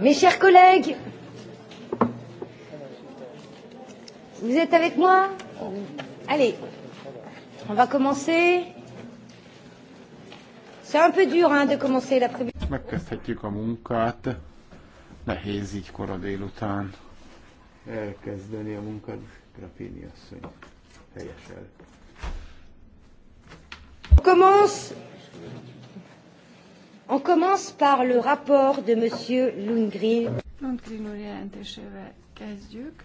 Mes chers collègues, vous êtes avec moi Allez, on va commencer. C'est un peu dur hein, de commencer l'après-midi. Megkezdhetjük a munkát. Nehéz így kora délután elkezdeni a munkát. Grapini asszony helyesel. Commence On commence par le rapport de Monsieur Lundgren. Lundgren úr jelentésével kezdjük.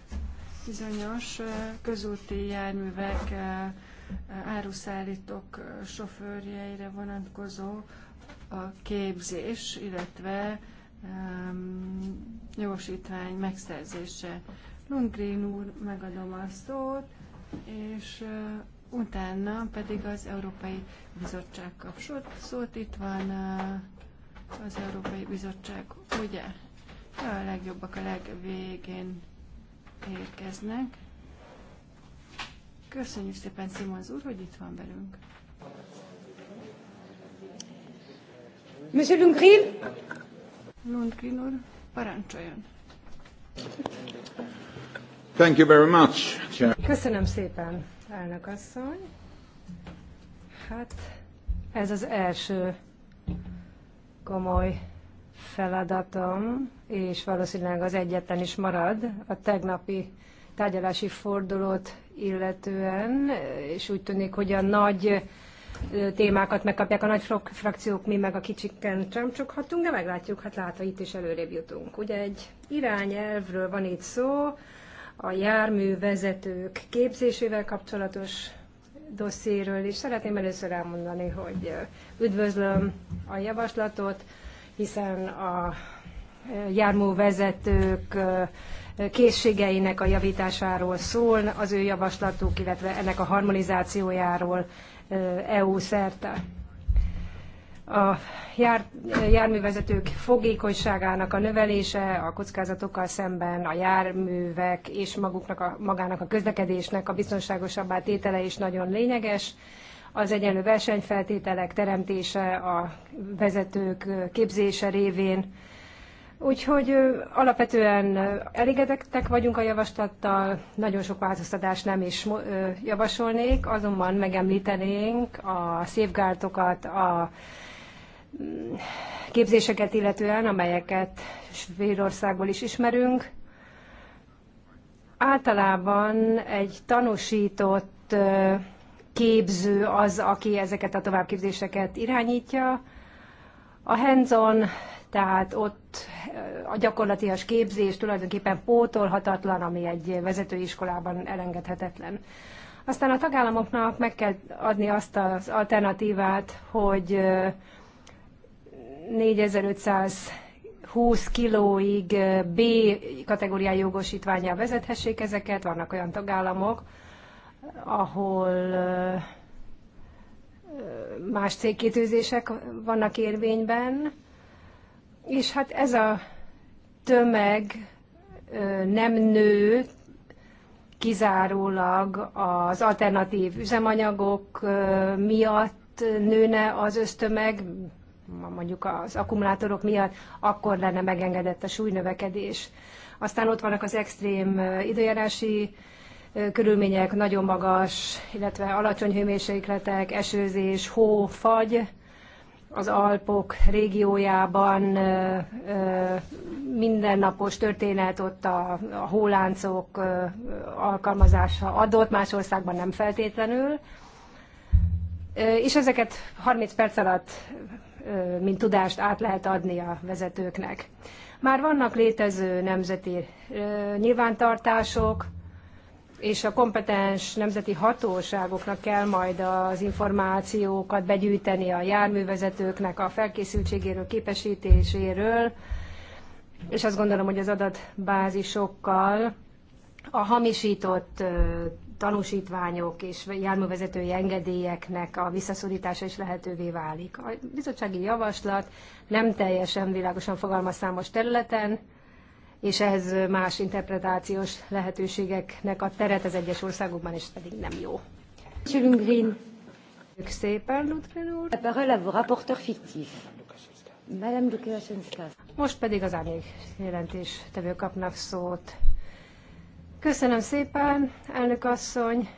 Bizonyos közúti járművek áruszállítók sofőrjeire vonatkozó a képzés, illetve um, jogosítvány megszerzése. Lundgren úr, megadom a szót, és Utána pedig az Európai Bizottság kapcsolat. Szólt Itt van az Európai Bizottság, ugye? A legjobbak a legvégén érkeznek. Köszönjük szépen Simon úr, hogy itt van velünk. Monsieur Lundgren? Lundgren úr, parancsoljon. Thank you very much. Köszönöm szépen, elnök asszony. Hát ez az első komoly feladatom, és valószínűleg az egyetlen is marad a tegnapi tárgyalási fordulót illetően, és úgy tűnik, hogy a nagy témákat megkapják a nagy frakciók, mi meg a kicsikken csámcsoghatunk, de meglátjuk, hát látva itt is előrébb jutunk. Ugye egy irányelvről van itt szó, a járművezetők képzésével kapcsolatos dosszéről, és szeretném először elmondani, hogy üdvözlöm a javaslatot, hiszen a járművezetők készségeinek a javításáról szól az ő javaslatuk, illetve ennek a harmonizációjáról EU szerte a jár, járművezetők fogékonyságának a növelése, a kockázatokkal szemben a járművek és maguknak a, magának a közlekedésnek a biztonságosabbá tétele is nagyon lényeges. Az egyenlő versenyfeltételek teremtése a vezetők képzése révén. Úgyhogy alapvetően elégedettek vagyunk a javaslattal, nagyon sok változtatást nem is javasolnék, azonban megemlítenénk a safeguardokat, a képzéseket illetően, amelyeket Svédországból is ismerünk. Általában egy tanúsított képző az, aki ezeket a továbbképzéseket irányítja. A hands tehát ott a gyakorlatias képzés tulajdonképpen pótolhatatlan, ami egy vezetőiskolában elengedhetetlen. Aztán a tagállamoknak meg kell adni azt az alternatívát, hogy 4520 kilóig eh, B kategóriá jogosítványá vezethessék ezeket, vannak olyan tagállamok, ahol eh, eh, más cégkétőzések vannak érvényben, és hát ez a tömeg nem nő kizárólag az alternatív üzemanyagok miatt nőne az ösztömeg, mondjuk az akkumulátorok miatt, akkor lenne megengedett a súlynövekedés. Aztán ott vannak az extrém időjárási körülmények, nagyon magas, illetve alacsony hőmérsékletek, esőzés, hó, fagy, az Alpok régiójában mindennapos történet, ott a, a hóláncok alkalmazása adott, más országban nem feltétlenül. És ezeket 30 perc alatt mint tudást át lehet adni a vezetőknek. Már vannak létező nemzeti nyilvántartások, és a kompetens nemzeti hatóságoknak kell majd az információkat begyűjteni a járművezetőknek a felkészültségéről, képesítéséről, és azt gondolom, hogy az adatbázisokkal a hamisított tanúsítványok és járművezetői engedélyeknek a visszaszorítása is lehetővé válik. A bizottsági javaslat nem teljesen világosan fogalmaz számos területen, és ehhez más interpretációs lehetőségeknek a teret az egyes országokban is pedig nem jó. Lundgren. szépen, Lundgren úr. parole Madame Most pedig az árnyék jelentés tevő kapnak szót. Köszönöm szépen, elnök asszony.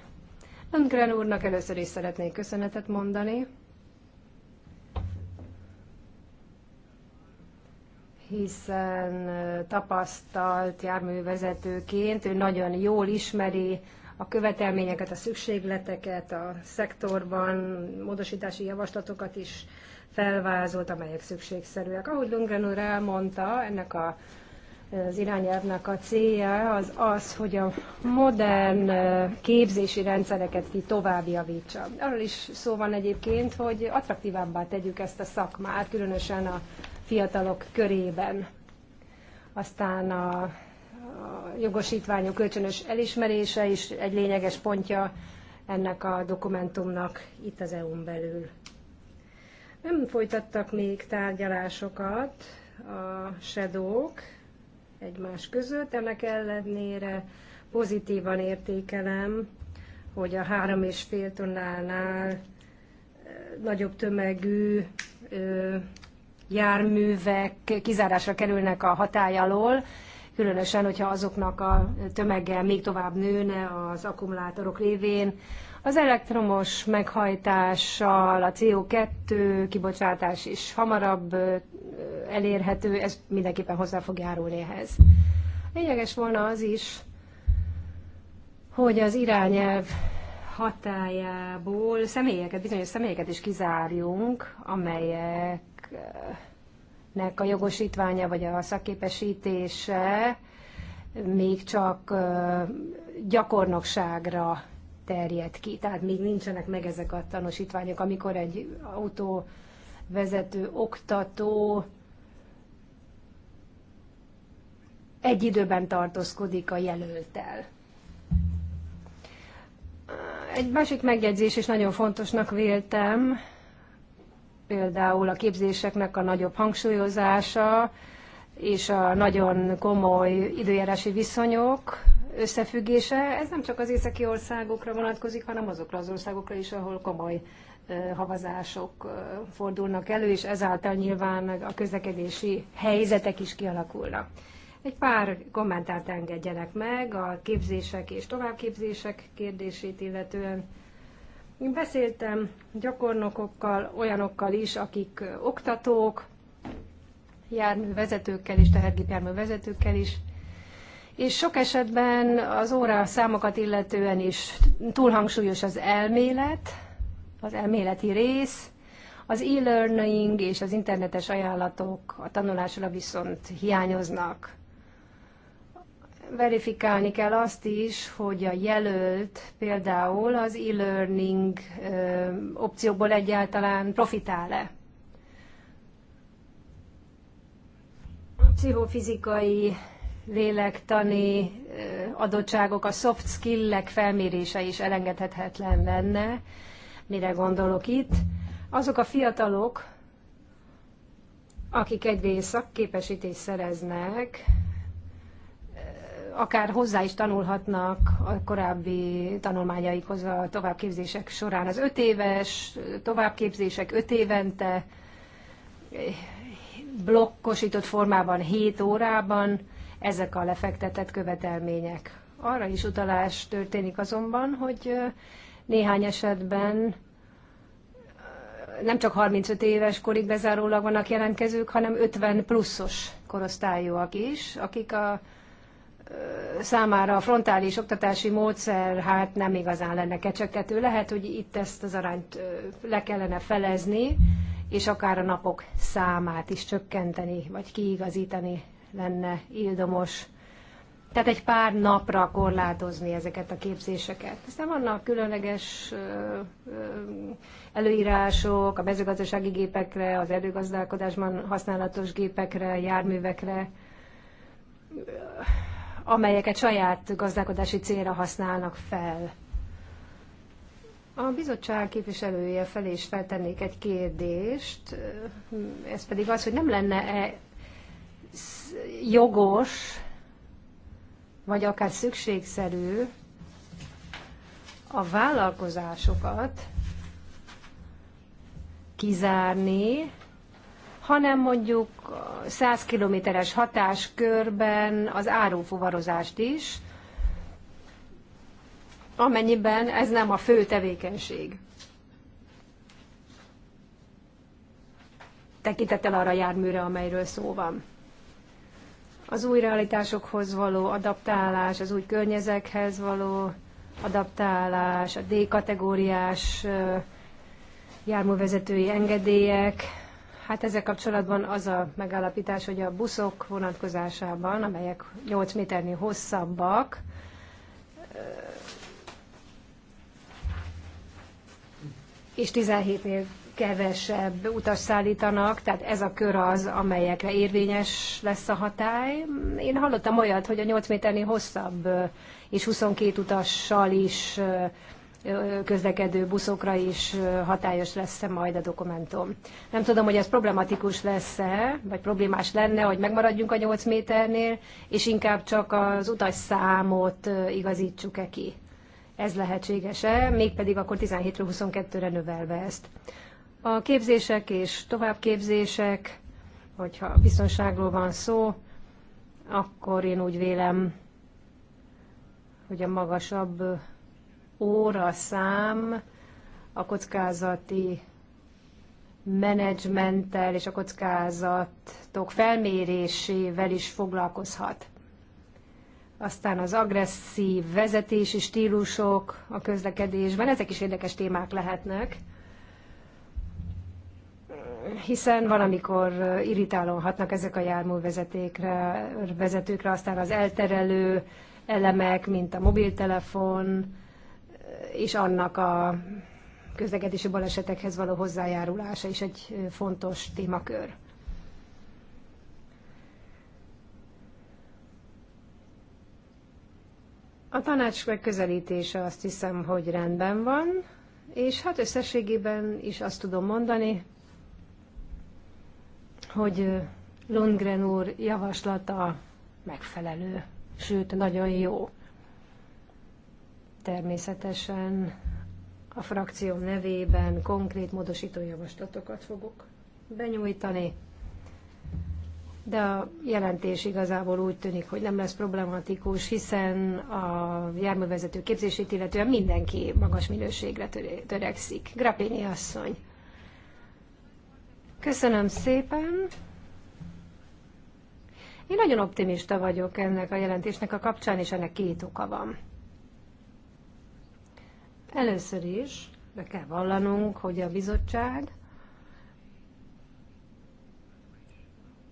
Öngren úrnak először is szeretnék köszönetet mondani. hiszen tapasztalt járművezetőként ő nagyon jól ismeri a követelményeket, a szükségleteket a szektorban, módosítási javaslatokat is felvázolt, amelyek szükségszerűek. Ahogy Lundgren úr elmondta, ennek a az irányelvnek a célja az az, hogy a modern képzési rendszereket ki tovább javítsa. Arról is szó van egyébként, hogy attraktívábbá tegyük ezt a szakmát, különösen a fiatalok körében. Aztán a, a jogosítványok kölcsönös elismerése is egy lényeges pontja ennek a dokumentumnak itt az EU-n belül. Nem folytattak még tárgyalásokat a sedók, egymás között. Ennek ellenére pozitívan értékelem, hogy a három és fél tonnánál nagyobb tömegű járművek kizárásra kerülnek a hatály alól, különösen, hogyha azoknak a tömeggel még tovább nőne az akkumulátorok révén, az elektromos meghajtással a CO2 kibocsátás is hamarabb elérhető, ez mindenképpen hozzá fog járulni ehhez. Lényeges volna az is, hogy az irányelv hatájából személyeket, bizonyos személyeket is kizárjunk, amelyeknek a jogosítványa vagy a szakképesítése még csak gyakornokságra terjed ki, tehát még nincsenek meg ezek a tanúsítványok, amikor egy autóvezető, oktató egy időben tartózkodik a jelöltel. Egy másik megjegyzés is nagyon fontosnak véltem, például a képzéseknek a nagyobb hangsúlyozása, és a nagyon komoly időjárási viszonyok, összefüggése. Ez nem csak az északi országokra vonatkozik, hanem azokra az országokra is, ahol komoly havazások fordulnak elő, és ezáltal nyilván a közlekedési helyzetek is kialakulnak. Egy pár kommentárt engedjenek meg a képzések és továbbképzések kérdését illetően. Én beszéltem gyakornokokkal, olyanokkal is, akik oktatók, járművezetőkkel is, tehergépjárművezetőkkel is, és sok esetben az óra számokat illetően is túlhangsúlyos az elmélet, az elméleti rész, az e-learning és az internetes ajánlatok a tanulásra viszont hiányoznak. Verifikálni kell azt is, hogy a jelölt például az e-learning opcióból egyáltalán profitál-e. pszichofizikai lélektani adottságok, a soft skill-ek felmérése is elengedhetetlen lenne. Mire gondolok itt? Azok a fiatalok, akik egyrészt szakképesítést szereznek, akár hozzá is tanulhatnak a korábbi tanulmányaikhoz a továbbképzések során. Az öt éves továbbképzések öt évente eh, blokkosított formában, 7 órában ezek a lefektetett követelmények. Arra is utalás történik azonban, hogy néhány esetben nem csak 35 éves korig bezárólag vannak jelentkezők, hanem 50 pluszos korosztályúak is, akik a számára a frontális oktatási módszer hát nem igazán lenne kecsegtető. Lehet, hogy itt ezt az arányt le kellene felezni, és akár a napok számát is csökkenteni, vagy kiigazítani lenne ildomos. Tehát egy pár napra korlátozni ezeket a képzéseket. Aztán vannak különleges előírások a mezőgazdasági gépekre, az erőgazdálkodásban használatos gépekre, járművekre, amelyeket saját gazdálkodási célra használnak fel. A bizottság képviselője felé is feltennék egy kérdést, ez pedig az, hogy nem lenne-e jogos, vagy akár szükségszerű a vállalkozásokat kizárni, hanem mondjuk 100 kilométeres hatáskörben az árufuvarozást is, amennyiben ez nem a fő tevékenység. Tekintettel arra járműre, amelyről szó van az új realitásokhoz való adaptálás, az új környezekhez való adaptálás, a D-kategóriás járművezetői engedélyek. Hát ezzel kapcsolatban az a megállapítás, hogy a buszok vonatkozásában, amelyek 8 méternél hosszabbak, és 17 év kevesebb utas szállítanak, tehát ez a kör az, amelyekre érvényes lesz a hatály. Én hallottam olyat, hogy a 8 méternél hosszabb és 22 utassal is közlekedő buszokra is hatályos lesz-e majd a dokumentum. Nem tudom, hogy ez problematikus lesz-e, vagy problémás lenne, hogy megmaradjunk a 8 méternél, és inkább csak az számot igazítsuk-e ki. Ez lehetséges-e, mégpedig akkor 17-22-re növelve ezt. A képzések és továbbképzések, hogyha biztonságról van szó, akkor én úgy vélem, hogy a magasabb óra szám, a kockázati menedzsmenttel és a kockázatok felmérésével is foglalkozhat. Aztán az agresszív vezetési stílusok a közlekedésben, ezek is érdekes témák lehetnek, hiszen valamikor irritálóan hatnak ezek a járművezetékre, vezetőkre, aztán az elterelő elemek, mint a mobiltelefon, és annak a közlekedési balesetekhez való hozzájárulása is egy fontos témakör. A tanács megközelítése azt hiszem, hogy rendben van, és hát összességében is azt tudom mondani, hogy Lundgren úr javaslata megfelelő, sőt, nagyon jó. Természetesen a frakcióm nevében konkrét módosító javaslatokat fogok benyújtani, de a jelentés igazából úgy tűnik, hogy nem lesz problematikus, hiszen a járművezető képzését illetően mindenki magas minőségre törekszik. Grappini asszony. Köszönöm szépen. Én nagyon optimista vagyok ennek a jelentésnek a kapcsán, és ennek két oka van. Először is be kell vallanunk, hogy a bizottság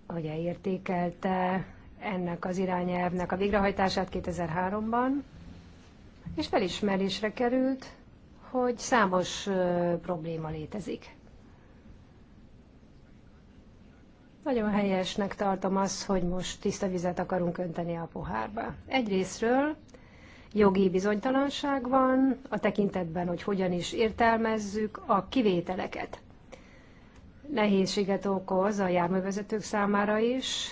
hogy értékelte ennek az irányelvnek a végrehajtását 2003-ban, és felismerésre került, hogy számos probléma létezik. Nagyon helyesnek tartom azt, hogy most tiszta vizet akarunk önteni a pohárba. Egyrésztről jogi bizonytalanság van a tekintetben, hogy hogyan is értelmezzük a kivételeket. Nehézséget okoz a járművezetők számára is,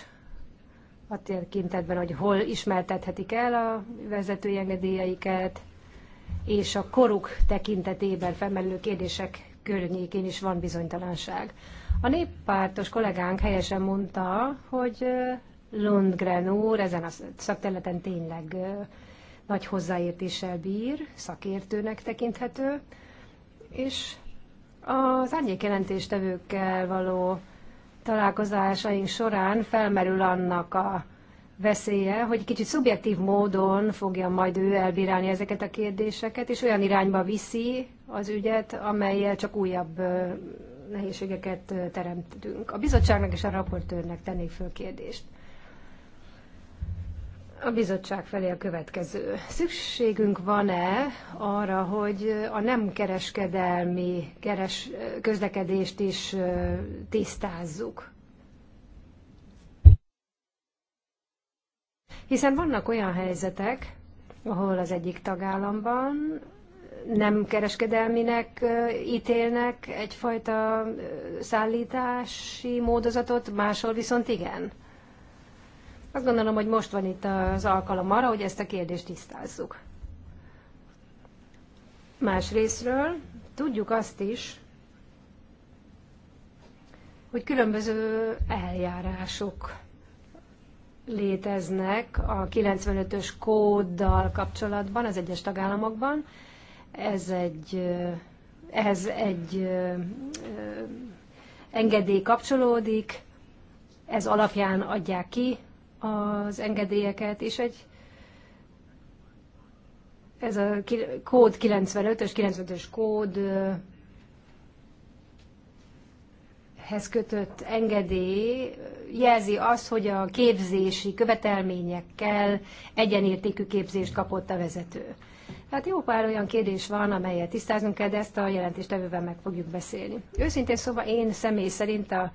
a tekintetben, hogy hol ismertethetik el a vezetői engedélyeiket, és a koruk tekintetében felmerülő kérdések környékén is van bizonytalanság. A néppártos kollégánk helyesen mondta, hogy Lundgren úr ezen a szakterületen tényleg nagy hozzáértéssel bír, szakértőnek tekinthető, és az árnyékjelentéstevőkkel való találkozásaink során felmerül annak a veszélye, hogy kicsit szubjektív módon fogja majd ő elbírálni ezeket a kérdéseket, és olyan irányba viszi az ügyet, amelyel csak újabb nehézségeket teremtünk. A bizottságnak és a raportőrnek tennék föl kérdést. A bizottság felé a következő. Szükségünk van-e arra, hogy a nem kereskedelmi keres, közlekedést is tisztázzuk? Hiszen vannak olyan helyzetek, ahol az egyik tagállamban nem kereskedelminek ítélnek egyfajta szállítási módozatot, máshol viszont igen. Azt gondolom, hogy most van itt az alkalom arra, hogy ezt a kérdést tisztázzuk. Másrésztről tudjuk azt is, hogy különböző eljárások léteznek a 95-ös kóddal kapcsolatban az egyes tagállamokban, ez egy, ehhez egy engedély kapcsolódik, ez alapján adják ki az engedélyeket, és egy ez a kód 95-ös, 95-ös kód hez kötött engedély jelzi azt, hogy a képzési követelményekkel egyenértékű képzést kapott a vezető. Hát jó pár olyan kérdés van, amelyet tisztáznunk kell, de ezt a jelentéstevővel meg fogjuk beszélni. Őszintén szóval én személy szerint a,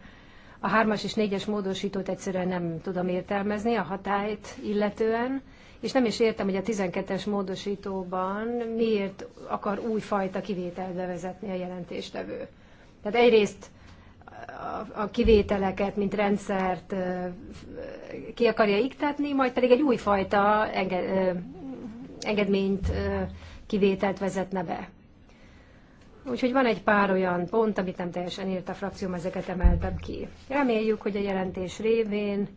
a hármas és négyes módosítót egyszerűen nem tudom értelmezni a hatályt illetően, és nem is értem, hogy a 12-es módosítóban miért akar újfajta kivételt bevezetni a jelentéstevő. Tehát egyrészt a kivételeket, mint rendszert ki akarja iktatni, majd pedig egy újfajta enge- engedményt, kivételt vezetne be. Úgyhogy van egy pár olyan pont, amit nem teljesen írt a frakcióm, ezeket emeltem ki. Reméljük, hogy a jelentés révén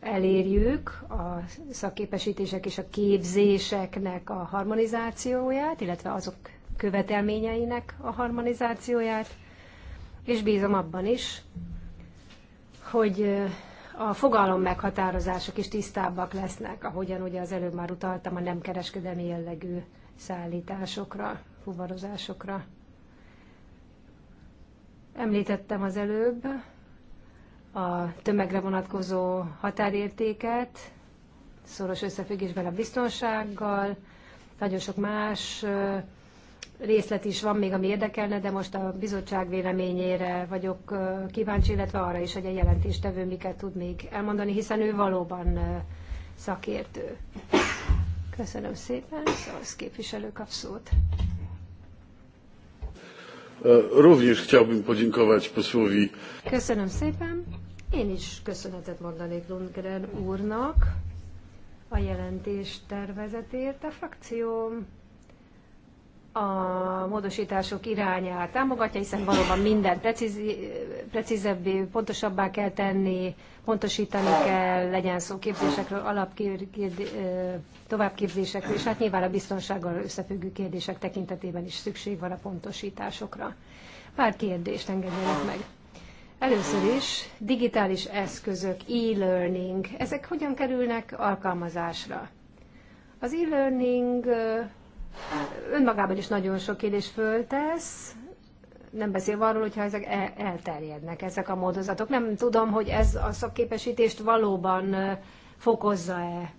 elérjük a szakképesítések és a képzéseknek a harmonizációját, illetve azok követelményeinek a harmonizációját, és bízom abban is, hogy a fogalom meghatározások is tisztábbak lesznek, ahogyan ugye az előbb már utaltam a nem kereskedelmi jellegű szállításokra, fuvarozásokra. Említettem az előbb a tömegre vonatkozó határértéket, szoros összefüggésben a biztonsággal, nagyon sok más részlet is van még, ami érdekelne, de most a bizottság véleményére vagyok kíváncsi, illetve arra is, hogy a jelentéstevő miket tud még elmondani, hiszen ő valóban szakértő. Köszönöm szépen, az képviselő kap szót. Również chciałbym podziękować posłowi. Köszönöm szépen. Én is köszönetet mondanék Lundgren úrnak a jelentés tervezetért. A frakcióm a módosítások irányát támogatja, hiszen valóban minden precíz, precízebbé, pontosabbá kell tenni, pontosítani kell, legyen szó képzésekről, alapkérd, továbbképzésekről, és hát nyilván a biztonsággal összefüggő kérdések tekintetében is szükség van a pontosításokra. Pár kérdést engedjenek meg. Először is digitális eszközök, e-learning, ezek hogyan kerülnek alkalmazásra? Az e-learning önmagában is nagyon sok kérdés föltesz, nem beszél arról, hogyha ezek elterjednek, ezek a módozatok. Nem tudom, hogy ez a szakképesítést valóban fokozza-e.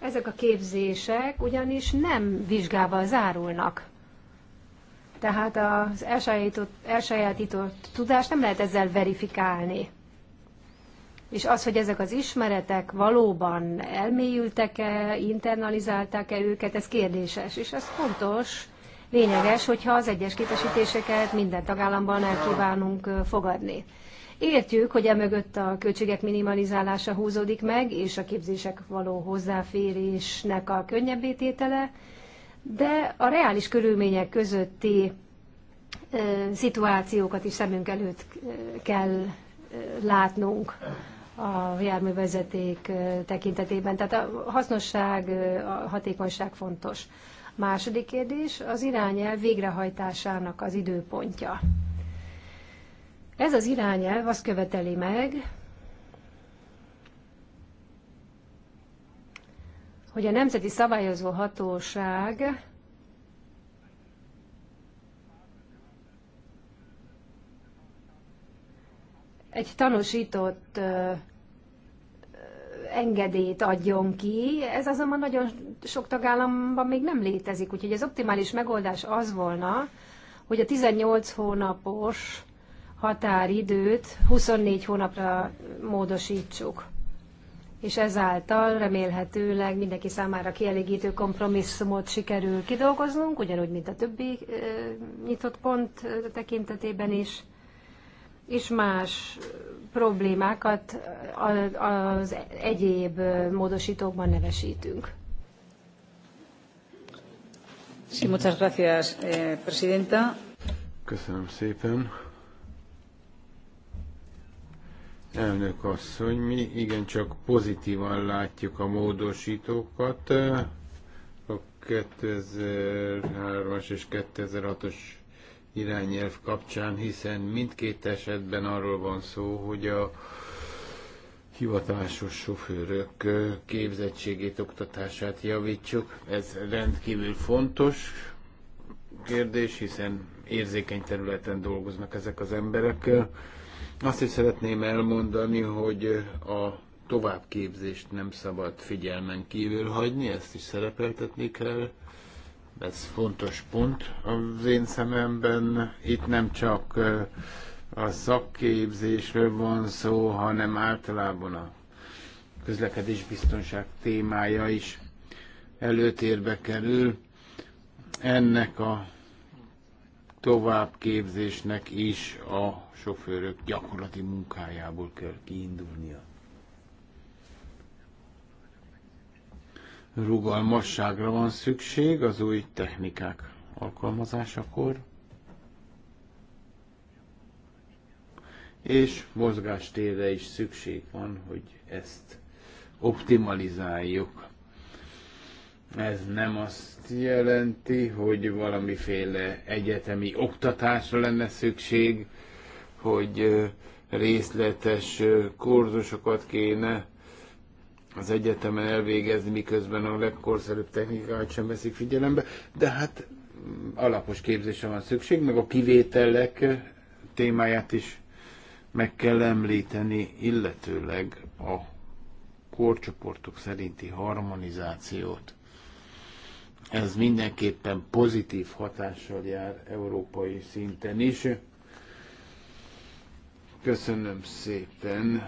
Ezek a képzések ugyanis nem vizsgával zárulnak. Tehát az elsajátított, elsajátított tudást nem lehet ezzel verifikálni. És az, hogy ezek az ismeretek valóban elmélyültek-e, internalizálták-e őket, ez kérdéses. És ez fontos, lényeges, hogyha az egyes képesítéseket minden tagállamban el kívánunk fogadni. Értjük, hogy emögött a költségek minimalizálása húzódik meg, és a képzések való hozzáférésnek a könnyebbé tétele, de a reális körülmények közötti szituációkat is szemünk előtt kell látnunk a járművezeték tekintetében. Tehát a hasznosság, a hatékonyság fontos. Második kérdés, az irányel végrehajtásának az időpontja. Ez az irányelv azt követeli meg, hogy a Nemzeti Szabályozó Hatóság egy tanúsított engedélyt adjon ki. Ez azonban nagyon sok tagállamban még nem létezik, úgyhogy az optimális megoldás az volna, hogy a 18 hónapos határidőt 24 hónapra módosítsuk. És ezáltal remélhetőleg mindenki számára kielégítő kompromisszumot sikerül kidolgoznunk, ugyanúgy, mint a többi nyitott pont tekintetében is és más problémákat az egyéb módosítókban nevesítünk. Sí, muchas gracias, eh, presidenta. Köszönöm szépen. Elnök asszony, mi igencsak pozitívan látjuk a módosítókat. A 2003-as és 2006-os irányelv kapcsán, hiszen mindkét esetben arról van szó, hogy a hivatásos sofőrök képzettségét, oktatását javítsuk. Ez rendkívül fontos kérdés, hiszen érzékeny területen dolgoznak ezek az emberek. Azt is szeretném elmondani, hogy a továbbképzést nem szabad figyelmen kívül hagyni, ezt is szerepeltetni kell ez fontos pont az én szememben. Itt nem csak a szakképzésről van szó, hanem általában a közlekedésbiztonság témája is előtérbe kerül. Ennek a továbbképzésnek is a sofőrök gyakorlati munkájából kell kiindulnia. rugalmasságra van szükség az új technikák alkalmazásakor, és mozgástérre is szükség van, hogy ezt optimalizáljuk. Ez nem azt jelenti, hogy valamiféle egyetemi oktatásra lenne szükség, hogy részletes kurzusokat kéne az egyetemen elvégezni, miközben a legkorszerűbb technikát sem veszik figyelembe, de hát alapos képzésre van szükség, meg a kivételek témáját is meg kell említeni, illetőleg a korcsoportok szerinti harmonizációt. Ez mindenképpen pozitív hatással jár európai szinten is. Köszönöm szépen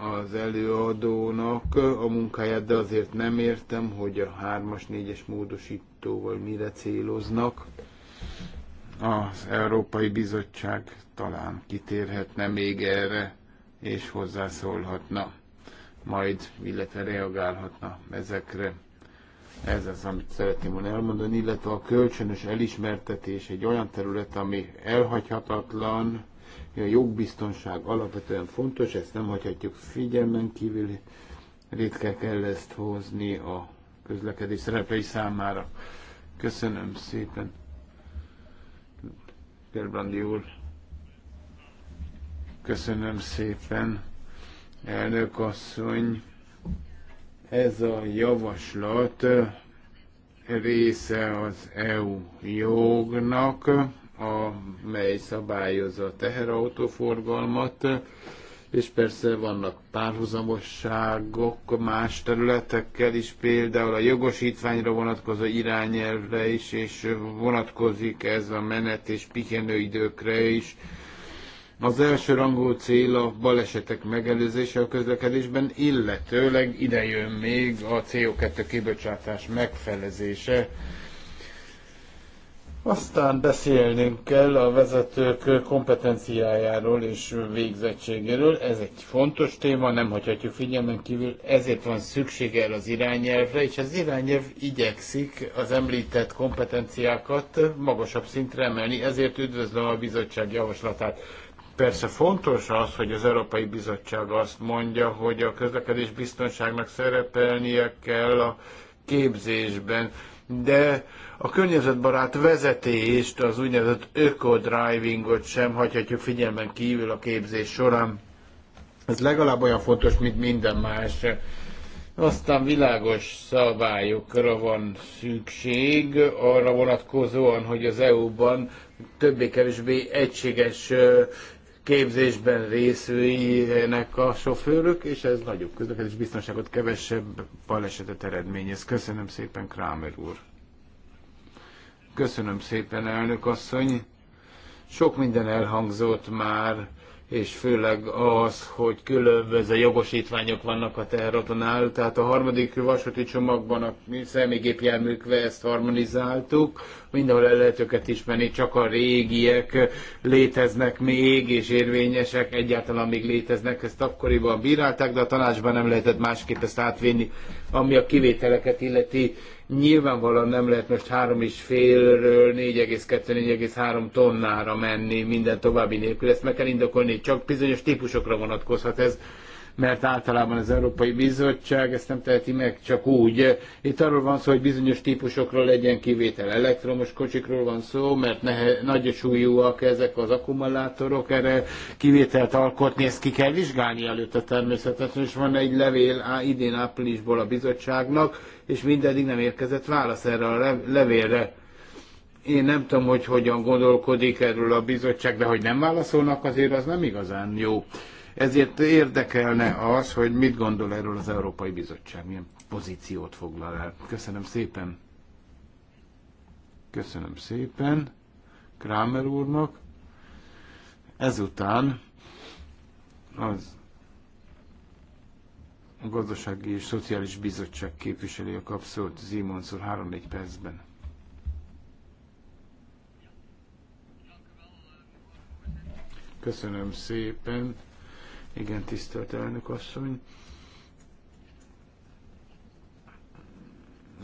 az előadónak a munkáját, de azért nem értem, hogy a hármas-négyes módosítóval mire céloznak. Az Európai Bizottság talán kitérhetne még erre, és hozzászólhatna, majd, illetve reagálhatna ezekre. Ez az, amit szeretném volna elmondani, illetve a kölcsönös elismertetés egy olyan terület, ami elhagyhatatlan, a jogbiztonság alapvetően fontos, ezt nem hagyhatjuk figyelmen kívül, ritke kell ezt hozni a közlekedés szerepei számára. Köszönöm szépen. Gerbrandi úr. Köszönöm szépen, elnök asszony. Ez a javaslat része az EU jognak, amely szabályozza a teherautóforgalmat, és persze vannak párhuzamosságok más területekkel is, például a jogosítványra vonatkozó irányelvre is, és vonatkozik ez a menet és pihenőidőkre is. Az első rangú cél a balesetek megelőzése a közlekedésben, illetőleg idejön még a CO2 kibocsátás megfelezése. Aztán beszélnünk kell a vezetők kompetenciájáról és végzettségéről. Ez egy fontos téma, nem hagyhatjuk figyelmen kívül, ezért van szükség el az irányelvre, és az irányelv igyekszik az említett kompetenciákat magasabb szintre emelni, ezért üdvözlöm a bizottság javaslatát. Persze fontos az, hogy az Európai Bizottság azt mondja, hogy a közlekedés biztonságnak szerepelnie kell a képzésben, de a környezetbarát vezetést, az úgynevezett öko-drivingot sem hagyhatjuk figyelmen kívül a képzés során. Ez legalább olyan fontos, mint minden más. Aztán világos szabályokra van szükség, arra vonatkozóan, hogy az EU-ban többé-kevésbé egységes képzésben részüljenek a sofőrök, és ez nagyobb közlekedés biztonságot, kevesebb balesetet eredményez. Köszönöm szépen, Krámer úr! Köszönöm szépen, elnök asszony. Sok minden elhangzott már, és főleg az, hogy különböző jogosítványok vannak a terratonál. Tehát a harmadik vasúti csomagban a személygépjárműkve ezt harmonizáltuk. Mindenhol el lehet őket ismerni, csak a régiek léteznek még, és érvényesek, egyáltalán még léteznek. Ezt akkoriban bírálták, de a tanácsban nem lehetett másképp ezt átvinni, ami a kivételeket illeti Nyilvánvalóan nem lehet most 3,5-ről 4,2-4,3 tonnára menni minden további nélkül, ezt meg kell indokolni, csak bizonyos típusokra vonatkozhat ez mert általában az Európai Bizottság ezt nem teheti meg csak úgy. Itt arról van szó, hogy bizonyos típusokról legyen kivétel. Elektromos kocsikról van szó, mert nehe, nagy súlyúak ezek az akkumulátorok, erre kivételt alkotni, ezt ki kell vizsgálni előtte természetesen, és van egy levél á, idén áprilisból a bizottságnak, és mindeddig nem érkezett válasz erre a levélre én nem tudom, hogy hogyan gondolkodik erről a bizottság, de hogy nem válaszolnak, azért az nem igazán jó. Ezért érdekelne az, hogy mit gondol erről az Európai Bizottság, milyen pozíciót foglal el. Köszönöm szépen. Köszönöm szépen Kramer úrnak. Ezután az a Gazdasági és Szociális Bizottság képviseli a szót Zimonszor 3-4 percben. Köszönöm szépen. Igen, tisztelt elnök asszony.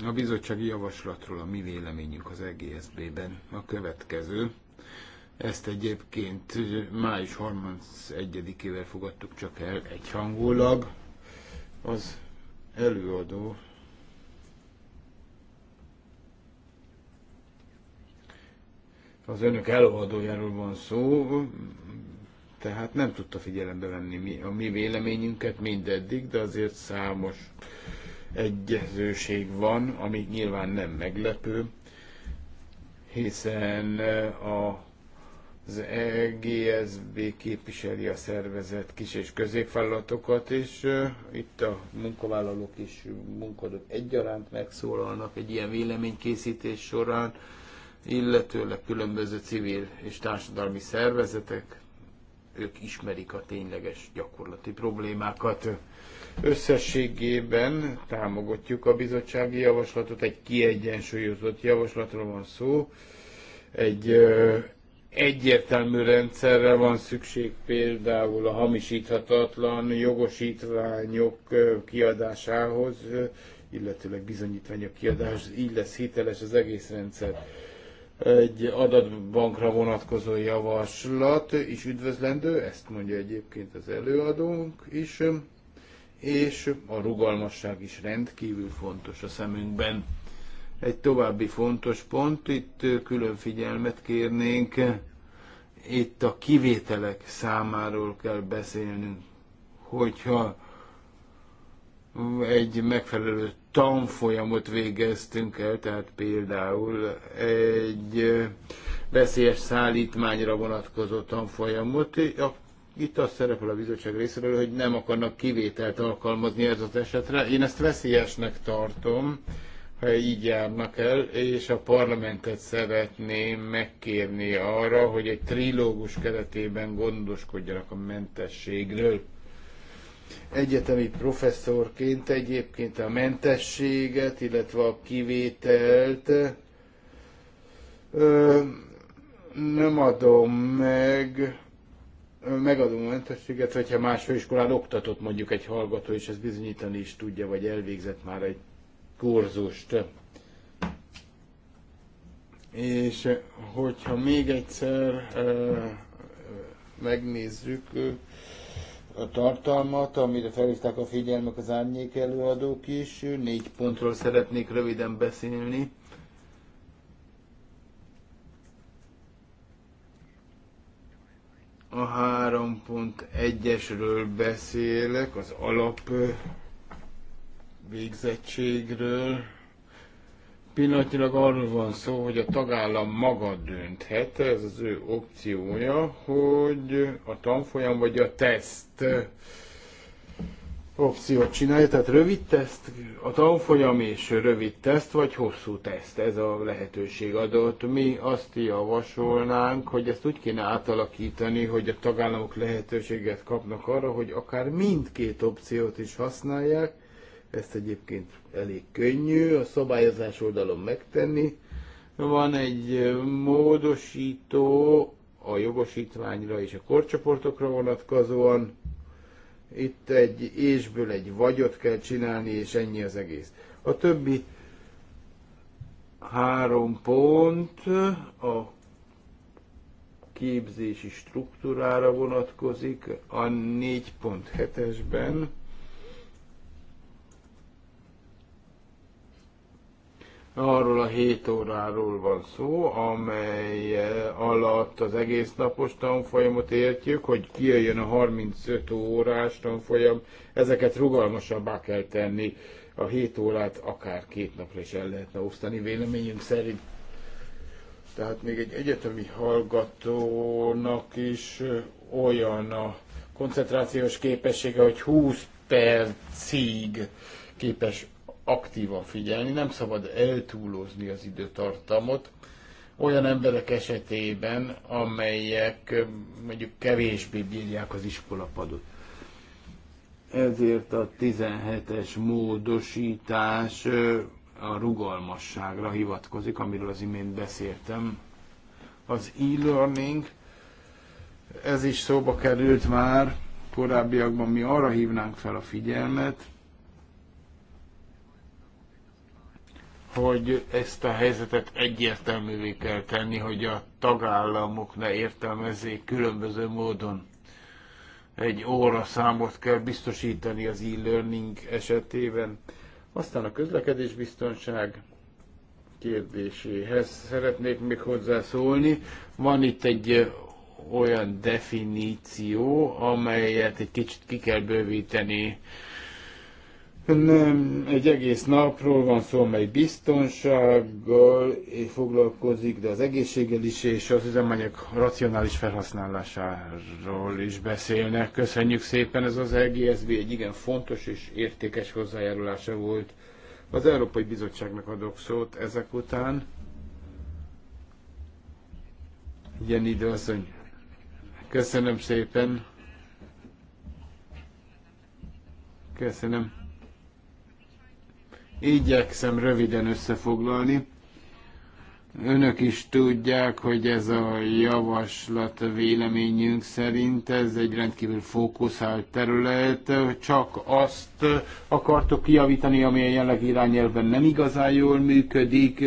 A bizottsági javaslatról a mi véleményünk az EGSB-ben a következő. Ezt egyébként május 31-ével fogadtuk csak el egyhangulag. Az előadó az önök előadójáról van szó, tehát nem tudta figyelembe venni mi, a mi véleményünket mindeddig, de azért számos egyezőség van, ami nyilván nem meglepő, hiszen a eh, az EGSB képviseli a szervezet kis és középvállalatokat, és uh, itt a munkavállalók és munkadók egyaránt megszólalnak egy ilyen véleménykészítés során, illetőleg különböző civil és társadalmi szervezetek, ők ismerik a tényleges gyakorlati problémákat. Összességében támogatjuk a bizottsági javaslatot, egy kiegyensúlyozott javaslatról van szó, egy ö, egyértelmű rendszerre van szükség például a hamisíthatatlan jogosítványok kiadásához, illetőleg bizonyítványok kiadás, így lesz hiteles az egész rendszer egy adatbankra vonatkozó javaslat is üdvözlendő, ezt mondja egyébként az előadónk is, és a rugalmasság is rendkívül fontos a szemünkben. Egy további fontos pont, itt külön figyelmet kérnénk, itt a kivételek számáról kell beszélnünk, hogyha egy megfelelő tanfolyamot végeztünk el, tehát például egy veszélyes szállítmányra vonatkozó tanfolyamot. Itt az szerepel a bizottság részéről, hogy nem akarnak kivételt alkalmazni ez az esetre. Én ezt veszélyesnek tartom, ha így járnak el, és a parlamentet szeretném megkérni arra, hogy egy trilógus keretében gondoskodjanak a mentességről egyetemi professzorként egyébként a mentességet, illetve a kivételt nem adom meg, megadom a mentességet, hogyha más főiskolán oktatott mondjuk egy hallgató, és ezt bizonyítani is tudja, vagy elvégzett már egy kurzust. És hogyha még egyszer megnézzük, a tartalmat, amire felhívták a figyelmek az árnyék előadók is. Négy pontról szeretnék röviden beszélni. A 3.1-esről beszélek, az alap végzettségről, Pillanatilag arról van szó, hogy a tagállam maga dönthet, ez az ő opciója, hogy a tanfolyam vagy a teszt opciót csinálja, tehát rövid teszt, a tanfolyam és rövid teszt, vagy hosszú teszt, ez a lehetőség adott. Mi azt javasolnánk, hogy ezt úgy kéne átalakítani, hogy a tagállamok lehetőséget kapnak arra, hogy akár mindkét opciót is használják, ezt egyébként elég könnyű a szabályozás oldalon megtenni. Van egy módosító a jogosítványra és a korcsoportokra vonatkozóan. Itt egy ésből egy vagyot kell csinálni, és ennyi az egész. A többi három pont a képzési struktúrára vonatkozik a 4.7-esben Arról a 7 óráról van szó, amely eh, alatt az egész napos tanfolyamot értjük, hogy kijöjjön a 35 órás tanfolyam, ezeket rugalmasabbá kell tenni. A 7 órát akár két napra is el lehetne osztani véleményünk szerint. Tehát még egy egyetemi hallgatónak is eh, olyan a koncentrációs képessége, hogy 20 percig képes aktívan figyelni, nem szabad eltúlozni az időtartamot. Olyan emberek esetében, amelyek mondjuk kevésbé bírják az iskolapadot. Ezért a 17-es módosítás a rugalmasságra hivatkozik, amiről az imént beszéltem. Az e-learning, ez is szóba került már, korábbiakban mi arra hívnánk fel a figyelmet, hogy ezt a helyzetet egyértelművé kell tenni, hogy a tagállamok ne értelmezzék különböző módon. Egy óra számot kell biztosítani az e-learning esetében. Aztán a közlekedésbiztonság kérdéséhez szeretnék még hozzászólni. Van itt egy olyan definíció, amelyet egy kicsit ki kell bővíteni nem, egy egész napról van szó, amely biztonsággal foglalkozik, de az egészséggel is, és az üzemanyag racionális felhasználásáról is beszélnek. Köszönjük szépen, ez az EGSB egy igen fontos és értékes hozzájárulása volt. Az Európai Bizottságnak adok szót ezek után. Igen, idő asszony. Köszönöm szépen. Köszönöm. Igyekszem röviden összefoglalni. Önök is tudják, hogy ez a javaslat véleményünk szerint ez egy rendkívül fókuszált terület, csak azt akartok kijavítani, ami a jelenleg irányelven nem igazán jól működik.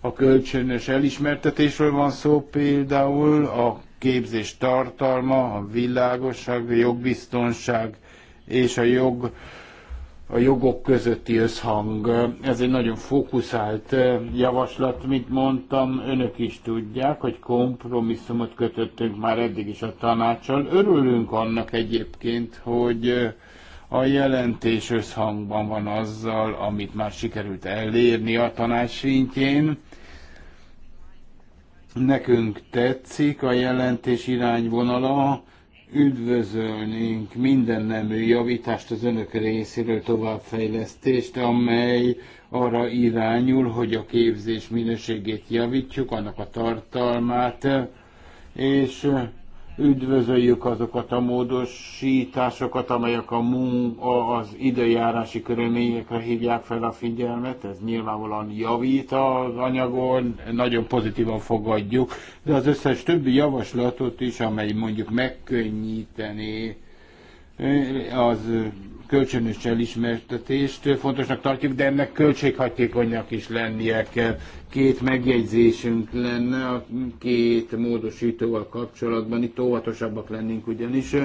A kölcsönös elismertetésről van szó például, a képzés tartalma, a világosság, a jogbiztonság és a jog a jogok közötti összhang. Ez egy nagyon fókuszált eh, javaslat, mint mondtam, önök is tudják, hogy kompromisszumot kötöttünk már eddig is a tanácsal. Örülünk annak egyébként, hogy eh, a jelentés összhangban van azzal, amit már sikerült elérni a tanács szintjén. Nekünk tetszik a jelentés irányvonala, üdvözölnénk minden nemű javítást az önök részéről, továbbfejlesztést, amely arra irányul, hogy a képzés minőségét javítjuk, annak a tartalmát, és Üdvözöljük azokat a módosításokat, amelyek a munka, az időjárási körülményekre hívják fel a figyelmet. Ez nyilvánvalóan javít az anyagon, nagyon pozitívan fogadjuk, de az összes többi javaslatot is, amely mondjuk megkönnyítené az kölcsönös elismertetést fontosnak tartjuk, de ennek költséghatékonyak is lennie kell. Két megjegyzésünk lenne a két módosítóval kapcsolatban, itt óvatosabbak lennénk ugyanis.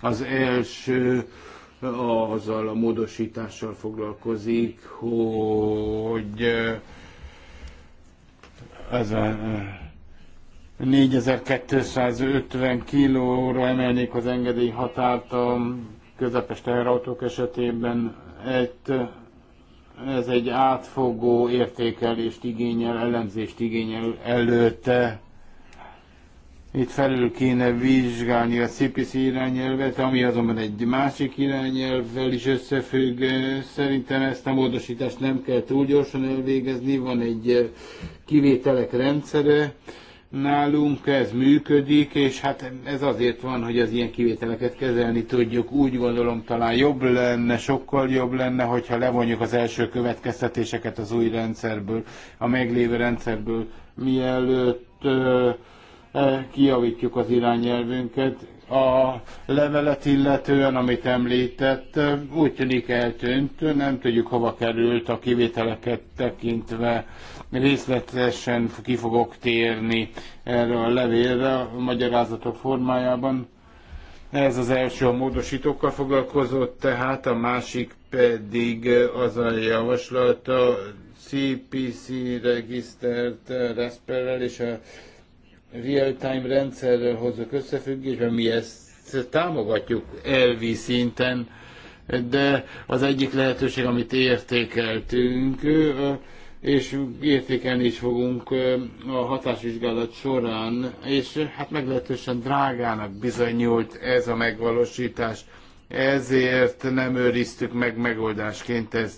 Az első azzal a módosítással foglalkozik, hogy eh, ez a 4250 eh, kilóra emelnék az engedély határt a közepes teherautók esetében egy, ez egy átfogó értékelést igényel, elemzést igényel előtte. Itt felül kéne vizsgálni a CPC irányelvet, ami azonban egy másik irányelvvel is összefügg. Szerintem ezt a módosítást nem kell túl gyorsan elvégezni, van egy kivételek rendszere, Nálunk ez működik, és hát ez azért van, hogy az ilyen kivételeket kezelni tudjuk. Úgy gondolom talán jobb lenne, sokkal jobb lenne, hogyha levonjuk az első következtetéseket az új rendszerből, a meglévő rendszerből, mielőtt ö, ö, az irányelvünket a levelet illetően, amit említett, úgy tűnik eltűnt, nem tudjuk hova került a kivételeket tekintve. Részletesen ki fogok térni erre a levélre a magyarázatok formájában. Ez az első a módosítókkal foglalkozott, tehát a másik pedig az a javaslat a CPC regisztert Rasperrel és a real-time rendszerrel hozzuk összefüggésben, mi ezt támogatjuk elvi szinten, de az egyik lehetőség, amit értékeltünk, és értékelni is fogunk a hatásvizsgálat során, és hát meglehetősen drágának bizonyult ez a megvalósítás. Ezért nem őriztük meg megoldásként ezt.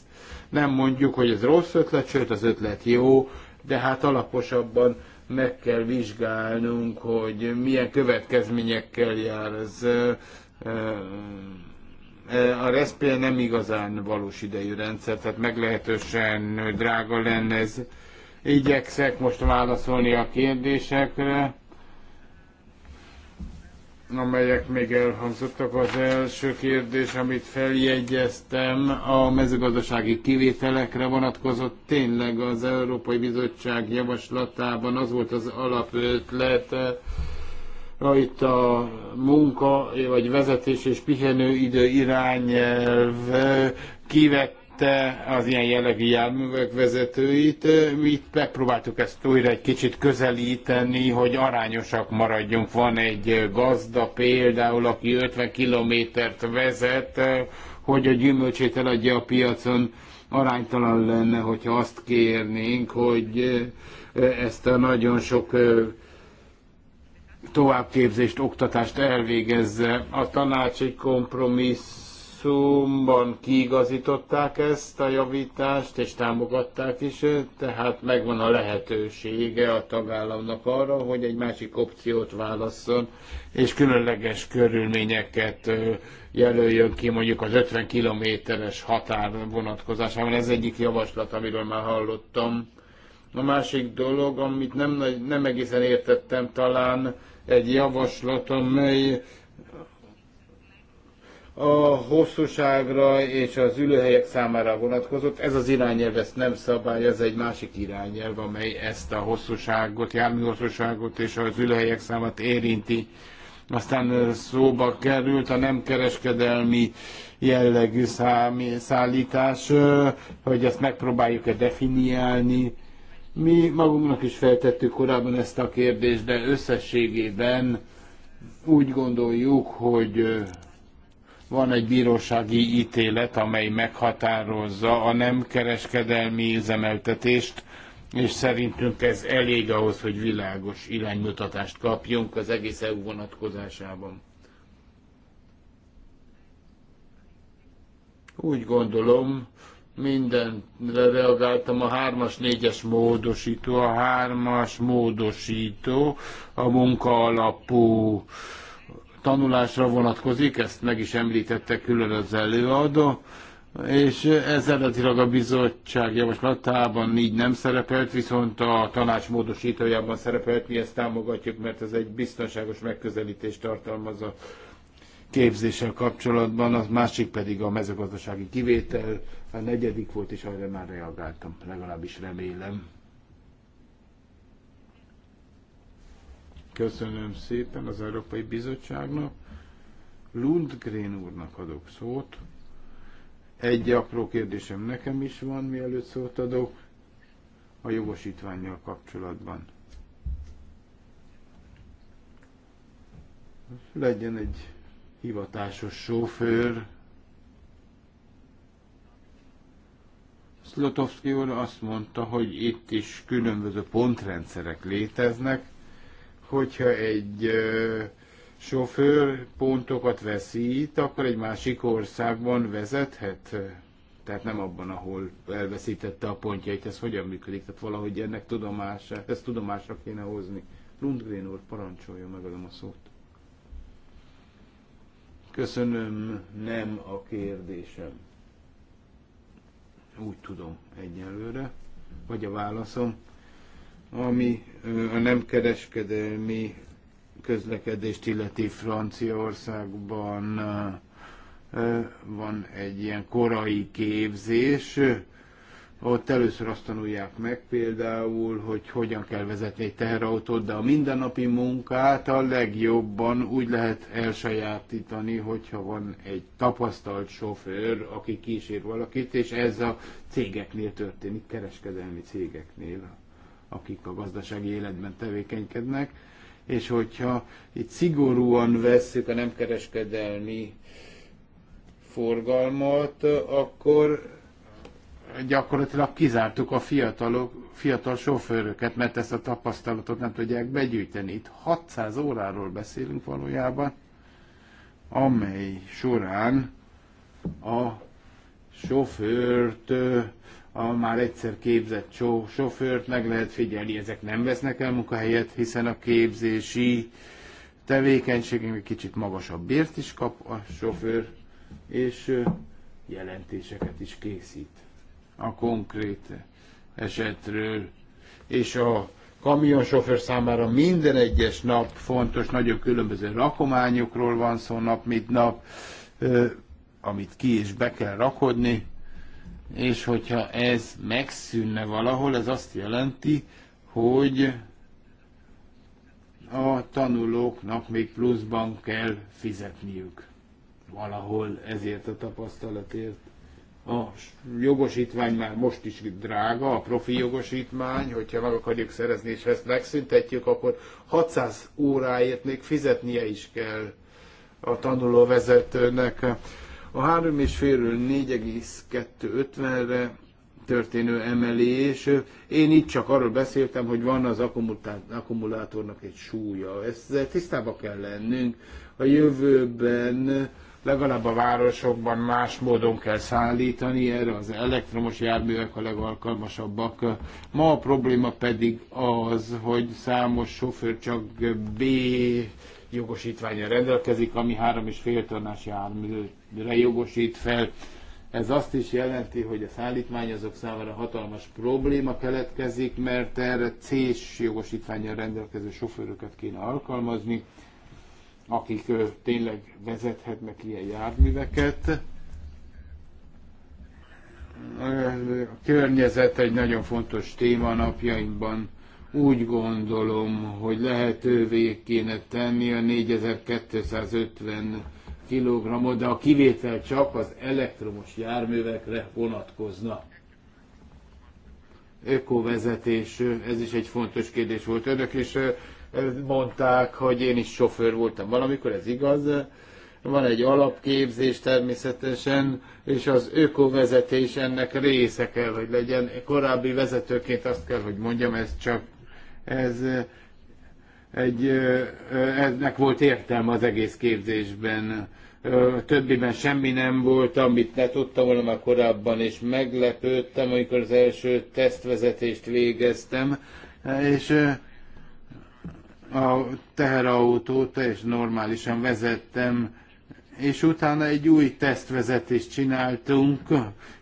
Nem mondjuk, hogy ez rossz ötlet, sőt az ötlet jó, de hát alaposabban meg kell vizsgálnunk, hogy milyen következményekkel jár ez a RESPE nem igazán valós idejű rendszer, tehát meglehetősen drága lenne ez. Igyekszek most válaszolni a kérdésekre, amelyek még elhangzottak. Az első kérdés, amit feljegyeztem, a mezőgazdasági kivételekre vonatkozott. Tényleg az Európai Bizottság javaslatában az volt az alapötlet, itt a munka vagy vezetés és pihenőidő irányelv kivette az ilyen jellegű járművek vezetőit. Mi itt megpróbáltuk ezt újra egy kicsit közelíteni, hogy arányosak maradjunk. Van egy gazda például, aki 50 kilométert vezet, hogy a gyümölcsét eladja a piacon, aránytalan lenne, hogyha azt kérnénk, hogy ezt a nagyon sok továbbképzést, oktatást elvégezze. A tanácsi kompromisszumban kiigazították ezt a javítást, és támogatták is, tehát megvan a lehetősége a tagállamnak arra, hogy egy másik opciót válasszon, és különleges körülményeket jelöljön ki mondjuk az 50 kilométeres határ vonatkozásában. Ez egyik javaslat, amiről már hallottam. A másik dolog, amit nem, nem egészen értettem talán, egy javaslat, amely a hosszúságra és az ülőhelyek számára vonatkozott. Ez az irányelv ezt nem szabály, ez egy másik irányelv, amely ezt a hosszúságot, hosszúságot és az ülőhelyek számát érinti. Aztán szóba került a nem kereskedelmi jellegű szállítás, hogy ezt megpróbáljuk-e definiálni, mi magunknak is feltettük korábban ezt a kérdést, de összességében úgy gondoljuk, hogy van egy bírósági ítélet, amely meghatározza a nem kereskedelmi üzemeltetést, és szerintünk ez elég ahhoz, hogy világos iránymutatást kapjunk az egész EU vonatkozásában. Úgy gondolom, mindenre reagáltam. A hármas, négyes módosító, a hármas módosító a munka alapú tanulásra vonatkozik, ezt meg is említette külön az előadó, és ez eredetileg a bizottság javaslatában így nem szerepelt, viszont a tanács módosítójában szerepelt, mi ezt támogatjuk, mert ez egy biztonságos megközelítést tartalmaz a képzéssel kapcsolatban, az másik pedig a mezőgazdasági kivétel. A negyedik volt, és arra már reagáltam, legalábbis remélem. Köszönöm szépen az Európai Bizottságnak. Lundgren úrnak adok szót. Egy apró kérdésem nekem is van, mielőtt szót adok, a jogosítványjal kapcsolatban. Legyen egy hivatásos sofőr. Szlotovszki úr azt mondta, hogy itt is különböző pontrendszerek léteznek, hogyha egy ö, sofőr pontokat veszít, akkor egy másik országban vezethet? Tehát nem abban, ahol elveszítette a pontjait. Ez hogyan működik? Tehát valahogy ennek tudomása, ezt tudomásra kéne hozni. Lundgren úr, parancsolja, megadom a szót. Köszönöm, nem a kérdésem. Úgy tudom egyelőre, vagy a válaszom, ami a nem kereskedelmi közlekedést illeti Franciaországban van egy ilyen korai képzés, ott először azt tanulják meg például, hogy hogyan kell vezetni egy teherautót, de a mindennapi munkát a legjobban úgy lehet elsajátítani, hogyha van egy tapasztalt sofőr, aki kísér valakit, és ez a cégeknél történik, kereskedelmi cégeknél, akik a gazdasági életben tevékenykednek és hogyha itt szigorúan vesszük a nem kereskedelmi forgalmat, akkor gyakorlatilag kizártuk a fiatalok, fiatal sofőröket, mert ezt a tapasztalatot nem tudják begyűjteni. Itt 600 óráról beszélünk valójában, amely során a sofőrt, a már egyszer képzett sofőrt meg lehet figyelni. Ezek nem vesznek el munkahelyet, hiszen a képzési tevékenységünk egy kicsit magasabb bért is kap a sofőr, és jelentéseket is készít a konkrét esetről, és a kamionsofőr számára minden egyes nap fontos, nagyobb különböző rakományokról van szó nap, mint nap, amit ki és be kell rakodni, és hogyha ez megszűnne valahol, ez azt jelenti, hogy a tanulóknak még pluszban kell fizetniük valahol ezért a tapasztalatért a jogosítvány már most is drága, a profi jogosítvány, hogyha meg akarjuk szerezni, és ezt megszüntetjük, akkor 600 óráért még fizetnie is kell a tanulóvezetőnek. A 3,5-ről 4,250-re történő emelés. Én itt csak arról beszéltem, hogy van az akkumulátornak egy súlya. Ezzel tisztába kell lennünk. A jövőben legalább a városokban más módon kell szállítani, erre az elektromos járművek a legalkalmasabbak. Ma a probléma pedig az, hogy számos sofőr csak B jogosítványa rendelkezik, ami 3,5 tonnás járműre jogosít fel. Ez azt is jelenti, hogy a szállítmányozók számára hatalmas probléma keletkezik, mert erre C-s jogosítványra rendelkező sofőröket kéne alkalmazni, akik tényleg vezethetnek ilyen járműveket. A környezet egy nagyon fontos téma napjainkban. Úgy gondolom, hogy lehetővé kéne tenni a 4250 kg, de a kivétel csak az elektromos járművekre vonatkozna. Ökovezetés, ez is egy fontos kérdés volt önök, és mondták, hogy én is sofőr voltam valamikor, ez igaz. Van egy alapképzés természetesen, és az ökovezetés ennek része kell, hogy legyen. Korábbi vezetőként azt kell, hogy mondjam, ez csak ez egy, ennek volt értelme az egész képzésben. Többiben semmi nem volt, amit ne tudtam volna már korábban, és meglepődtem, amikor az első tesztvezetést végeztem, és a teherautót és normálisan vezettem, és utána egy új tesztvezetést csináltunk,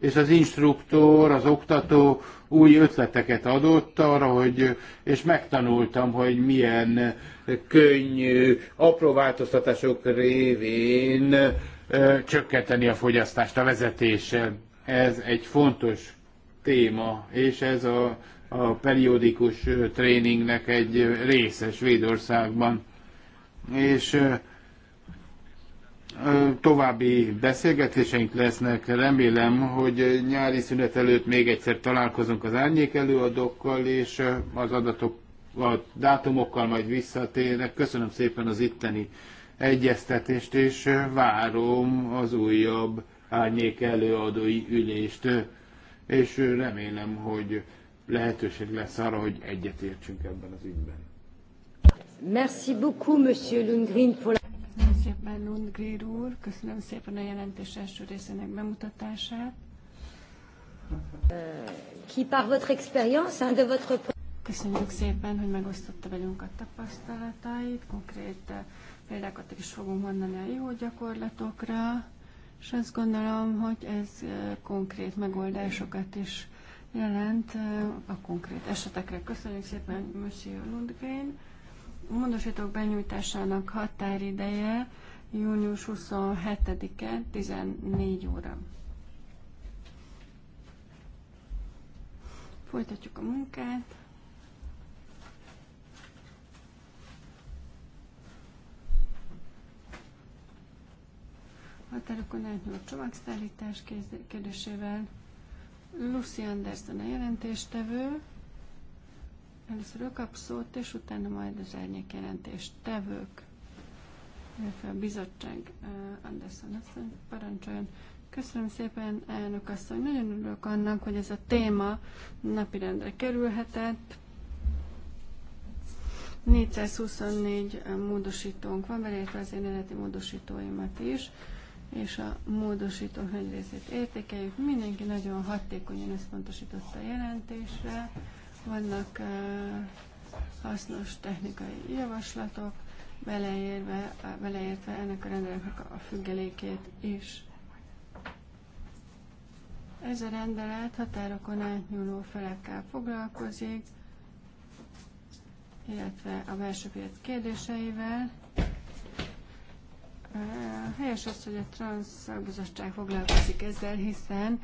és az instruktor, az oktató új ötleteket adott arra, hogy, és megtanultam, hogy milyen könnyű, apró változtatások révén ö, csökkenteni a fogyasztást a vezetéssel. Ez egy fontos téma, és ez a a periódikus tréningnek egy része Svédországban. És további beszélgetéseink lesznek. Remélem, hogy nyári szünet előtt még egyszer találkozunk az árnyék előadókkal, és az adatok, a dátumokkal majd visszatérek. Köszönöm szépen az itteni egyeztetést, és várom az újabb árnyék előadói ülést, és remélem, hogy lehetőség lesz arra, hogy egyetértsünk ebben az ügyben. Merci beaucoup, Monsieur Lundgren, pour la... Köszönöm szépen, Lundgren úr. Köszönöm szépen a jelentés első részének bemutatását. Ki euh, par votre expérience, de votre... Köszönjük szépen, hogy megosztotta velünk a tapasztalatait, konkrét euh, példákat is fogunk mondani a jó gyakorlatokra, és azt gondolom, hogy ez euh, konkrét megoldásokat is jelent a konkrét esetekre. Köszönjük szépen, Mösi Lundgren. A módosítók benyújtásának határideje június 27-e 14 óra. Folytatjuk a munkát. Határokon átnyúló csomagszállítás kérdésével Lucy Anderson a jelentéstevő. Először ő kap szót, és utána majd az árnyék jelentéstevők, illetve a bizottság Anderson asszony parancsoljon. Köszönöm szépen, elnök asszony. Nagyon örülök annak, hogy ez a téma napirendre kerülhetett. 424 módosítónk van, belépve az én eredeti módosítóimat is és a módosító nagy értékeljük. Mindenki nagyon hatékonyan összpontosította a jelentésre, vannak hasznos technikai javaslatok, beleérve, beleértve ennek a rendeletnek a függelékét is. Ez a rendelet határokon átnyúló felekkel foglalkozik, illetve a belső kérdéseivel, Helyes az, hogy a Transzbizottság foglalkozik ezzel, hiszen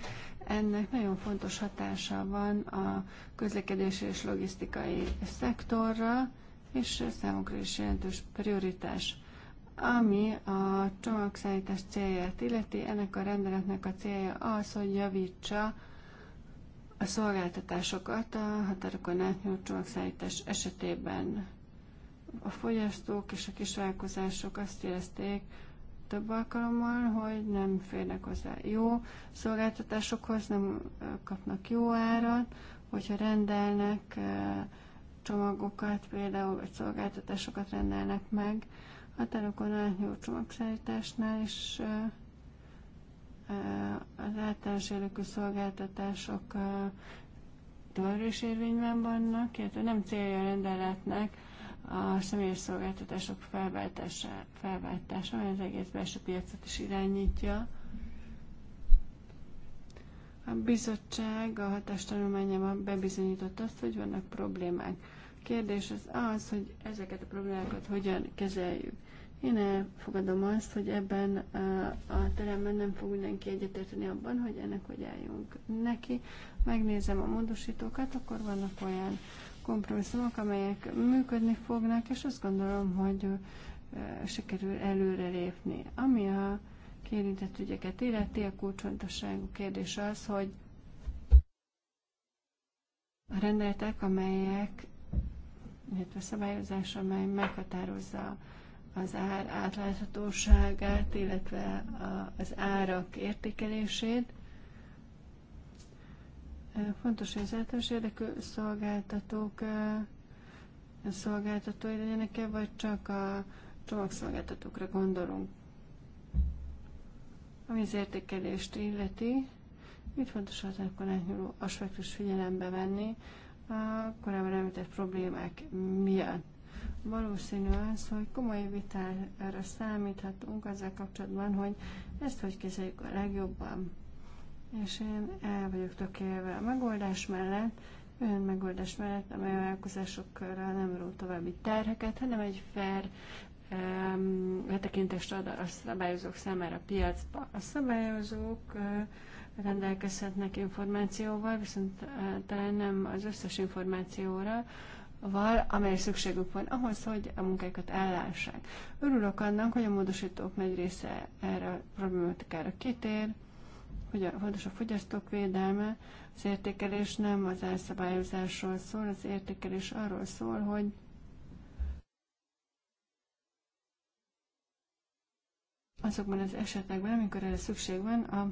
ennek nagyon fontos hatása van a közlekedési és logisztikai szektorra, és számunkra is jelentős prioritás. Ami a csomagszállítás célját illeti, ennek a rendeletnek a célja az, hogy javítsa a szolgáltatásokat a határokon átnyúló csomagszállítás esetében. A fogyasztók és a kisvállalkozások azt érezték több alkalommal, hogy nem férnek hozzá jó szolgáltatásokhoz, nem kapnak jó árat, hogyha rendelnek csomagokat, például vagy szolgáltatásokat rendelnek meg, határokon jó csomagszállításnál is az általános élőkű szolgáltatások törvésérvényben vannak, illetve nem célja a rendeletnek a személyes szolgáltatások felváltása, felváltása az egész belső piacot is irányítja. A bizottság a hatástanulmányában bebizonyított azt, hogy vannak problémák. A kérdés az az, hogy ezeket a problémákat hogyan kezeljük. Én elfogadom azt, hogy ebben a teremben nem fog mindenki egyetérteni abban, hogy ennek hogy álljunk neki. Megnézem a módosítókat, akkor vannak olyan kompromisszumok, amelyek működni fognak, és azt gondolom, hogy sikerül előrelépni. Ami a kérintett ügyeket illeti, a kulcsfontosságú kérdés az, hogy a rendeletek, amelyek, illetve szabályozás, amely meghatározza az ár átláthatóságát, illetve az árak értékelését, Fontos, hogy az általános érdekű szolgáltatók szolgáltatói legyenek-e, vagy csak a csomagszolgáltatókra gondolunk. Ami az értékelést illeti, mit fontos az átnyúló aspektus figyelembe venni a korábban említett problémák miatt. Valószínű az, hogy komoly vitára számíthatunk azzal kapcsolatban, hogy ezt hogy kezeljük a legjobban. És én el vagyok tökélve a megoldás mellett, olyan megoldás mellett, amely a vállalkozásokra nem ró további terheket, hanem egy fair um, letekintést ad a szabályozók számára a piacba. A szabályozók uh, rendelkezhetnek információval, viszont uh, talán nem az összes információra, val, amely szükségük van ahhoz, hogy a munkákat ellássák. Örülök annak, hogy a módosítók nagy része erre a problematikára kitér, fontos a fogyasztók védelme, az értékelés nem az elszabályozásról szól, az értékelés arról szól, hogy azokban az esetekben, amikor erre szükség van, a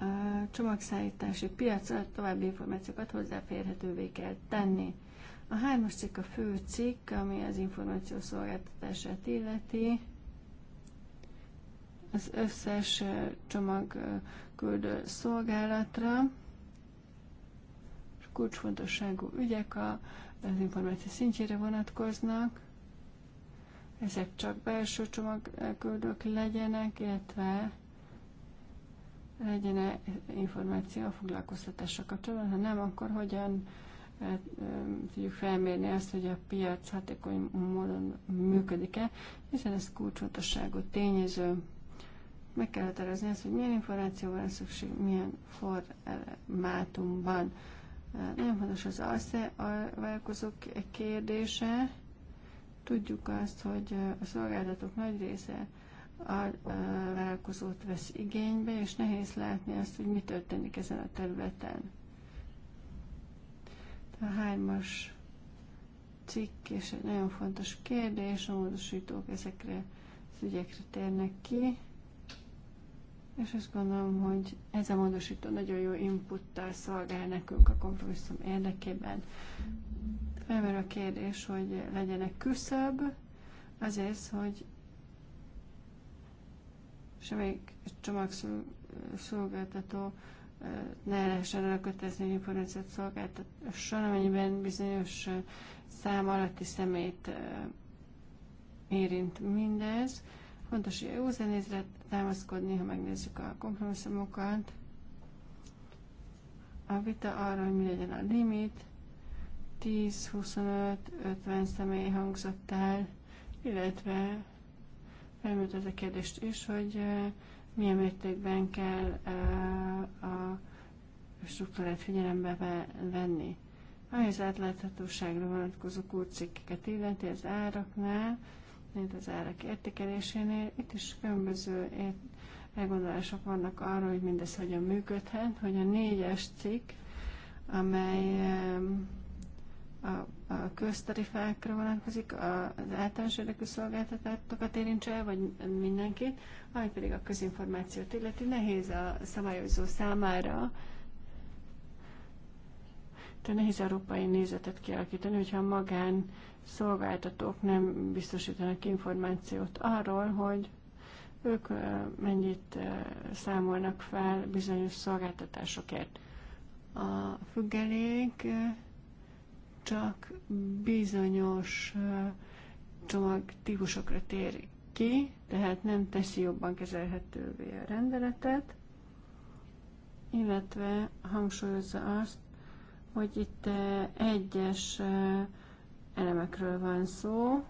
a csomagszállítási piacra további információkat hozzáférhetővé kell tenni. A hármas cikk a fő cikk, ami az információszolgáltatását illeti az összes csomagküldő szolgálatra. Kulcsfontosságú ügyek az információ szintjére vonatkoznak. Ezek csak belső csomagküldők legyenek, illetve legyen -e információ a foglalkoztatással kapcsolatban, ha nem, akkor hogyan tudjuk felmérni azt, hogy a piac hatékony módon működik-e, hiszen ez kulcsfontosságú tényező. Meg kell határozni azt, hogy milyen információval van szükség, milyen formátumban. Nagyon fontos az alsze a vállalkozók kérdése. Tudjuk azt, hogy a szolgáltatók nagy része a vállalkozót vesz igénybe, és nehéz látni azt, hogy mi történik ezen a területen. A hármas cikk, és egy nagyon fontos kérdés, a módosítók ezekre az ügyekre térnek ki. És azt gondolom, hogy ez a módosító nagyon jó inputtal szolgál nekünk a kompromisszum érdekében. Felmerül a kérdés, hogy legyenek küszöbb, azért, hogy semmelyik csomagszolgáltató ne lehessen elkötelezni információt szolgáltasson, amennyiben bizonyos szám alatti szemét érint mindez. Fontos, hogy a józanézre támaszkodni, ha megnézzük a kompromisszumokat. A vita arra, hogy mi legyen a limit, 10, 25, 50 személy hangzott el, illetve felmerült ez a kérdést is, hogy milyen mértékben kell a struktúrát figyelembe venni. Ahhoz átláthatóságra vonatkozó kurcikkeket illeti az áraknál, szeretnéd az árak értékelésénél. Itt is különböző elgondolások vannak arról, hogy mindez hogyan működhet, hogy a négyes cikk, amely a, a köztarifákra vonatkozik, az általános érdekű szolgáltatókat érintse el, vagy mindenkit, ami pedig a közinformációt illeti. Nehéz a szabályozó számára, Tehát nehéz európai nézetet kialakítani, hogyha magán szolgáltatók nem biztosítanak információt arról, hogy ők mennyit számolnak fel bizonyos szolgáltatásokért. A függelék csak bizonyos csomag típusokra tér ki, tehát nem teszi jobban kezelhetővé a rendeletet, illetve hangsúlyozza azt, hogy itt egyes elemekről van szó,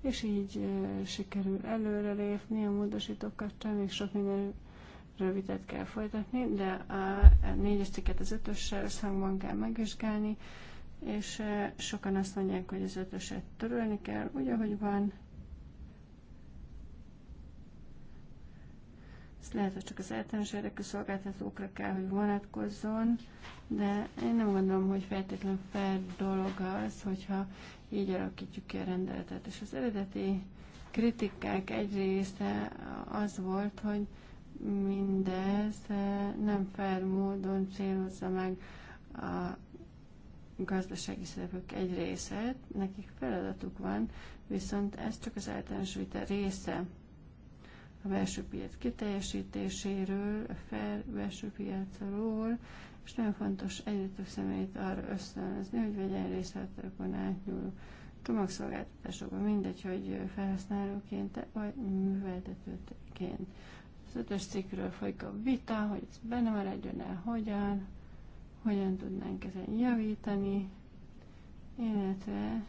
és így sikerül előrelépni a módosítók kapcsán, még sok minden rövidet kell folytatni, de a négyes cikket az ötössel összhangban kell megvizsgálni, és sokan azt mondják, hogy az ötöset törölni kell, úgy ahogy van, Ez lehet, hogy csak az általános érdekű szolgáltatókra kell, hogy vonatkozzon, de én nem gondolom, hogy feltétlen fel dolog az, hogyha így alakítjuk ki a rendeletet. És az eredeti kritikák egy része az volt, hogy mindez eh, nem fel módon célozza meg a gazdasági szereplők egy részét, nekik feladatuk van, viszont ez csak az általános vita része a belső piac kiteljesítéséről, a fel belső piacról, és nagyon fontos egyre több személyt arra ösztönözni, hogy vegyen részt határokon átnyúló csomagszolgáltatásokban, mindegy, hogy felhasználóként vagy műveltetőként. Az ötös cikkről folyik a vita, hogy ez benne maradjon el, hogyan, hogyan tudnánk ezen javítani, illetve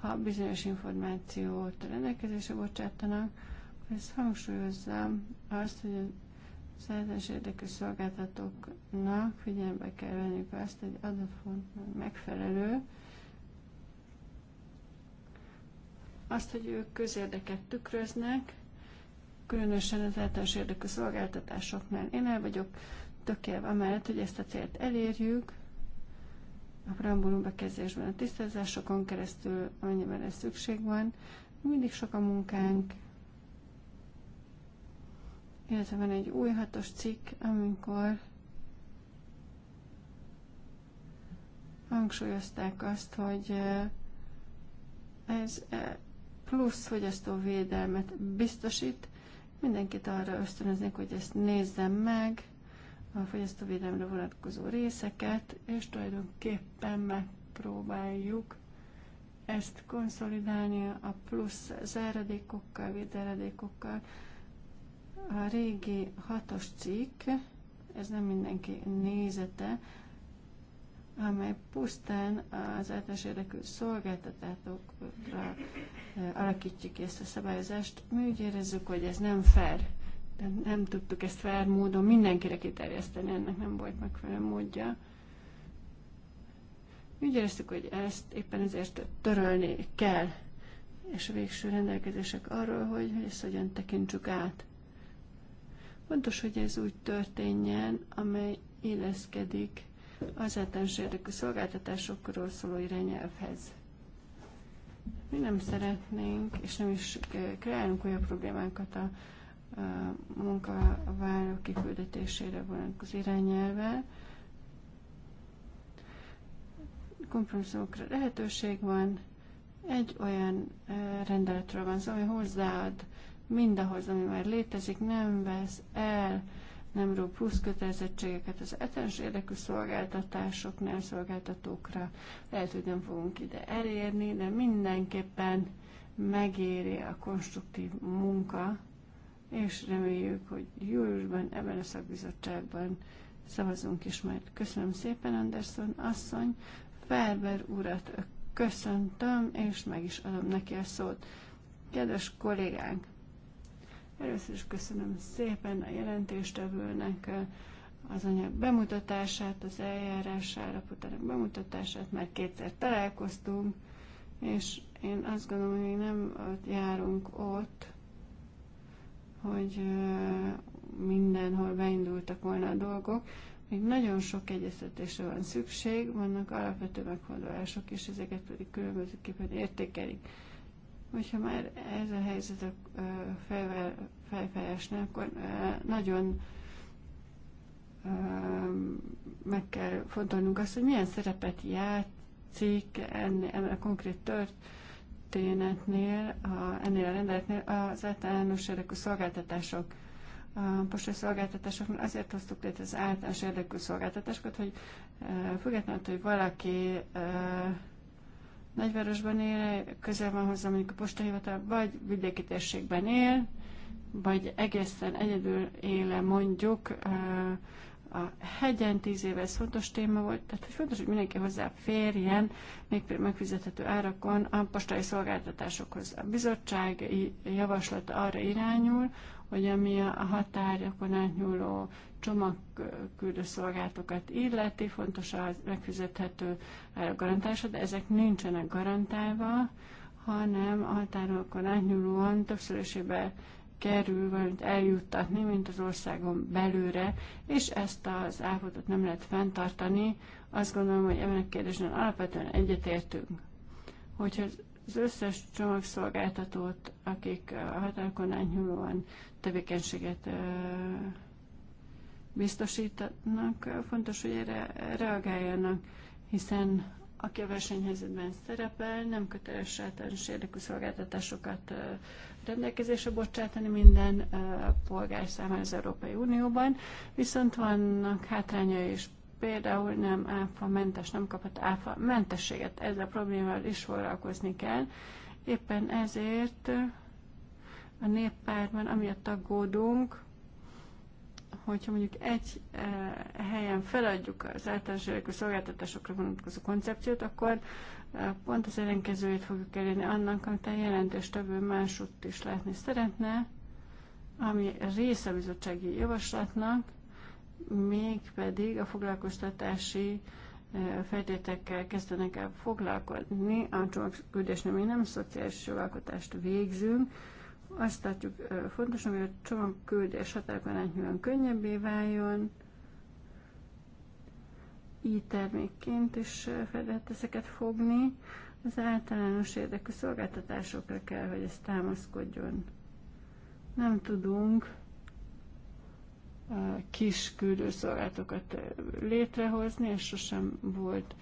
ha bizonyos információt rendelkezésre bocsátanak, ezt hangsúlyozzam azt, hogy a szállítás érdekű szolgáltatóknak figyelembe kell venniük azt, hogy adott megfelelő, azt, hogy ők közérdeket tükröznek, különösen az általános érdekű szolgáltatásoknál. Én el vagyok tökélve amellett, hogy ezt a célt elérjük, a preambulum bekezdésben a tisztázásokon keresztül, amennyiben ez szükség van. Mindig sok a munkánk, illetve van egy új hatos cikk, amikor hangsúlyozták azt, hogy eh, ez eh, plusz fogyasztó védelmet biztosít. Mindenkit arra ösztönöznék, hogy ezt nézzem meg, a fogyasztóvédelemre vonatkozó részeket, és tulajdonképpen megpróbáljuk ezt konszolidálni a plusz záradékokkal, védeledékokkal, a régi hatos cikk, ez nem mindenki nézete, amely pusztán az általános érdekű szolgáltatókra alakítjuk ki ezt a szabályozást. Mi úgy érezzük, hogy ez nem fair. De nem tudtuk ezt fair módon mindenkire kiterjeszteni, ennek nem volt megfelelő módja. Mi úgy éreztük, hogy ezt éppen ezért törölni kell, és a végső rendelkezések arról, hogy, hogy ezt hogyan tekintsük át. Fontos, hogy ez úgy történjen, amely illeszkedik az általános érdekű szolgáltatásokról szóló irányelvhez. Mi nem szeretnénk, és nem is kreálunk olyan problémákat a, a munkavállalók kiküldetésére vonatkozó irányelvvel. Kompromisszumokra lehetőség van, egy olyan eh, rendeletről van szó, ami hozzáad mindahhoz, ami már létezik, nem vesz el, nem ró plusz kötelezettségeket az etens érdekű szolgáltatásoknál, szolgáltatókra. Lehet, hogy nem fogunk ide elérni, de mindenképpen megéri a konstruktív munka, és reméljük, hogy júliusban ebben a szakbizottságban szavazunk is majd. Köszönöm szépen, Anderson asszony, Ferber urat köszöntöm, és meg is adom neki a szót. Kedves kollégánk, Először is köszönöm szépen a jelentéstevőnek eh, az anyag bemutatását, az eljárás állapotának bemutatását, mert kétszer találkoztunk, és én azt gondolom, hogy még nem járunk ott, hogy eh, mindenhol beindultak volna a dolgok. Még nagyon sok egyeztetésre van szükség, vannak alapvető megfordulások, és ezeket pedig különbözőképpen értékelik hogyha már ez a helyzet a fejfájásnál, akkor nagyon meg kell fontolnunk azt, hogy milyen szerepet játszik ennél a konkrét történetnél, a, ennél a rendeletnél az általános érdekű szolgáltatások. A postai szolgáltatásoknál azért hoztuk létre az általános érdekű szolgáltatásokat, hogy függetlenül, hogy valaki nagyvárosban él, közel van hozzá mondjuk a postahivatal, vagy vidéki térségben él, vagy egészen egyedül éle mondjuk a hegyen tíz éve ez fontos téma volt, tehát hogy fontos, hogy mindenki hozzáférjen még megfizethető árakon a postai szolgáltatásokhoz. A bizottság javaslat arra irányul, hogy ami a határokon átnyúló csomagküldő szolgáltokat illeti, fontos a megfizethető eh, garantálása, de ezek nincsenek garantálva, hanem a határokon átnyúlóan többszörösébe kerül valamit eljuttatni, mint az országon belőre, és ezt az állapotot nem lehet fenntartani. Azt gondolom, hogy ebben a kérdésben alapvetően egyetértünk. Hogyha az összes csomagszolgáltatót, akik a határokon átnyúlóan tevékenységet eh, biztosítanak, fontos, hogy erre reagáljanak, hiszen aki a versenyhelyzetben szerepel, nem köteles általános érdekű szolgáltatásokat rendelkezésre bocsátani minden polgár számára az Európai Unióban, viszont vannak hátrányai is, például nem áfa mentes, nem kaphat áfa mentességet, ezzel a problémával is foglalkozni kell. Éppen ezért a néppártban amiatt aggódunk, hogyha mondjuk egy eh, helyen feladjuk az általános érdekű szolgáltatásokra vonatkozó koncepciót, akkor eh, pont az ellenkezőjét fogjuk elérni annak, amit a jelentős tevő másútt is látni szeretne, ami része a bizottsági javaslatnak, mégpedig a foglalkoztatási eh, feltétekkel kezdenek el foglalkozni, a csomagküldésnél mi nem szociális jogalkotást végzünk, azt tartjuk fontos, hogy a csomagküldés határokon átnyúlóan könnyebbé váljon, így termékként is fel lehet ezeket fogni. Az általános érdekű szolgáltatásokra kell, hogy ez támaszkodjon. Nem tudunk kis küldőszolgáltatókat létrehozni, és sosem volt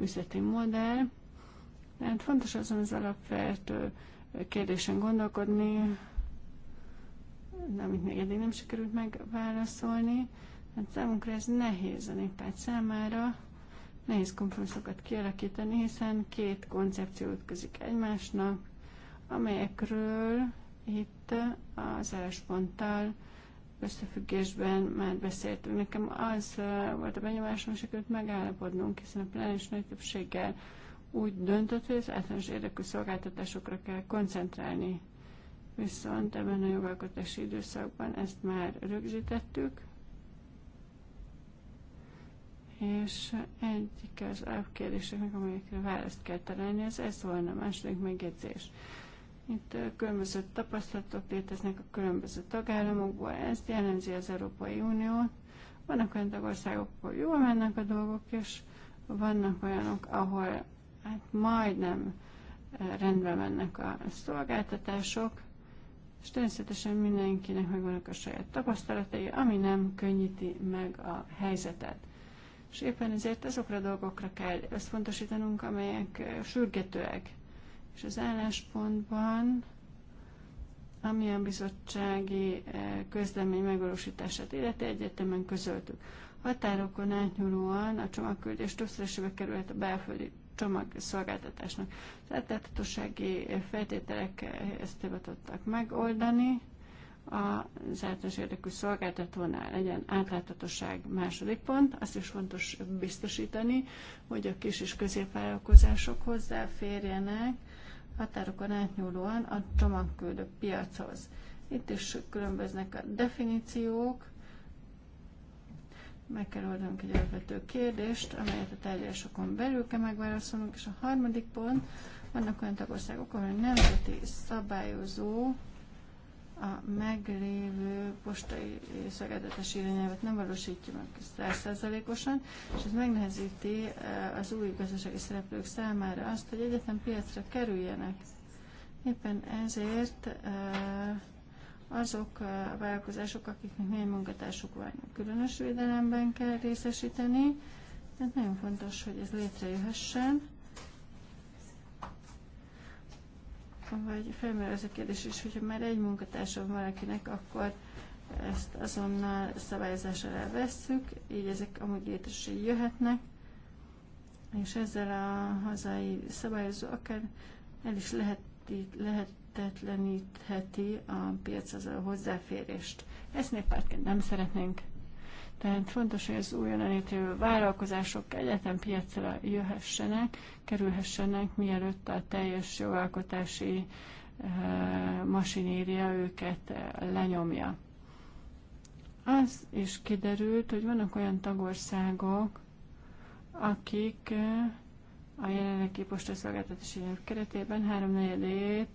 üzleti modell. Tehát fontos azon az alapvető kérdésen gondolkodni, de amit még eddig nem sikerült megválaszolni. Hát számunkra ez nehéz a néppárt számára, nehéz kompromisszokat kialakítani, hiszen két koncepció ütközik egymásnak, amelyekről itt az állásponttal összefüggésben már beszéltünk. Nekem az eh, volt a benyomásom, hogy sikerült megállapodnunk, hiszen a plenáris nagy többséggel úgy döntött, hogy az általános érdekű szolgáltatásokra kell koncentrálni. Viszont ebben a jogalkotási időszakban ezt már rögzítettük, és egyik az alapkérdéseknek, amelyekre választ kell találni, ez ez volna a második megjegyzés. Itt különböző tapasztalatok léteznek a különböző tagállamokból, ezt jellemzi az Európai Unió. Vannak olyan tagországok, ahol jól mennek a dolgok, és vannak olyanok, ahol hát majdnem rendben mennek a szolgáltatások, és természetesen mindenkinek megvannak a saját tapasztalatai, ami nem könnyíti meg a helyzetet. És éppen ezért azokra a dolgokra kell összpontosítanunk, amelyek sürgetőek. És az álláspontban, ami a bizottsági közlemény megvalósítását illeti, egyetemen közöltük. Határokon átnyúlóan a csomagküldés többszörösebe került a belföldi csomagszolgáltatásnak. Az átláthatósági feltételek ezt tudtak megoldani, a zártos érdekű szolgáltatónál legyen átláthatóság második pont. Azt is fontos biztosítani, hogy a kis és középvállalkozások hozzáférjenek határokon átnyúlóan a csomagküldő piachoz. Itt is különböznek a definíciók, meg kell oldanunk egy alapvető kérdést, amelyet a tárgyalásokon belül kell megválaszolnunk, és a harmadik pont, vannak olyan tagországok, ahol a nemzeti szabályozó a meglévő postai szegedetes irányelvet nem valósítja meg százszerzalékosan, és ez megnehezíti eh, az új gazdasági szereplők számára azt, hogy egyetlen piacra kerüljenek. Éppen ezért eh, azok a vállalkozások, akiknek négy munkatársuk van, különös védelemben kell részesíteni, tehát nagyon fontos, hogy ez létrejöhessen. Vagy felmerül az a kérdés is, hogyha már egy munkatársa van valakinek, akkor ezt azonnal szabályozásra elvesszük, így ezek amúgy létre jöhetnek, és ezzel a hazai szabályozó akár el is lehet, lehet lehetetlenítheti a az a hozzáférést. Ezt néppártként nem szeretnénk. Tehát fontos, hogy az újonnan létrejövő vállalkozások egyetem piacra jöhessenek, kerülhessenek, mielőtt a teljes jogalkotási eh, masinéria őket eh, lenyomja. Az is kiderült, hogy vannak olyan tagországok, akik eh, a jelenlegi postaszolgáltatási keretében háromnegyedét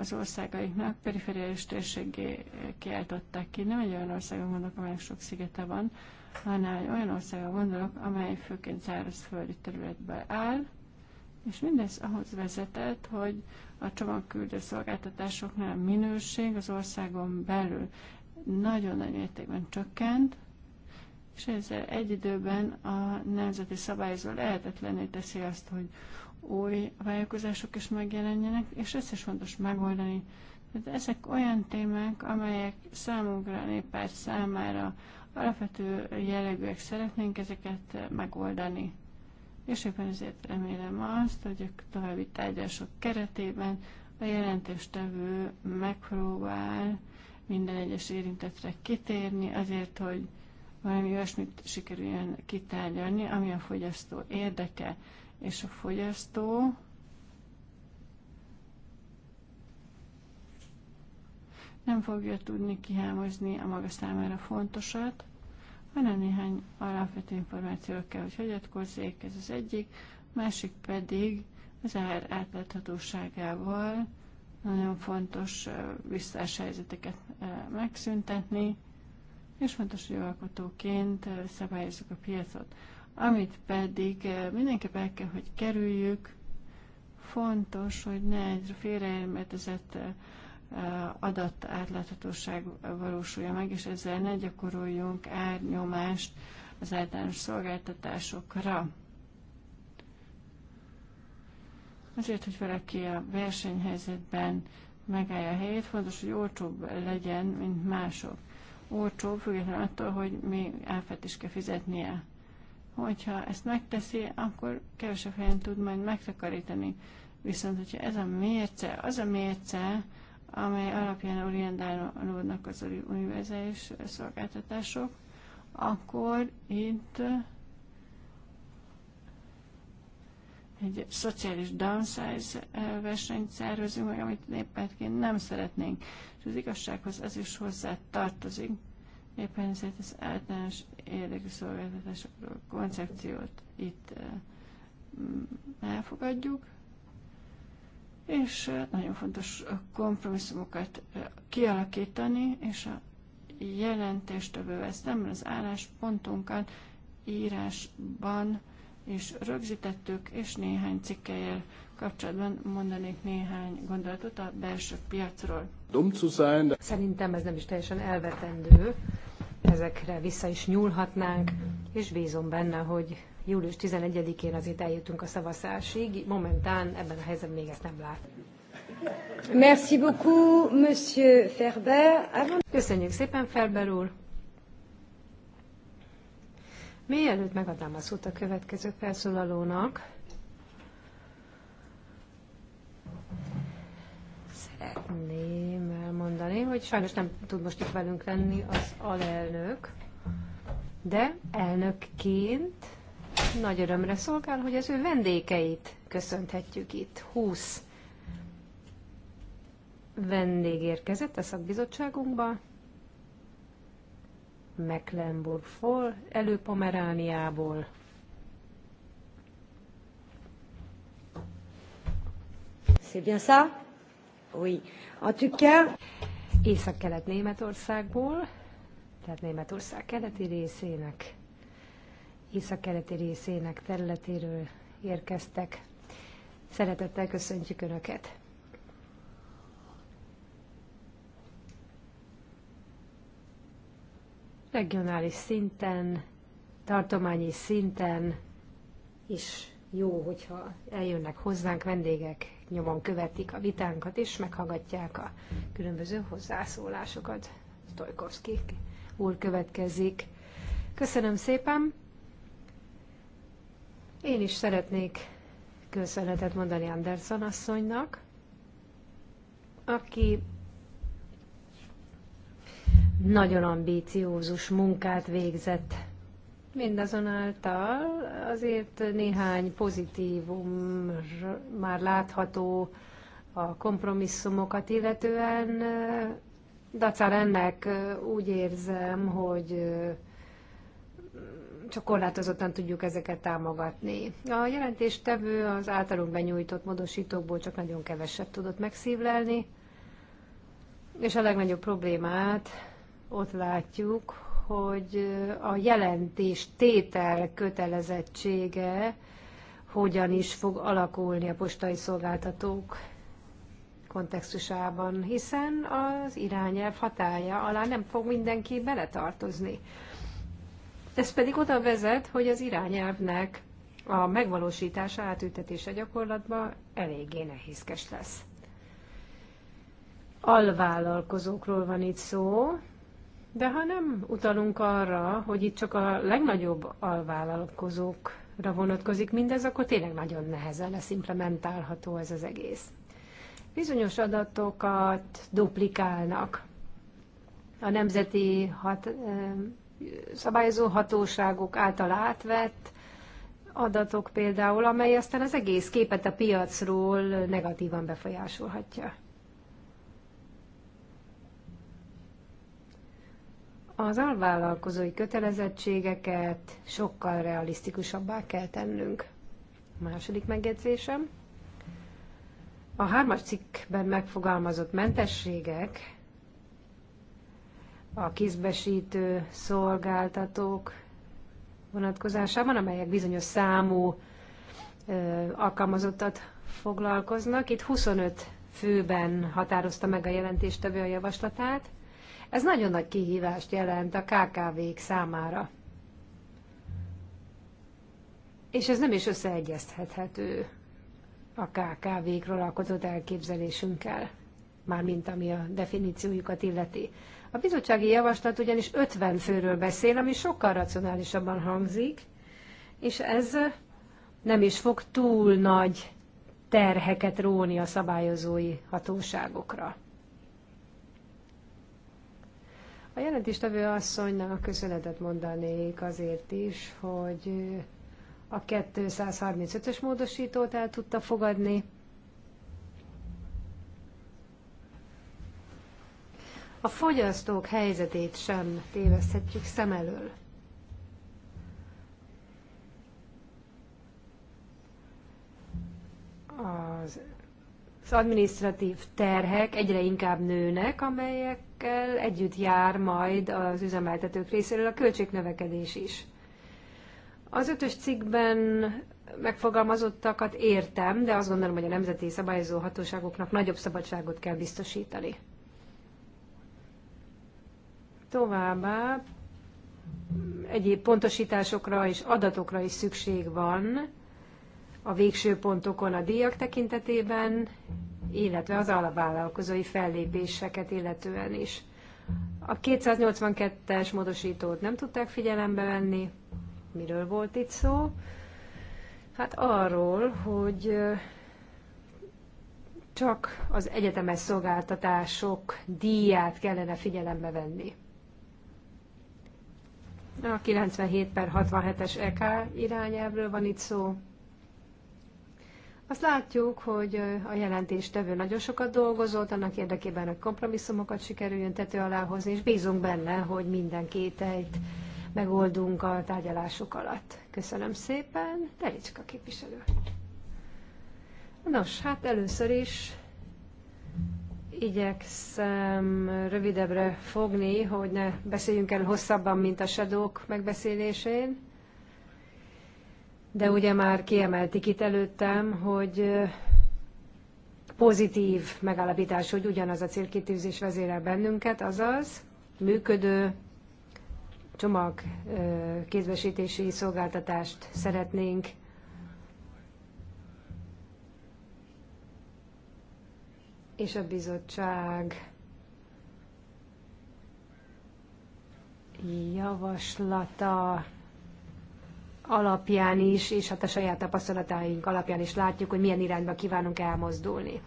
az országaiknak perifériális térségé kiáltották ki. Nem egy olyan országon gondolok, amelynek sok szigete van, hanem egy olyan országon gondolok, amely főként szárazföldi területből áll, és mindez ahhoz vezetett, hogy a csomagküldő szolgáltatásoknál a minőség az országon belül nagyon nagy mértékben csökkent, és ezzel egy időben a nemzeti szabályozó lehetetlené teszi azt, hogy új vállalkozások is megjelenjenek, és ezt is fontos megoldani. Tehát ezek olyan témák, amelyek számunkra, a néppárt számára alapvető jellegűek szeretnénk ezeket megoldani. És éppen ezért remélem azt, hogy a további tárgyások keretében a jelentéstevő megpróbál minden egyes érintetre kitérni, azért, hogy valami olyasmit sikerüljön kitárgyalni, ami a fogyasztó érdeke és a fogyasztó nem fogja tudni kihámozni a maga számára fontosat, hanem néhány alapvető információra kell, hogy hagyatkozzék, ez az egyik, másik pedig az ár átláthatóságával nagyon fontos visszás helyzeteket megszüntetni, és fontos, hogy alkotóként szabályozzuk a piacot. Amit pedig eh, mindenképp el kell, hogy kerüljük, fontos, hogy ne egy félreérmetezett eh, eh, adat átláthatóság valósulja meg, és ezzel ne gyakoroljunk árnyomást az általános szolgáltatásokra. Azért, hogy valaki a versenyhelyzetben megállja a helyét, fontos, hogy olcsóbb legyen, mint mások. Olcsóbb, függetlenül attól, hogy mi áfát is kell fizetnie hogyha ezt megteszi, akkor kevesebb helyen tud majd megtakarítani. Viszont, hogyha ez a mérce, az a mérce, amely alapján orientálódnak az univerzális szolgáltatások, akkor itt egy szociális downsize eh, versenyt szervezünk meg, amit néppetként nem szeretnénk. És az igazsághoz ez is hozzá tartozik, Éppen ezért az általános érdekű szolgáltatás koncepciót itt mm, elfogadjuk, és nagyon fontos kompromisszumokat kialakítani, és a jelentést ezt nem az álláspontunkat írásban és rögzítettük, és néhány cikkelyel kapcsolatban mondanék néhány gondolatot a belső piacról. Szerintem ez nem is teljesen elvetendő, ezekre vissza is nyúlhatnánk, és bízom benne, hogy július 11-én azért eljutunk a szavazásig. Momentán ebben a helyzetben még ezt nem lát. Merci beaucoup, Monsieur Ferber. Köszönjük szépen, Ferber úr. Mielőtt megadnám a szót a következő felszólalónak, szeretném elmondani, hogy sajnos nem tud most itt velünk lenni az alelnök, de elnökként nagy örömre szolgál, hogy az ő vendégeit köszönhetjük itt. 20 vendég érkezett a szakbizottságunkba, Mecklenburg-Fol, előpomerániából, C'est bien ça Oui. En tout cas... Észak-kelet Németországból, tehát Németország keleti részének, észak-keleti részének területéről érkeztek. Szeretettel köszöntjük Önöket! Regionális szinten, tartományi szinten is jó, hogyha eljönnek hozzánk vendégek, nyomon követik a vitánkat, és meghallgatják a különböző hozzászólásokat. Tojkovszki úr következik. Köszönöm szépen! Én is szeretnék köszönetet mondani Anderson asszonynak, aki nagyon ambíciózus munkát végzett Mindazonáltal azért néhány pozitívum már látható a kompromisszumokat illetően. Dacár ennek úgy érzem, hogy csak korlátozottan tudjuk ezeket támogatni. A jelentéstevő az általunk benyújtott módosítókból csak nagyon keveset tudott megszívlelni, és a legnagyobb problémát ott látjuk, hogy a jelentés tétel kötelezettsége hogyan is fog alakulni a postai szolgáltatók kontextusában, hiszen az irányelv hatája alá nem fog mindenki beletartozni. Ez pedig oda vezet, hogy az irányelvnek a megvalósítása, átültetése gyakorlatban eléggé nehézkes lesz. Alvállalkozókról van itt szó, de ha nem utalunk arra, hogy itt csak a legnagyobb alvállalkozókra vonatkozik mindez, akkor tényleg nagyon nehezen lesz implementálható ez az egész. Bizonyos adatokat duplikálnak. A nemzeti hat, szabályozó hatóságok által átvett adatok például, amely aztán az egész képet a piacról negatívan befolyásolhatja. Az alvállalkozói kötelezettségeket sokkal realisztikusabbá kell tennünk. A második megjegyzésem. A hármas cikkben megfogalmazott mentességek a kézbesítő szolgáltatók vonatkozásában, amelyek bizonyos számú ö, alkalmazottat foglalkoznak. Itt 25 főben határozta meg a jelentéstevő a javaslatát. Ez nagyon nagy kihívást jelent a KKV-k számára. És ez nem is összeegyeztethető a kkv kről alkotott elképzelésünkkel, mármint ami a definíciójukat illeti. A bizottsági javaslat ugyanis 50 főről beszél, ami sokkal racionálisabban hangzik, és ez nem is fog túl nagy terheket róni a szabályozói hatóságokra. A jelentéstevő asszonynak köszönetet mondanék azért is, hogy a 235-ös módosítót el tudta fogadni. A fogyasztók helyzetét sem téveszthetjük szem elől. Az az administratív terhek egyre inkább nőnek, amelyekkel együtt jár majd az üzemeltetők részéről a költségnövekedés is. Az ötös cikkben megfogalmazottakat értem, de azt gondolom, hogy a nemzeti szabályozó hatóságoknak nagyobb szabadságot kell biztosítani. Továbbá egyéb pontosításokra és adatokra is szükség van, a végső pontokon a díjak tekintetében, illetve az alapvállalkozói fellépéseket illetően is. A 282-es módosítót nem tudták figyelembe venni. Miről volt itt szó? Hát arról, hogy csak az egyetemes szolgáltatások díját kellene figyelembe venni. A 97 per 67-es EK irányelvről van itt szó, azt látjuk, hogy a jelentés tevő nagyon sokat dolgozott, annak érdekében, hogy kompromisszumokat sikerüljön tető alá hozni, és bízunk benne, hogy minden kételyt megoldunk a tárgyalások alatt. Köszönöm szépen. Tericska képviselő. Nos, hát először is igyekszem rövidebbre fogni, hogy ne beszéljünk el hosszabban, mint a sadók megbeszélésén de ugye már kiemeltik itt előttem, hogy pozitív megállapítás, hogy ugyanaz a célkitűzés vezérel bennünket, azaz működő csomag kézbesítési szolgáltatást szeretnénk és a bizottság javaslata alapján is, és hát a saját tapasztalataink alapján is látjuk, hogy milyen irányba kívánunk elmozdulni.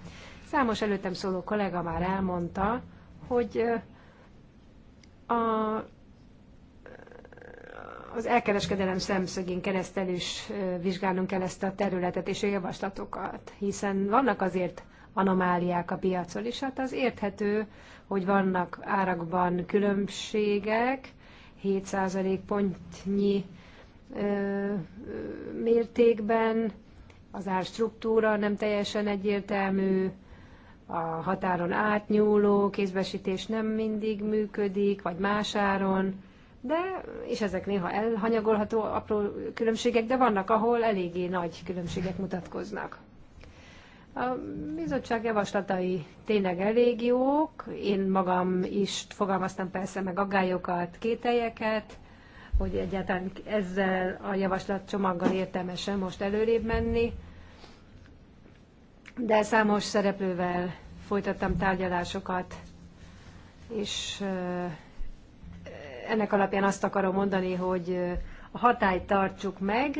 Számos előttem szóló kollega már elmondta, hogy a, az elkereskedelem szemszögén keresztel is vizsgálnunk kell ezt a területet és a javaslatokat, hiszen vannak azért anomáliák a piacon, és hát az érthető, hogy vannak árakban különbségek, 7% pontnyi mértékben, az árstruktúra nem teljesen egyértelmű, a határon átnyúló kézbesítés nem mindig működik, vagy más áron, de, és ezek néha elhanyagolható apró különbségek, de vannak, ahol eléggé nagy különbségek mutatkoznak. A bizottság javaslatai tényleg elég jók, én magam is fogalmaztam persze meg aggályokat, kételyeket, hogy egyáltalán ezzel a javaslatcsomaggal értelmesen most előrébb menni, de számos szereplővel folytattam tárgyalásokat, és ennek alapján azt akarom mondani, hogy a hatályt tartsuk meg,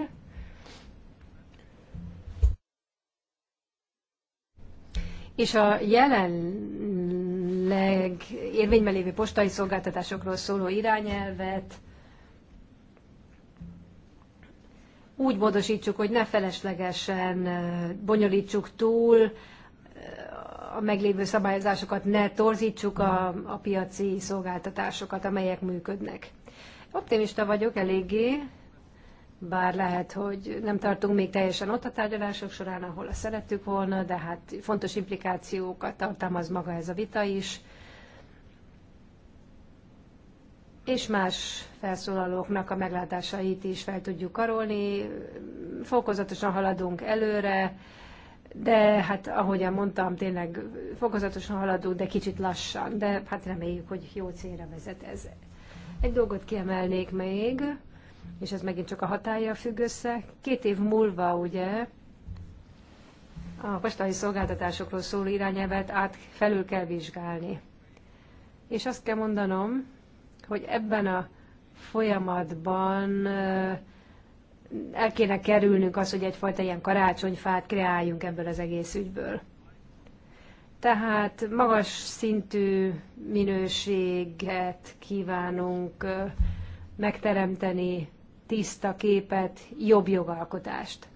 és a jelenleg érvényben lévő postai szolgáltatásokról szóló irányelvet úgy módosítsuk, hogy ne feleslegesen bonyolítsuk túl, a meglévő szabályozásokat ne torzítsuk a, a piaci szolgáltatásokat, amelyek működnek. Optimista vagyok eléggé, bár lehet, hogy nem tartunk még teljesen ott a tárgyalások során, ahol a szerettük volna, de hát fontos implikációkat tartalmaz maga ez a vita is, és más felszólalóknak a meglátásait is fel tudjuk karolni. Fokozatosan haladunk előre, de hát ahogyan mondtam, tényleg fokozatosan haladunk, de kicsit lassan, de hát reméljük, hogy jó célra vezet ez. Egy dolgot kiemelnék még, és ez megint csak a hatája függ össze. Két év múlva ugye a postai szolgáltatásokról szóló irányelvet át felül kell vizsgálni. És azt kell mondanom, hogy ebben a folyamatban el kéne kerülnünk az, hogy egyfajta ilyen karácsonyfát kreáljunk ebből az egész ügyből. Tehát magas szintű minőséget kívánunk megteremteni, tiszta képet, jobb jogalkotást.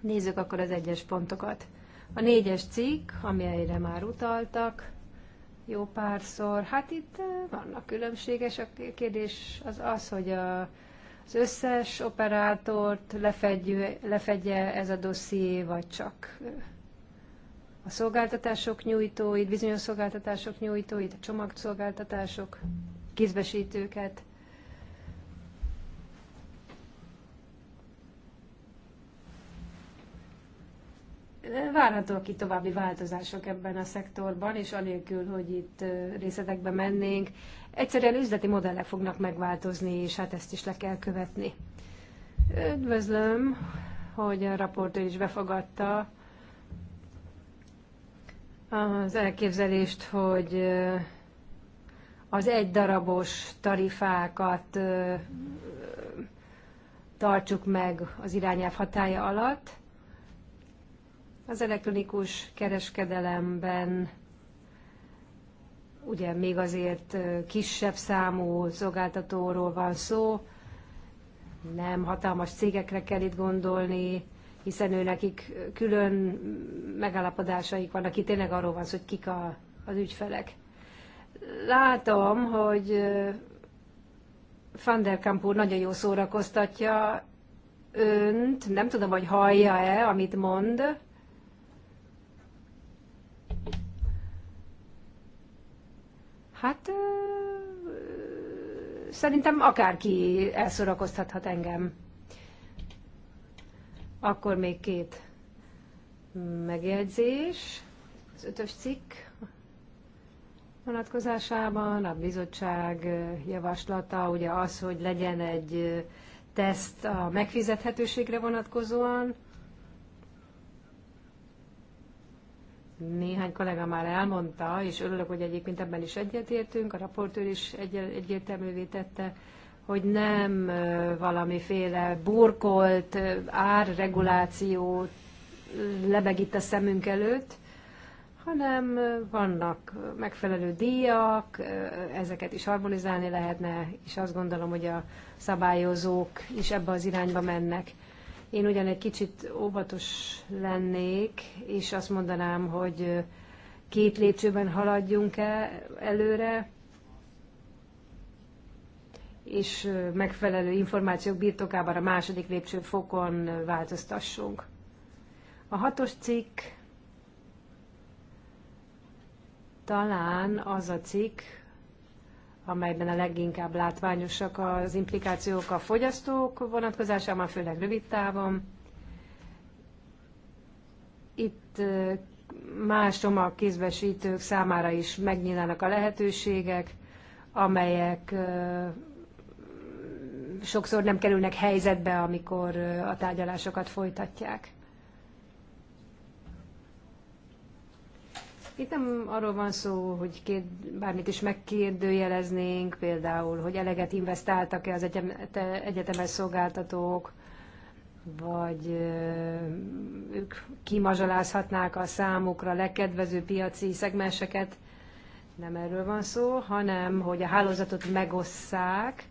Nézzük akkor az egyes pontokat. A négyes cikk, amelyre már utaltak, jó párszor. Hát itt vannak különbséges. A kérdés az az, hogy a, az összes operátort lefedjő, lefedje ez a dosszié, vagy csak a szolgáltatások nyújtóit, bizonyos szolgáltatások nyújtóit, a csomagszolgáltatások, kézbesítőket. Várhatóak itt további változások ebben a szektorban, és anélkül, hogy itt részletekbe mennénk, egyszerűen üzleti modellek fognak megváltozni, és hát ezt is le kell követni. Üdvözlöm, hogy a raportőr is befogadta az elképzelést, hogy az egy darabos tarifákat tartsuk meg az irányelv hatája alatt, az elektronikus kereskedelemben ugye még azért kisebb számú szolgáltatóról van szó, nem hatalmas cégekre kell itt gondolni, hiszen ő nekik külön megállapodásaik vannak, itt tényleg arról van szó, hogy kik a, az ügyfelek. Látom, hogy Van der Kamp úr nagyon jó szórakoztatja önt, nem tudom, hogy hallja-e, amit mond, Hát szerintem akárki elszórakoztathat engem. Akkor még két megjegyzés. Az ötös cikk vonatkozásában a bizottság javaslata ugye az, hogy legyen egy teszt a megfizethetőségre vonatkozóan, néhány kollega már elmondta, és örülök, hogy egyébként ebben is egyetértünk, a raportőr is egy, egyértelművé tette, hogy nem valamiféle burkolt árreguláció lebeg itt a szemünk előtt, hanem vannak megfelelő díjak, ezeket is harmonizálni lehetne, és azt gondolom, hogy a szabályozók is ebbe az irányba mennek. Én ugyan egy kicsit óvatos lennék, és azt mondanám, hogy két lépcsőben haladjunk -e előre, és megfelelő információk birtokában a második lépcsőfokon változtassunk. A hatos cikk talán az a cikk, amelyben a leginkább látványosak az implikációk a fogyasztók vonatkozásában, főleg rövid távon. Itt más csomagkézbesítők számára is megnyílnak a lehetőségek, amelyek sokszor nem kerülnek helyzetbe, amikor a tárgyalásokat folytatják. Itt nem arról van szó, hogy két, bármit is megkérdőjeleznénk, például, hogy eleget investáltak-e az egyetemes szolgáltatók, vagy ők kimazsalázhatnák a számukra legkedvező piaci szegmenseket. Nem erről van szó, hanem hogy a hálózatot megosszák.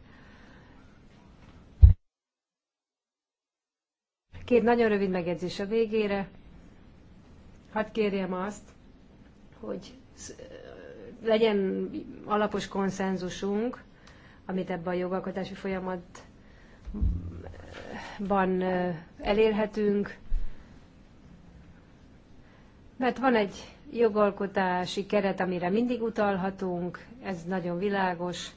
Két nagyon rövid megjegyzés a végére. Hadd kérjem azt, hogy legyen alapos konszenzusunk, amit ebben a jogalkotási folyamatban elérhetünk, mert van egy jogalkotási keret, amire mindig utalhatunk, ez nagyon világos,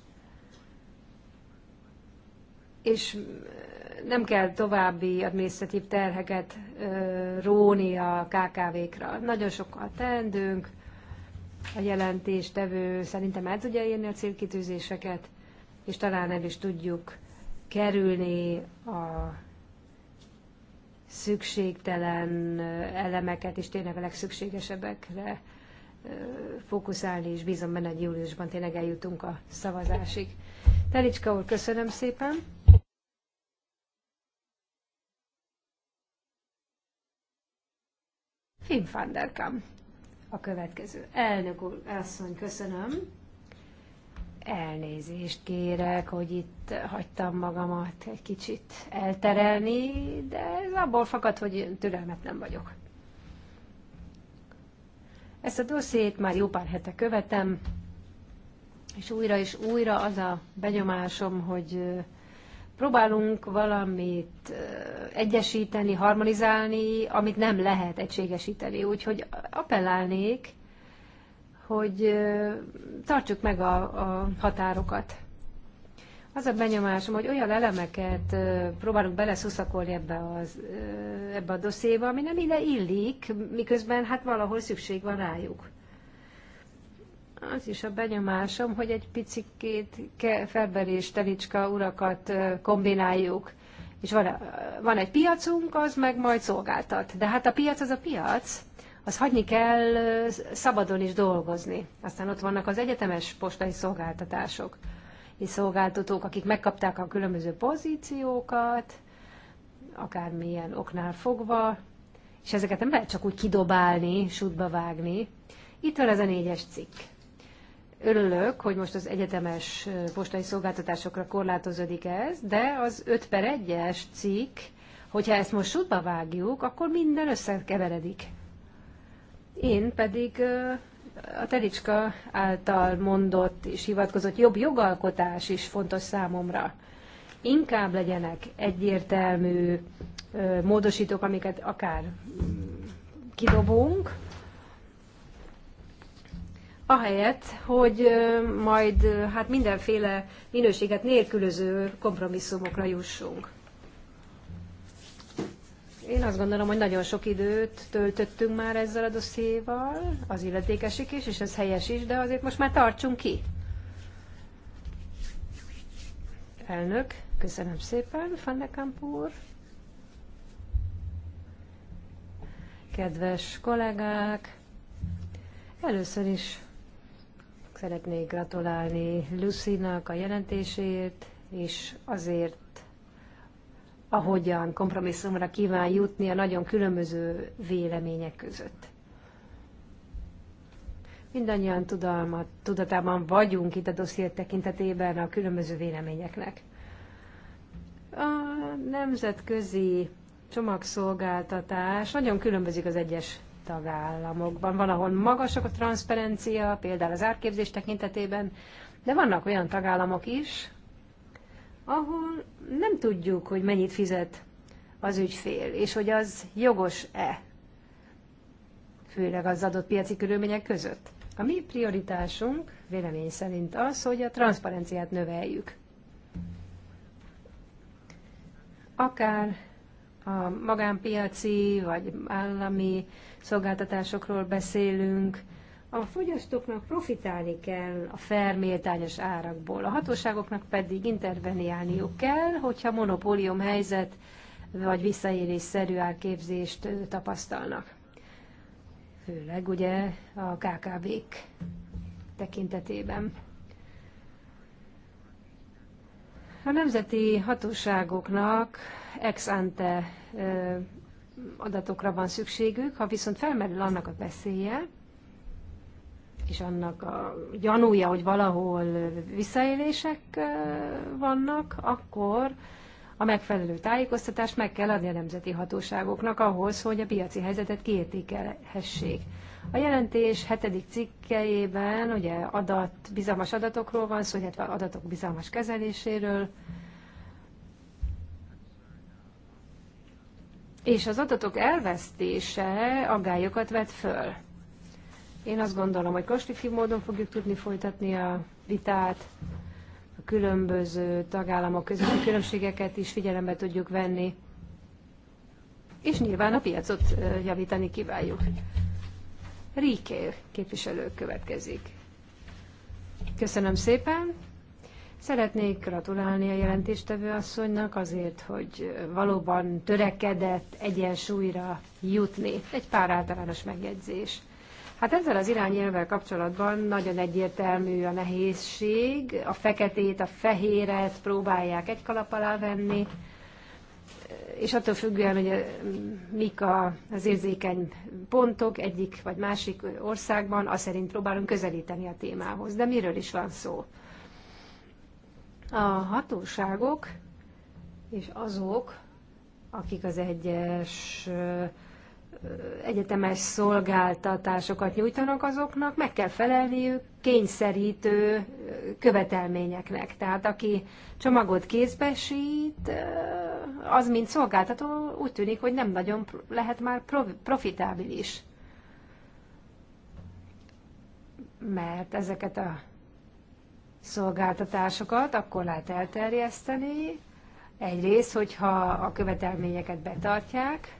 és nem kell további adminisztratív terheket róni a KKV-kra. Nagyon sokkal teendőnk, a jelentéstevő szerintem el tudja érni a célkitűzéseket, és talán el is tudjuk kerülni a szükségtelen elemeket, és tényleg a legszükségesebbekre fókuszálni, és bízom benne, hogy júliusban tényleg eljutunk a szavazásig. Telicska úr, köszönöm szépen! Finn van der Kamp a következő. Elnök úr, asszony, köszönöm. Elnézést kérek, hogy itt hagytam magamat egy kicsit elterelni, de ez abból fakad, hogy nem vagyok. Ezt a dossziét már jó pár hete követem, és újra és újra az a benyomásom, hogy próbálunk valamit egyesíteni, harmonizálni, amit nem lehet egységesíteni. Úgyhogy appellálnék, hogy tartsuk meg a, a határokat. Az a benyomásom, hogy olyan elemeket próbálunk beleszuszakolni ebbe, az, ebbe a doszéba, ami nem ide illik, miközben hát valahol szükség van rájuk. Az is a benyomásom, hogy egy picikét Ferber és Telicska urakat kombináljuk. És van, van egy piacunk, az meg majd szolgáltat. De hát a piac az a piac, az hagyni kell szabadon is dolgozni. Aztán ott vannak az egyetemes postai szolgáltatások és szolgáltatók, akik megkapták a különböző pozíciókat, akármilyen oknál fogva, és ezeket nem lehet csak úgy kidobálni, sútba vágni. Itt van ez a négyes cikk. Örülök, hogy most az egyetemes postai szolgáltatásokra korlátozódik ez, de az 5 per 1-es cikk, hogyha ezt most sútba vágjuk, akkor minden összekeveredik. Én pedig a Tericska által mondott és hivatkozott jobb jogalkotás is fontos számomra. Inkább legyenek egyértelmű módosítók, amiket akár mm, kidobunk, ahelyett, hogy majd hát mindenféle minőséget nélkülöző kompromisszumokra jussunk. Én azt gondolom, hogy nagyon sok időt töltöttünk már ezzel a dosszéval, az illetékesik is, és ez helyes is, de azért most már tartsunk ki. Elnök, köszönöm szépen, Fandekamp úr. Kedves kollégák, először is Szeretnék gratulálni Lucinak a jelentéséért, és azért, ahogyan kompromisszumra kíván jutni a nagyon különböző vélemények között. Mindannyian tudalmat, tudatában vagyunk itt a dossziét tekintetében a különböző véleményeknek. A nemzetközi csomagszolgáltatás nagyon különbözik az egyes tagállamokban. Van, ahol magasak a transzparencia, például az árképzés tekintetében, de vannak olyan tagállamok is, ahol nem tudjuk, hogy mennyit fizet az ügyfél, és hogy az jogos-e, főleg az adott piaci körülmények között. A mi prioritásunk vélemény szerint az, hogy a transzparenciát növeljük. Akár a magánpiaci vagy állami szolgáltatásokról beszélünk. A fogyasztóknak profitálni kell a felméltányos árakból, a hatóságoknak pedig interveniálniuk kell, hogyha monopólium helyzet vagy visszaélésszerű árképzést tapasztalnak. Főleg ugye a KKV-k tekintetében. A nemzeti hatóságoknak ex ante adatokra van szükségük, ha viszont felmerül annak a veszélye, és annak a gyanúja, hogy valahol visszaélések vannak, akkor a megfelelő tájékoztatást meg kell adni a nemzeti hatóságoknak ahhoz, hogy a piaci helyzetet kiértékelhessék. A jelentés hetedik cikkejében ugye adat, bizalmas adatokról van szó, illetve adatok bizalmas kezeléséről, és az adatok elvesztése aggályokat vet föl. Én azt gondolom, hogy konstruktív módon fogjuk tudni folytatni a vitát, a különböző tagállamok közötti különbségeket is figyelembe tudjuk venni, és nyilván a piacot javítani kívánjuk. Ríkér képviselő következik. Köszönöm szépen. Szeretnék gratulálni a jelentéstevő asszonynak azért, hogy valóban törekedett egyensúlyra jutni. Egy pár általános megjegyzés. Hát ezzel az irányelvvel kapcsolatban nagyon egyértelmű a nehézség. A feketét, a fehéret próbálják egy kalap alá venni, és attól függően, hogy mik az érzékeny pontok egyik vagy másik országban, azt szerint próbálunk közelíteni a témához. De miről is van szó? A hatóságok és azok, akik az egyes egyetemes szolgáltatásokat nyújtanak, azoknak meg kell felelniük kényszerítő követelményeknek. Tehát aki csomagot kézbesít, az, mint szolgáltató, úgy tűnik, hogy nem nagyon lehet már profitábilis. Mert ezeket a szolgáltatásokat, akkor lehet elterjeszteni. Egyrészt, hogyha a követelményeket betartják,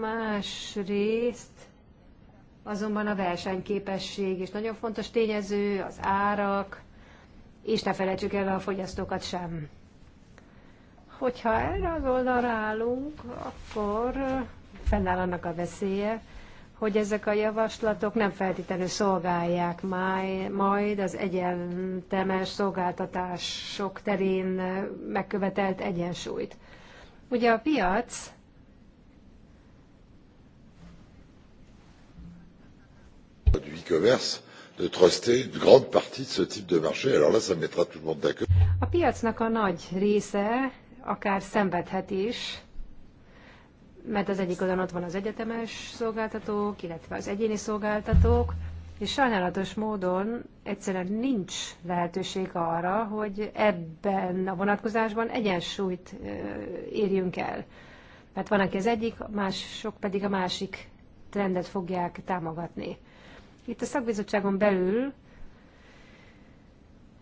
másrészt azonban a versenyképesség is nagyon fontos tényező, az árak, és ne felejtsük el a fogyasztókat sem. Hogyha erre az oldalra állunk, akkor fennáll annak a veszélye, hogy ezek a javaslatok nem feltétlenül szolgálják majd az egyetemes szolgáltatások terén megkövetelt egyensúlyt. Ugye a piac A piacnak a nagy része akár szenvedhet is, mert az egyik oldalon ott van az egyetemes szolgáltatók, illetve az egyéni szolgáltatók, és sajnálatos módon egyszerűen nincs lehetőség arra, hogy ebben a vonatkozásban egyensúlyt érjünk el. Mert van, aki az egyik, mások pedig a másik trendet fogják támogatni. Itt a szakbizottságon belül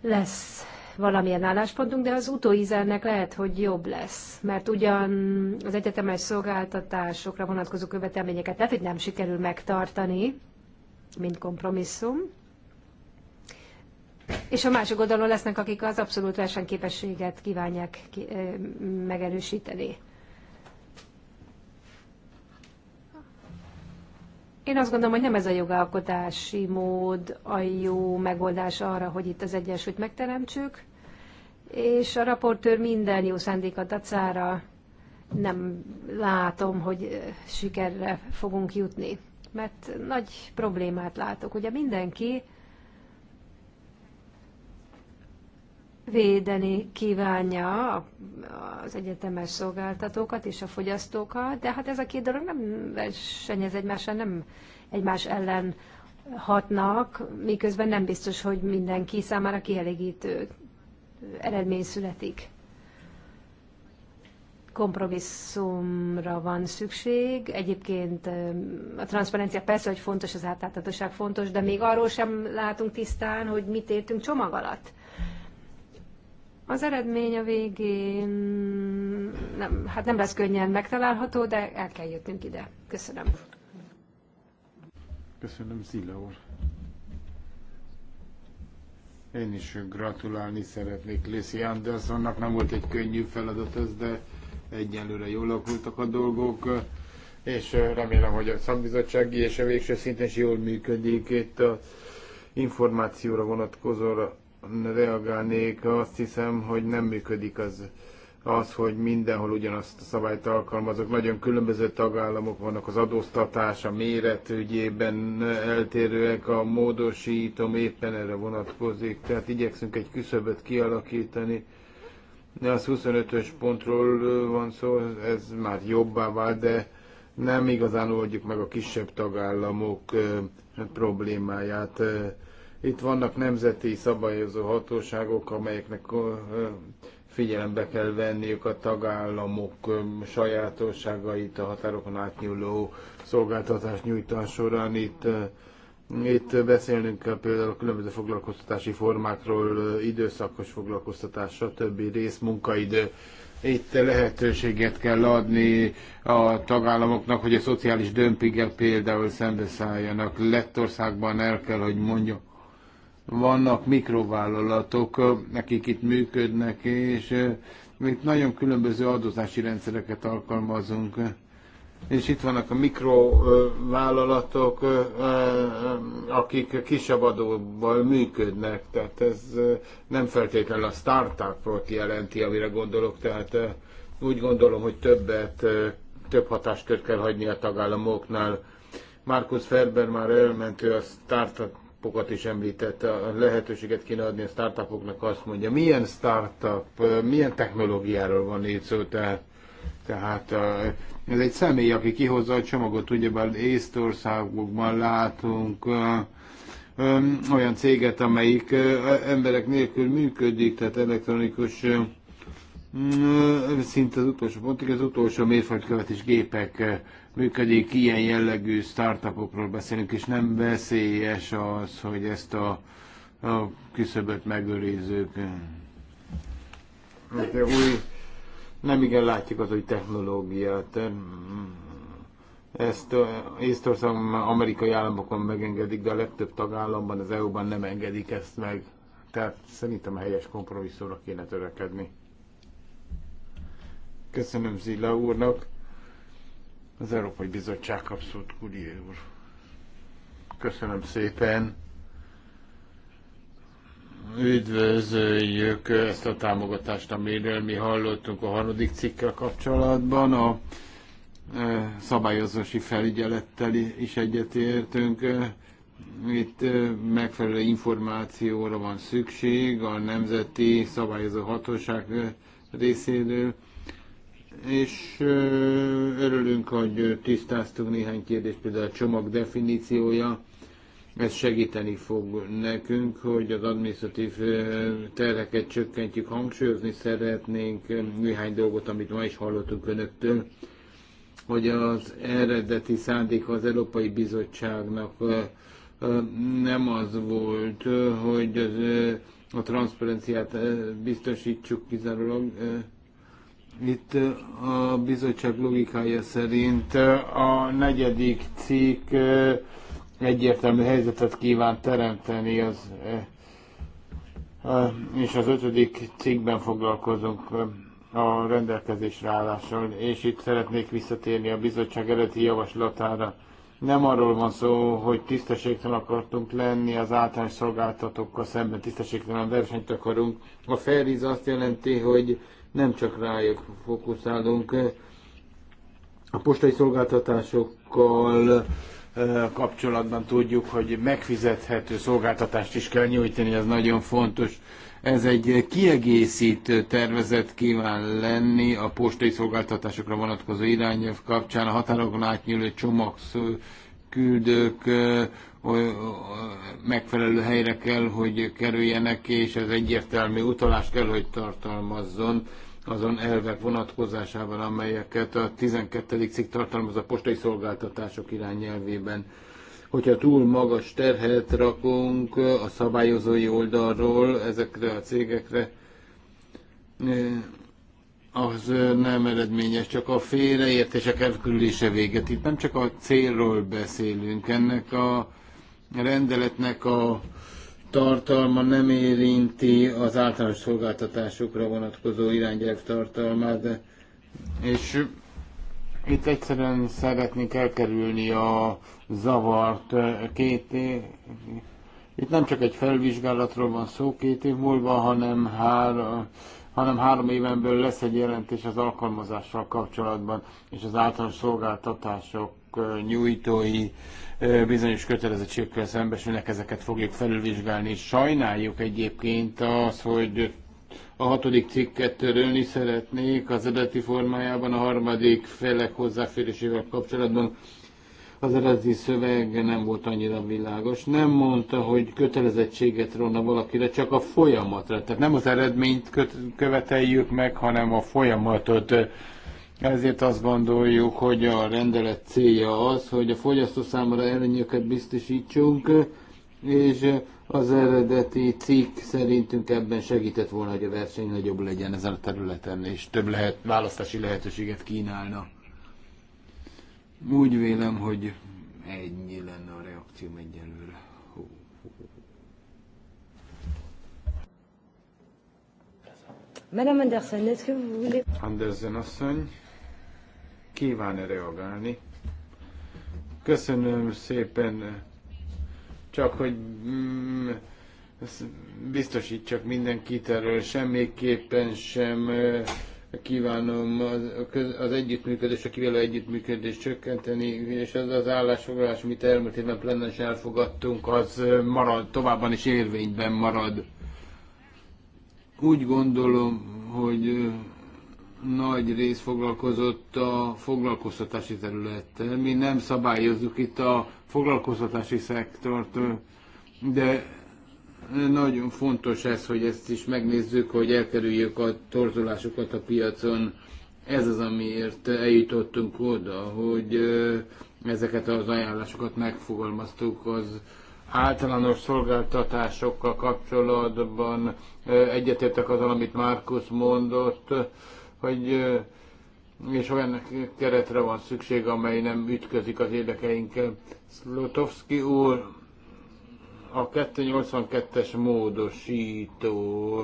lesz valamilyen álláspontunk, de az utóízelnek lehet, hogy jobb lesz. Mert ugyan az egyetemes szolgáltatásokra vonatkozó követelményeket lehet, hogy nem sikerül megtartani, mint kompromisszum. És a másik oldalon lesznek, akik az abszolút versenyképességet kívánják ki, megerősíteni. Én azt gondolom, hogy nem ez a jogalkotási mód a jó megoldás arra, hogy itt az egyensúlyt megteremtsük, és a raportőr minden jó szándéka dacára nem látom, hogy sikerre fogunk jutni. Mert nagy problémát látok. Ugye mindenki védeni kívánja az egyetemes szolgáltatókat és a fogyasztókat, de hát ez a két dolog nem versenyez egymással, nem egymás ellen hatnak, miközben nem biztos, hogy mindenki számára kielégítő eredmény születik. Kompromisszumra van szükség. Egyébként a transzparencia persze, hogy fontos, az átláthatóság fontos, de még arról sem látunk tisztán, hogy mit értünk csomag alatt. Az eredmény a végén nem, hát nem lesz könnyen megtalálható, de el kell jöttünk ide. Köszönöm. Köszönöm, Zilla úr. Én is gratulálni szeretnék Lacey Andersonnak, nem volt egy könnyű feladat ez, de egyelőre jól alakultak a dolgok, és remélem, hogy a szakbizottsági és a végső szinten is jól működik. Itt a információra vonatkozóra reagálnék, azt hiszem, hogy nem működik az az, hogy mindenhol ugyanazt a szabályt alkalmazok. Nagyon különböző tagállamok vannak az adóztatás, a méret ügyében eltérőek, a módosítom éppen erre vonatkozik, tehát igyekszünk egy küszöböt kialakítani. Az 25-ös pontról van szó, ez már jobbá vált, de nem igazán oldjuk meg a kisebb tagállamok hát problémáját. Itt vannak nemzeti szabályozó hatóságok, amelyeknek figyelembe kell venniük a tagállamok sajátosságait a határokon átnyúló szolgáltatás nyújtás során. Itt, itt beszélnünk kell például a különböző foglalkoztatási formákról, időszakos foglalkoztatás, stb. részmunkaidő. Itt lehetőséget kell adni a tagállamoknak, hogy a szociális dömpingek például szembeszálljanak. Lettországban el kell, hogy mondjuk, vannak mikrovállalatok, akik itt működnek, és itt nagyon különböző adózási rendszereket alkalmazunk. És itt vannak a mikrovállalatok, akik kisebb adóval működnek, tehát ez nem feltétlenül a startupot jelenti, amire gondolok, tehát úgy gondolom, hogy többet, több hatáskört kell hagyni a tagállamoknál. Markus Ferber már elmentő a startup startupokat is említette, a lehetőséget kéne adni a startupoknak, azt mondja, milyen startup, milyen technológiáról van itt szó, tehát, tehát ez egy személy, aki kihozza a csomagot, ugyebár Észtországokban látunk olyan céget, amelyik emberek nélkül működik, tehát elektronikus szinte az utolsó pontig, az utolsó mérföldkövetés gépek működik, ilyen jellegű startupokról beszélünk, és nem veszélyes az, hogy ezt a, a küszöböt megőrizzük. Hát új, nem igen látjuk az új technológiát. Ezt Észtország amerikai államokon megengedik, de a legtöbb tagállamban, az EU-ban nem engedik ezt meg. Tehát szerintem helyes kompromisszumra kéne törekedni. Köszönöm Zilla úrnak. Az Európai Bizottság abszolút Kurier úr. Köszönöm szépen. Üdvözöljük ezt a támogatást, amiről mi hallottunk a harmadik cikkel kapcsolatban. A e, szabályozási felügyelettel is egyetértünk. Itt e, megfelelő információra van szükség a Nemzeti Szabályozó Hatóság e, részéről és örülünk, hogy tisztáztunk néhány kérdést, például a csomag definíciója, ez segíteni fog nekünk, hogy az administratív terheket csökkentjük, hangsúlyozni szeretnénk néhány dolgot, amit ma is hallottunk önöktől, hogy az eredeti szándék az Európai Bizottságnak nem az volt, hogy az, a transzparenciát biztosítsuk kizárólag, itt a bizottság logikája szerint a negyedik cikk egyértelmű helyzetet kíván teremteni az és az ötödik cikkben foglalkozunk a rendelkezésre állással, és itt szeretnék visszatérni a bizottság eredeti javaslatára. Nem arról van szó, hogy tisztességtelen akartunk lenni az általános szolgáltatókkal szemben, tisztességtelen versenyt akarunk. A fair azt jelenti, hogy nem csak rájuk fókuszálunk. A postai szolgáltatásokkal eh, kapcsolatban tudjuk, hogy megfizethető szolgáltatást is kell nyújtani, ez nagyon fontos. Ez egy kiegészítő tervezet kíván lenni a postai szolgáltatásokra vonatkozó irányelv kapcsán a határokon átnyúló csomag küldők megfelelő helyre kell, hogy kerüljenek, és ez egyértelmű utalás kell, hogy tartalmazzon azon elvek vonatkozásában, amelyeket a 12. cikk tartalmaz a postai szolgáltatások irányelvében. Hogyha túl magas terhet rakunk a szabályozói oldalról ezekre a cégekre, az nem eredményes, csak a félreértések elkerülése véget. Itt nem csak a célról beszélünk, ennek a rendeletnek a tartalma nem érinti az általános szolgáltatásokra vonatkozó irányelv tartalmát, de, és itt egyszerűen szeretnénk elkerülni a zavart két év, itt nem csak egy felvizsgálatról van szó két év múlva, hanem három, hanem három éven belül lesz egy jelentés az alkalmazással kapcsolatban, és az általános szolgáltatások nyújtói bizonyos kötelezettségekkel szembesülnek, ezeket fogjuk felülvizsgálni. Sajnáljuk egyébként az, hogy a hatodik cikket törölni szeretnék az eredeti formájában, a harmadik felek hozzáférésével kapcsolatban az eredeti szöveg nem volt annyira világos. Nem mondta, hogy kötelezettséget róna valakire, csak a folyamatra. Tehát nem az eredményt követeljük meg, hanem a folyamatot. Ezért azt gondoljuk, hogy a rendelet célja az, hogy a fogyasztó számára előnyöket biztosítsunk, és az eredeti cikk szerintünk ebben segített volna, hogy a verseny nagyobb legyen ezen a területen, és több lehet, választási lehetőséget kínálna. Úgy vélem, hogy ennyi lenne a reakcióm egyelőre. Madame Anderson, est-ce que vous voulez... Anderson asszony, kíván-e reagálni? Köszönöm szépen, csak hogy mm, biztosítsak mindenkit erről, semmiképpen sem kívánom az, az együttműködés, a kivéle együttműködés csökkenteni, és az az állásfoglalás, amit elmúlt évben plenáris elfogadtunk, az marad, továbban is érvényben marad. Úgy gondolom, hogy nagy rész foglalkozott a foglalkoztatási területtel. Mi nem szabályozzuk itt a foglalkoztatási szektort, de nagyon fontos ez, hogy ezt is megnézzük, hogy elkerüljük a torzulásokat a piacon. Ez az, amiért eljutottunk oda, hogy ezeket az ajánlásokat megfogalmaztuk az általános szolgáltatásokkal kapcsolatban. Egyetértek azzal, amit Márkusz mondott, hogy és olyan keretre van szükség, amely nem ütközik az érdekeinkkel. Slotowski úr a 282-es módosító.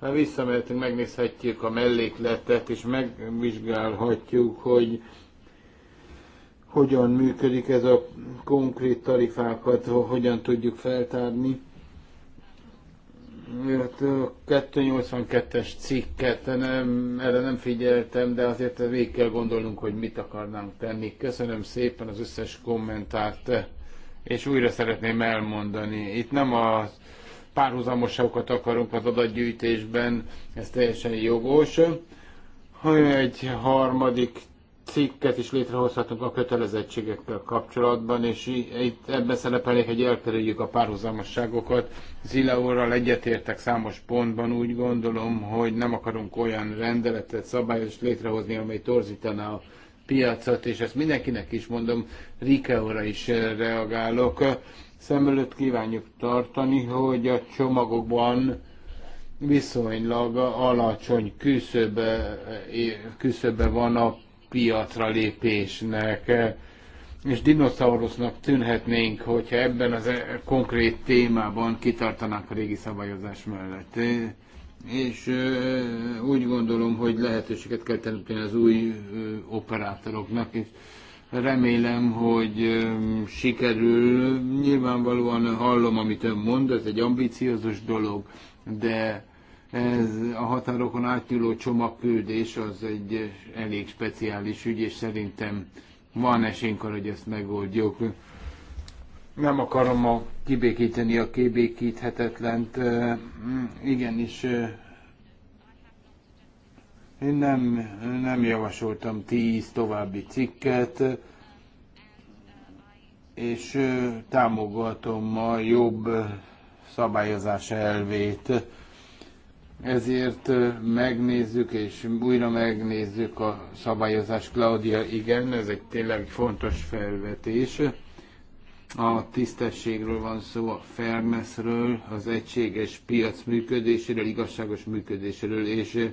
Ha hát visszamehetünk, megnézhetjük a mellékletet, és megvizsgálhatjuk, hogy hogyan működik ez a konkrét tarifákat, hogyan tudjuk feltárni. 282-es hát cikket nem, erre nem figyeltem, de azért végig kell gondolnunk, hogy mit akarnánk tenni. Köszönöm szépen az összes kommentárt és újra szeretném elmondani, itt nem a párhuzamoságokat akarunk az adatgyűjtésben, ez teljesen jogos. hanem egy harmadik cikket is létrehozhatunk a kötelezettségekkel kapcsolatban, és itt ebben szerepelnék, hogy elkerüljük a párhuzamosságokat. Zila egyetértek számos pontban, úgy gondolom, hogy nem akarunk olyan rendeletet, szabályos létrehozni, amely torzítaná a piacot, és ezt mindenkinek is mondom, Rikeóra is eh, reagálok. Szem előtt kívánjuk tartani, hogy a csomagokban viszonylag alacsony küszöbe, eh, küszöbe van a piacra lépésnek, és dinoszaurusznak tűnhetnénk, hogyha ebben az eh, konkrét témában kitartanak a régi szabályozás mellett és úgy gondolom, hogy lehetőséget kell teremteni az új operátoroknak, és remélem, hogy sikerül. Nyilvánvalóan hallom, amit ön mond, ez egy ambiciózus dolog, de ez a határokon átnyúló csomagküldés az egy elég speciális ügy, és szerintem van esénk arra, hogy ezt megoldjuk nem akarom a kibékíteni a kibékíthetetlent. Mm, igenis, én nem, nem javasoltam tíz további cikket, és támogatom a jobb szabályozás elvét. Ezért megnézzük, és újra megnézzük a szabályozás. Claudia, igen, ez egy tényleg fontos felvetés a tisztességről van szó, a fairnessről, az egységes piac működéséről, igazságos működéséről, és eh,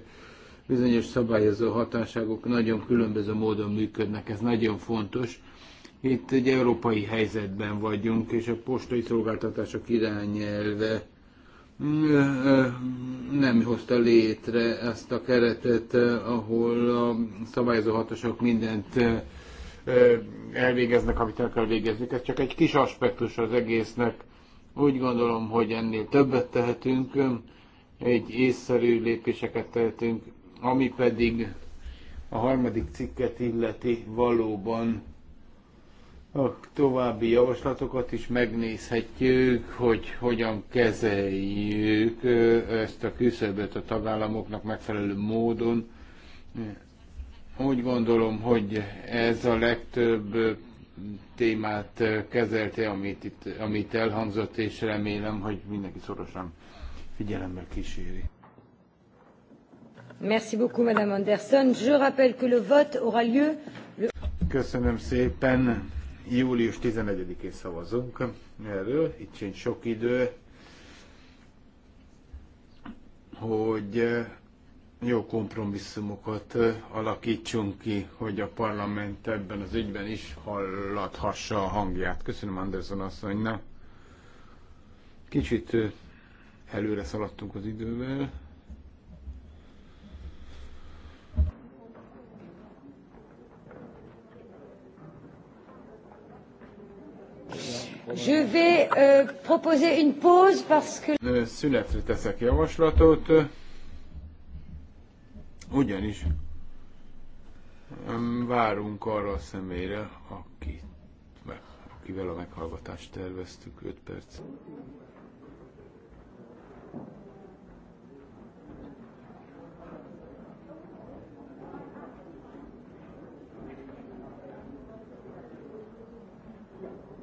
bizonyos szabályozó hatóságok nagyon különböző módon működnek, ez nagyon fontos. Itt egy európai helyzetben vagyunk, és a postai szolgáltatások irányelve mm, eh, eh, nem hozta létre ezt a keretet, ahol a szabályozó hatóságok mindent elvégeznek, amit el kell végezni. Ez csak egy kis aspektus az egésznek. Úgy gondolom, hogy ennél többet tehetünk, egy észszerű lépéseket tehetünk, ami pedig a harmadik cikket illeti valóban a további javaslatokat is megnézhetjük, hogy hogyan kezeljük ezt a küszöböt a tagállamoknak megfelelő módon úgy gondolom, hogy ez a legtöbb témát kezelte, amit, itt, amit elhangzott, és remélem, hogy mindenki szorosan figyelembe kíséri. Merci beaucoup, Madame Anderson. Je rappelle que le vote aura lieu... Le... Köszönöm szépen. Július 11-én szavazunk erről. Itt sincs sok idő, hogy jó kompromisszumokat alakítsunk ki, hogy a parlament ebben az ügyben is hallathassa a hangját. Köszönöm Anderson asszonynak. Kicsit előre szaladtunk az idővel. Je vais euh, proposer une pause parce que... Szünetre teszek javaslatot. Ugyanis várunk arra a személyre, akit, akivel a meghallgatást terveztük 5 perc. Thank you.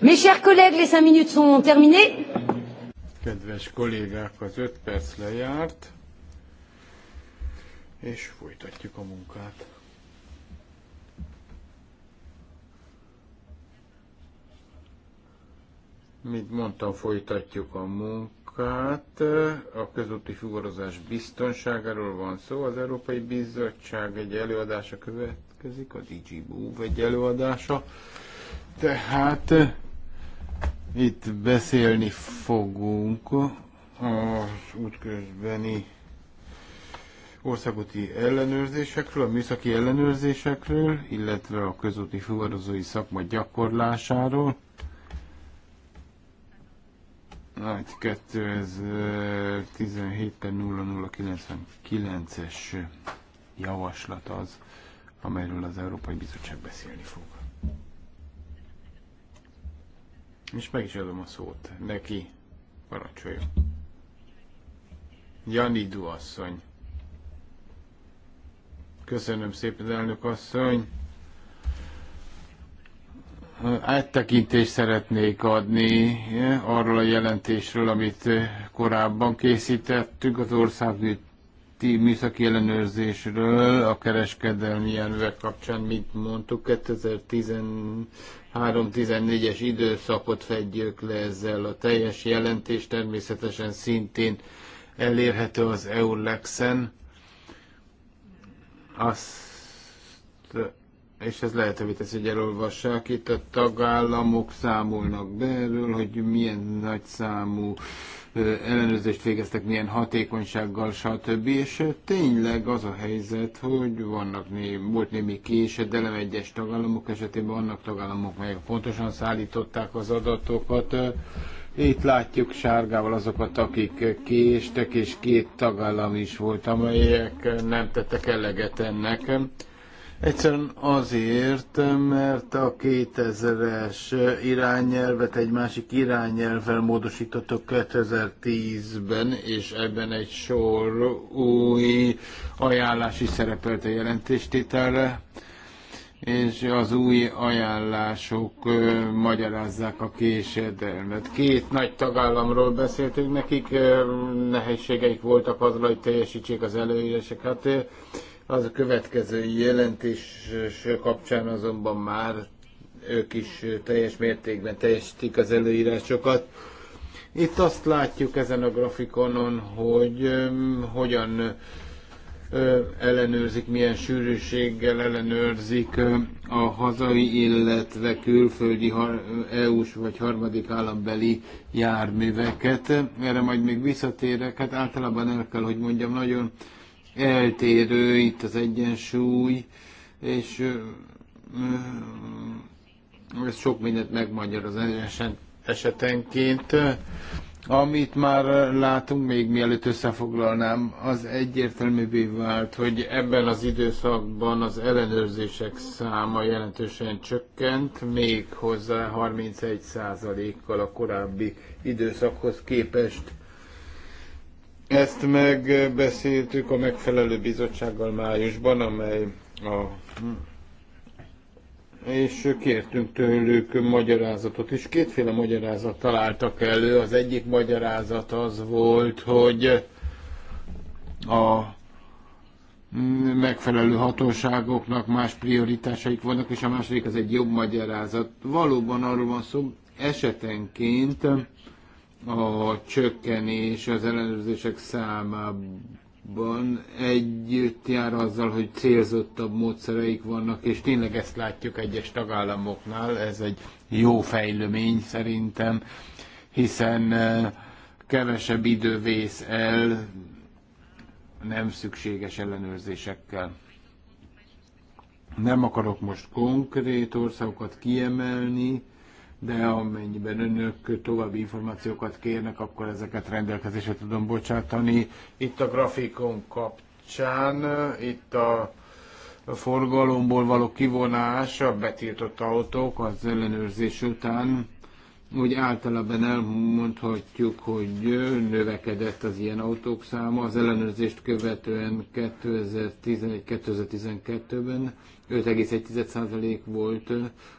Mes chers collègues, les cinq minutes sont terminées. Kedves kollégák, az öt perc lejárt, és folytatjuk a munkát. Mint mondtam, folytatjuk a munkát. A közúti fuvarozás biztonságáról van szó. Az Európai Bizottság egy előadása következik, a DG egy előadása. Tehát itt beszélni fogunk az útközbeni országúti ellenőrzésekről, a műszaki ellenőrzésekről, illetve a közúti fuvarozói szakma gyakorlásáról. Nagy 2017-ben 0099-es javaslat az, amelyről az Európai Bizottság beszélni fog. És meg is adom a szót neki. Parancsoljon. Janidu asszony. Köszönöm szépen, elnök asszony. Áttekintést szeretnék adni eh, arról a jelentésről, amit eh, korábban készítettünk az országgyűjti műszaki ellenőrzésről a kereskedelmi jelvek kapcsán, mint mondtuk, 2010 314 es időszakot fedjük le ezzel. A teljes jelentés természetesen szintén elérhető az EULEX-en. Azt, és ez lehetővé teszi, hogy elolvassák. Itt a tagállamok számolnak be erről, hogy milyen nagy számú ellenőrzést végeztek, milyen hatékonysággal, stb. És tényleg az a helyzet, hogy vannak né, volt némi késedelem egyes tagállamok esetében, vannak tagállamok, melyek pontosan szállították az adatokat. Itt látjuk sárgával azokat, akik késtek, és két tagállam is volt, amelyek nem tettek eleget ennek. Egyszerűen azért, mert a 2000-es irányelvet egy másik irányelvvel módosítottuk 2010-ben, és ebben egy sor új ajánlási szerepelt a jelentéstételre, és az új ajánlások ö, magyarázzák a késedelmet. Két nagy tagállamról beszéltünk, nekik ö, nehézségeik voltak azzal, hogy teljesítsék az előírásokat. Hát, az a következő jelentés kapcsán azonban már ők is teljes mértékben teljesítik az előírásokat. Itt azt látjuk ezen a grafikonon, hogy um, hogyan ellenőrzik, milyen sűrűséggel ellenőrzik a hazai, illetve külföldi EU-s vagy harmadik állambeli járműveket. Erre majd még visszatérek, hát általában el kell, hogy mondjam, nagyon eltérő itt az egyensúly, és ez sok mindent megmagyar az esetenként. Amit már látunk, még mielőtt összefoglalnám, az egyértelművé vált, hogy ebben az időszakban az ellenőrzések száma jelentősen csökkent, még hozzá 31%-kal a korábbi időszakhoz képest. Ezt megbeszéltük a megfelelő bizottsággal májusban, amely a és kértünk tőlük magyarázatot is. Kétféle magyarázat találtak elő. Az egyik magyarázat az volt, hogy a megfelelő hatóságoknak más prioritásaik vannak, és a második az egy jobb magyarázat. Valóban arról van szó, esetenként a csökkenés az ellenőrzések számában együtt jár azzal, hogy célzottabb módszereik vannak, és tényleg ezt látjuk egyes tagállamoknál, ez egy jó fejlőmény szerintem, hiszen kevesebb idő vész el nem szükséges ellenőrzésekkel. Nem akarok most konkrét országokat kiemelni, de amennyiben önök további információkat kérnek, akkor ezeket rendelkezésre tudom bocsátani. Itt a grafikon kapcsán, itt a forgalomból való kivonás, a betiltott autók az ellenőrzés után, úgy általában elmondhatjuk, hogy növekedett az ilyen autók száma. Az ellenőrzést követően 2011-2012-ben 5,1% volt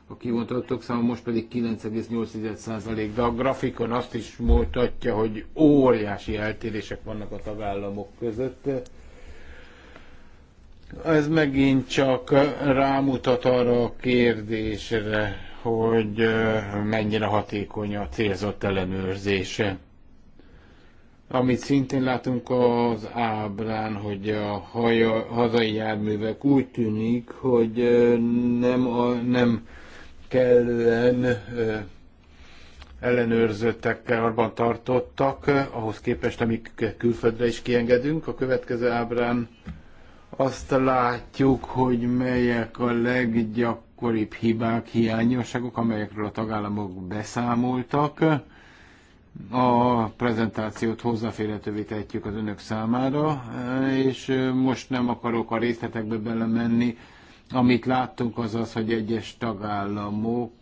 a kivont autók száma, most pedig 9,8%. De a grafikon azt is mutatja, hogy óriási eltérések vannak a tagállamok között. Ez megint csak rámutat arra a kérdésre, hogy mennyire hatékony a célzott ellenőrzése. Amit szintén látunk az ábrán, hogy a haja, hazai járművek úgy tűnik, hogy nem, a, nem kellően ellenőrzöttek, arban tartottak, ahhoz képest, amik külföldre is kiengedünk. A következő ábrán azt látjuk, hogy melyek a leggyakoribb gyakoribb hibák, hiányosságok, amelyekről a tagállamok beszámoltak. A prezentációt hozzáférhetővé tehetjük az önök számára, és most nem akarok a részletekbe belemenni, amit láttunk az az, hogy egyes tagállamok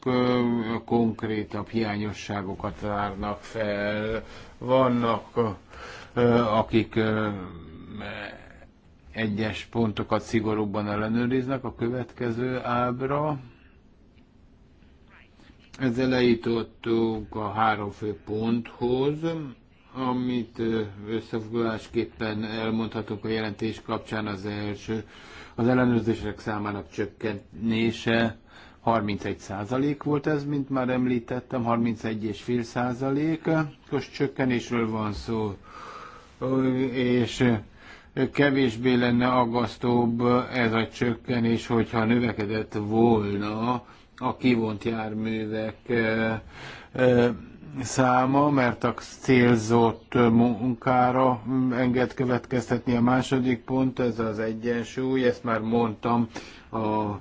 konkrétabb hiányosságokat várnak fel. Vannak, akik egyes pontokat szigorúbban ellenőriznek a következő ábra. Ezzel eljutottunk a három fő ponthoz, amit összefoglalásképpen elmondhatunk a jelentés kapcsán az első, az ellenőrzések számának csökkenése 31 százalék volt ez, mint már említettem, 31,5 százalékos csökkenésről van szó, és kevésbé lenne aggasztóbb ez a csökkenés, hogyha növekedett volna a kivont járművek eh, eh, száma, mert a célzott munkára enged következtetni a második pont, ez az egyensúly, ezt már mondtam, a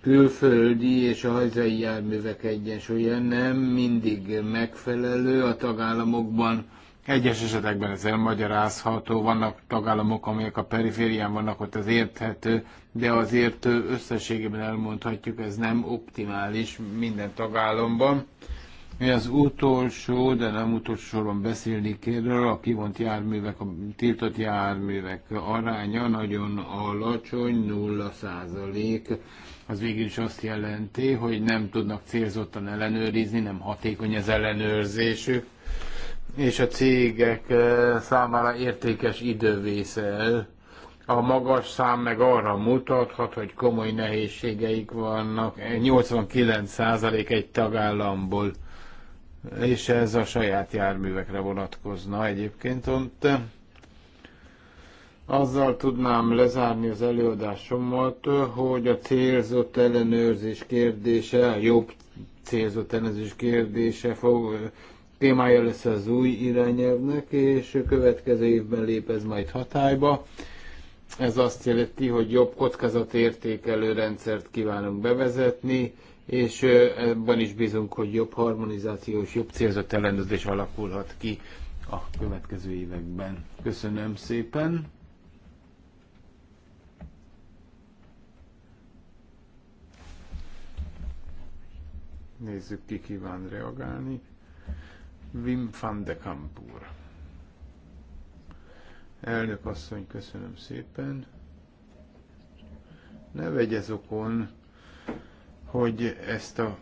külföldi és a hazai járművek egyensúlya nem mindig megfelelő a tagállamokban egyes esetekben ez elmagyarázható, vannak tagállamok, amelyek a periférián vannak, ott az érthető, de azért összességében elmondhatjuk, ez nem optimális minden tagállamban. Mi az utolsó, de nem utolsó soron beszélni erről, a kivont járművek, a tiltott járművek aránya nagyon alacsony, 0 százalék. Az végül is azt jelenti, hogy nem tudnak célzottan ellenőrizni, nem hatékony az ellenőrzésük és a cégek eh, számára értékes idővészel. A magas szám meg arra mutathat, hogy komoly nehézségeik vannak, 89% egy tagállamból, és ez a saját járművekre vonatkozna egyébként. Ott azzal tudnám lezárni az előadásomat, hogy a célzott ellenőrzés kérdése, a jobb célzott ellenőrzés kérdése fog, témája lesz az új irányelvnek, és következő évben lép ez majd hatályba. Ez azt jelenti, hogy jobb kockázatértékelő rendszert kívánunk bevezetni, és ebben is bízunk, hogy jobb harmonizáció és jobb célzott ellenőrzés alakulhat ki a következő években. Köszönöm szépen! Nézzük, ki kíván reagálni. Wim van de Kampur. Elnök asszony, köszönöm szépen. Ne vegye okon, hogy ezt a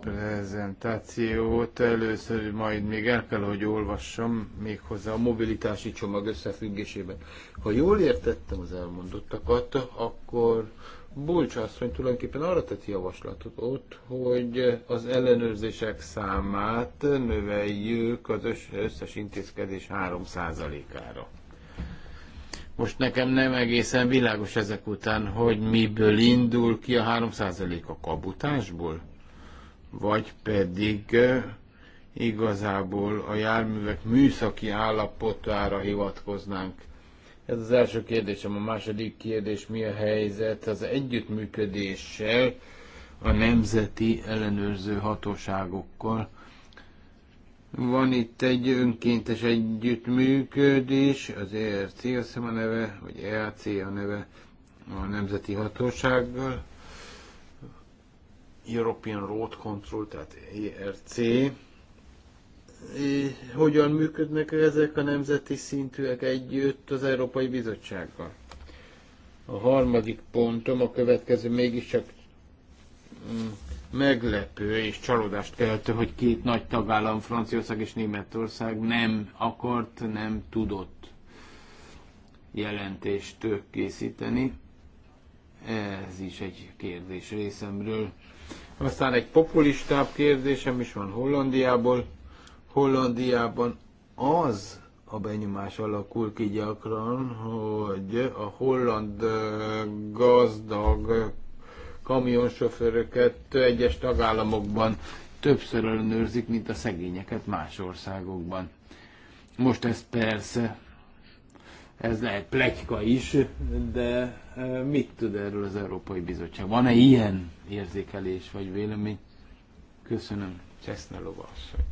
prezentációt először majd még el kell, hogy olvassam méghozzá a mobilitási csomag összefüggésében. Ha jól értettem az elmondottakat, akkor Bulcs asszony tulajdonképpen arra tett javaslatot ott, hogy az ellenőrzések számát növeljük az összes intézkedés 3%-ára. Most nekem nem egészen világos ezek után, hogy miből indul ki a 3% a kabutásból, vagy pedig igazából a járművek műszaki állapotára hivatkoznánk ez az első kérdésem. A második kérdés, mi a helyzet az együttműködéssel a nemzeti ellenőrző hatóságokkal? Van itt egy önkéntes együttműködés, az ERC a a neve, vagy EAC a neve a Nemzeti Hatósággal, European Road Control, tehát ERC, hogyan működnek ezek a nemzeti szintűek együtt az Európai Bizottsággal. A harmadik pontom, a következő mégiscsak mm, meglepő és csalódást keltő, hogy két nagy tagállam, Franciaország és Németország nem akart, nem tudott jelentést készíteni. Ez is egy kérdés részemről. Aztán egy populistább kérdésem is van Hollandiából. Hollandiában az a benyomás alakul ki gyakran, hogy a holland gazdag kamionsofőröket egyes tagállamokban többször ellenőrzik, mint a szegényeket más országokban. Most ez persze, ez lehet plegyka is, de mit tud erről az Európai Bizottság? Van-e ilyen érzékelés vagy vélemény? Köszönöm. Cseszne lovasság.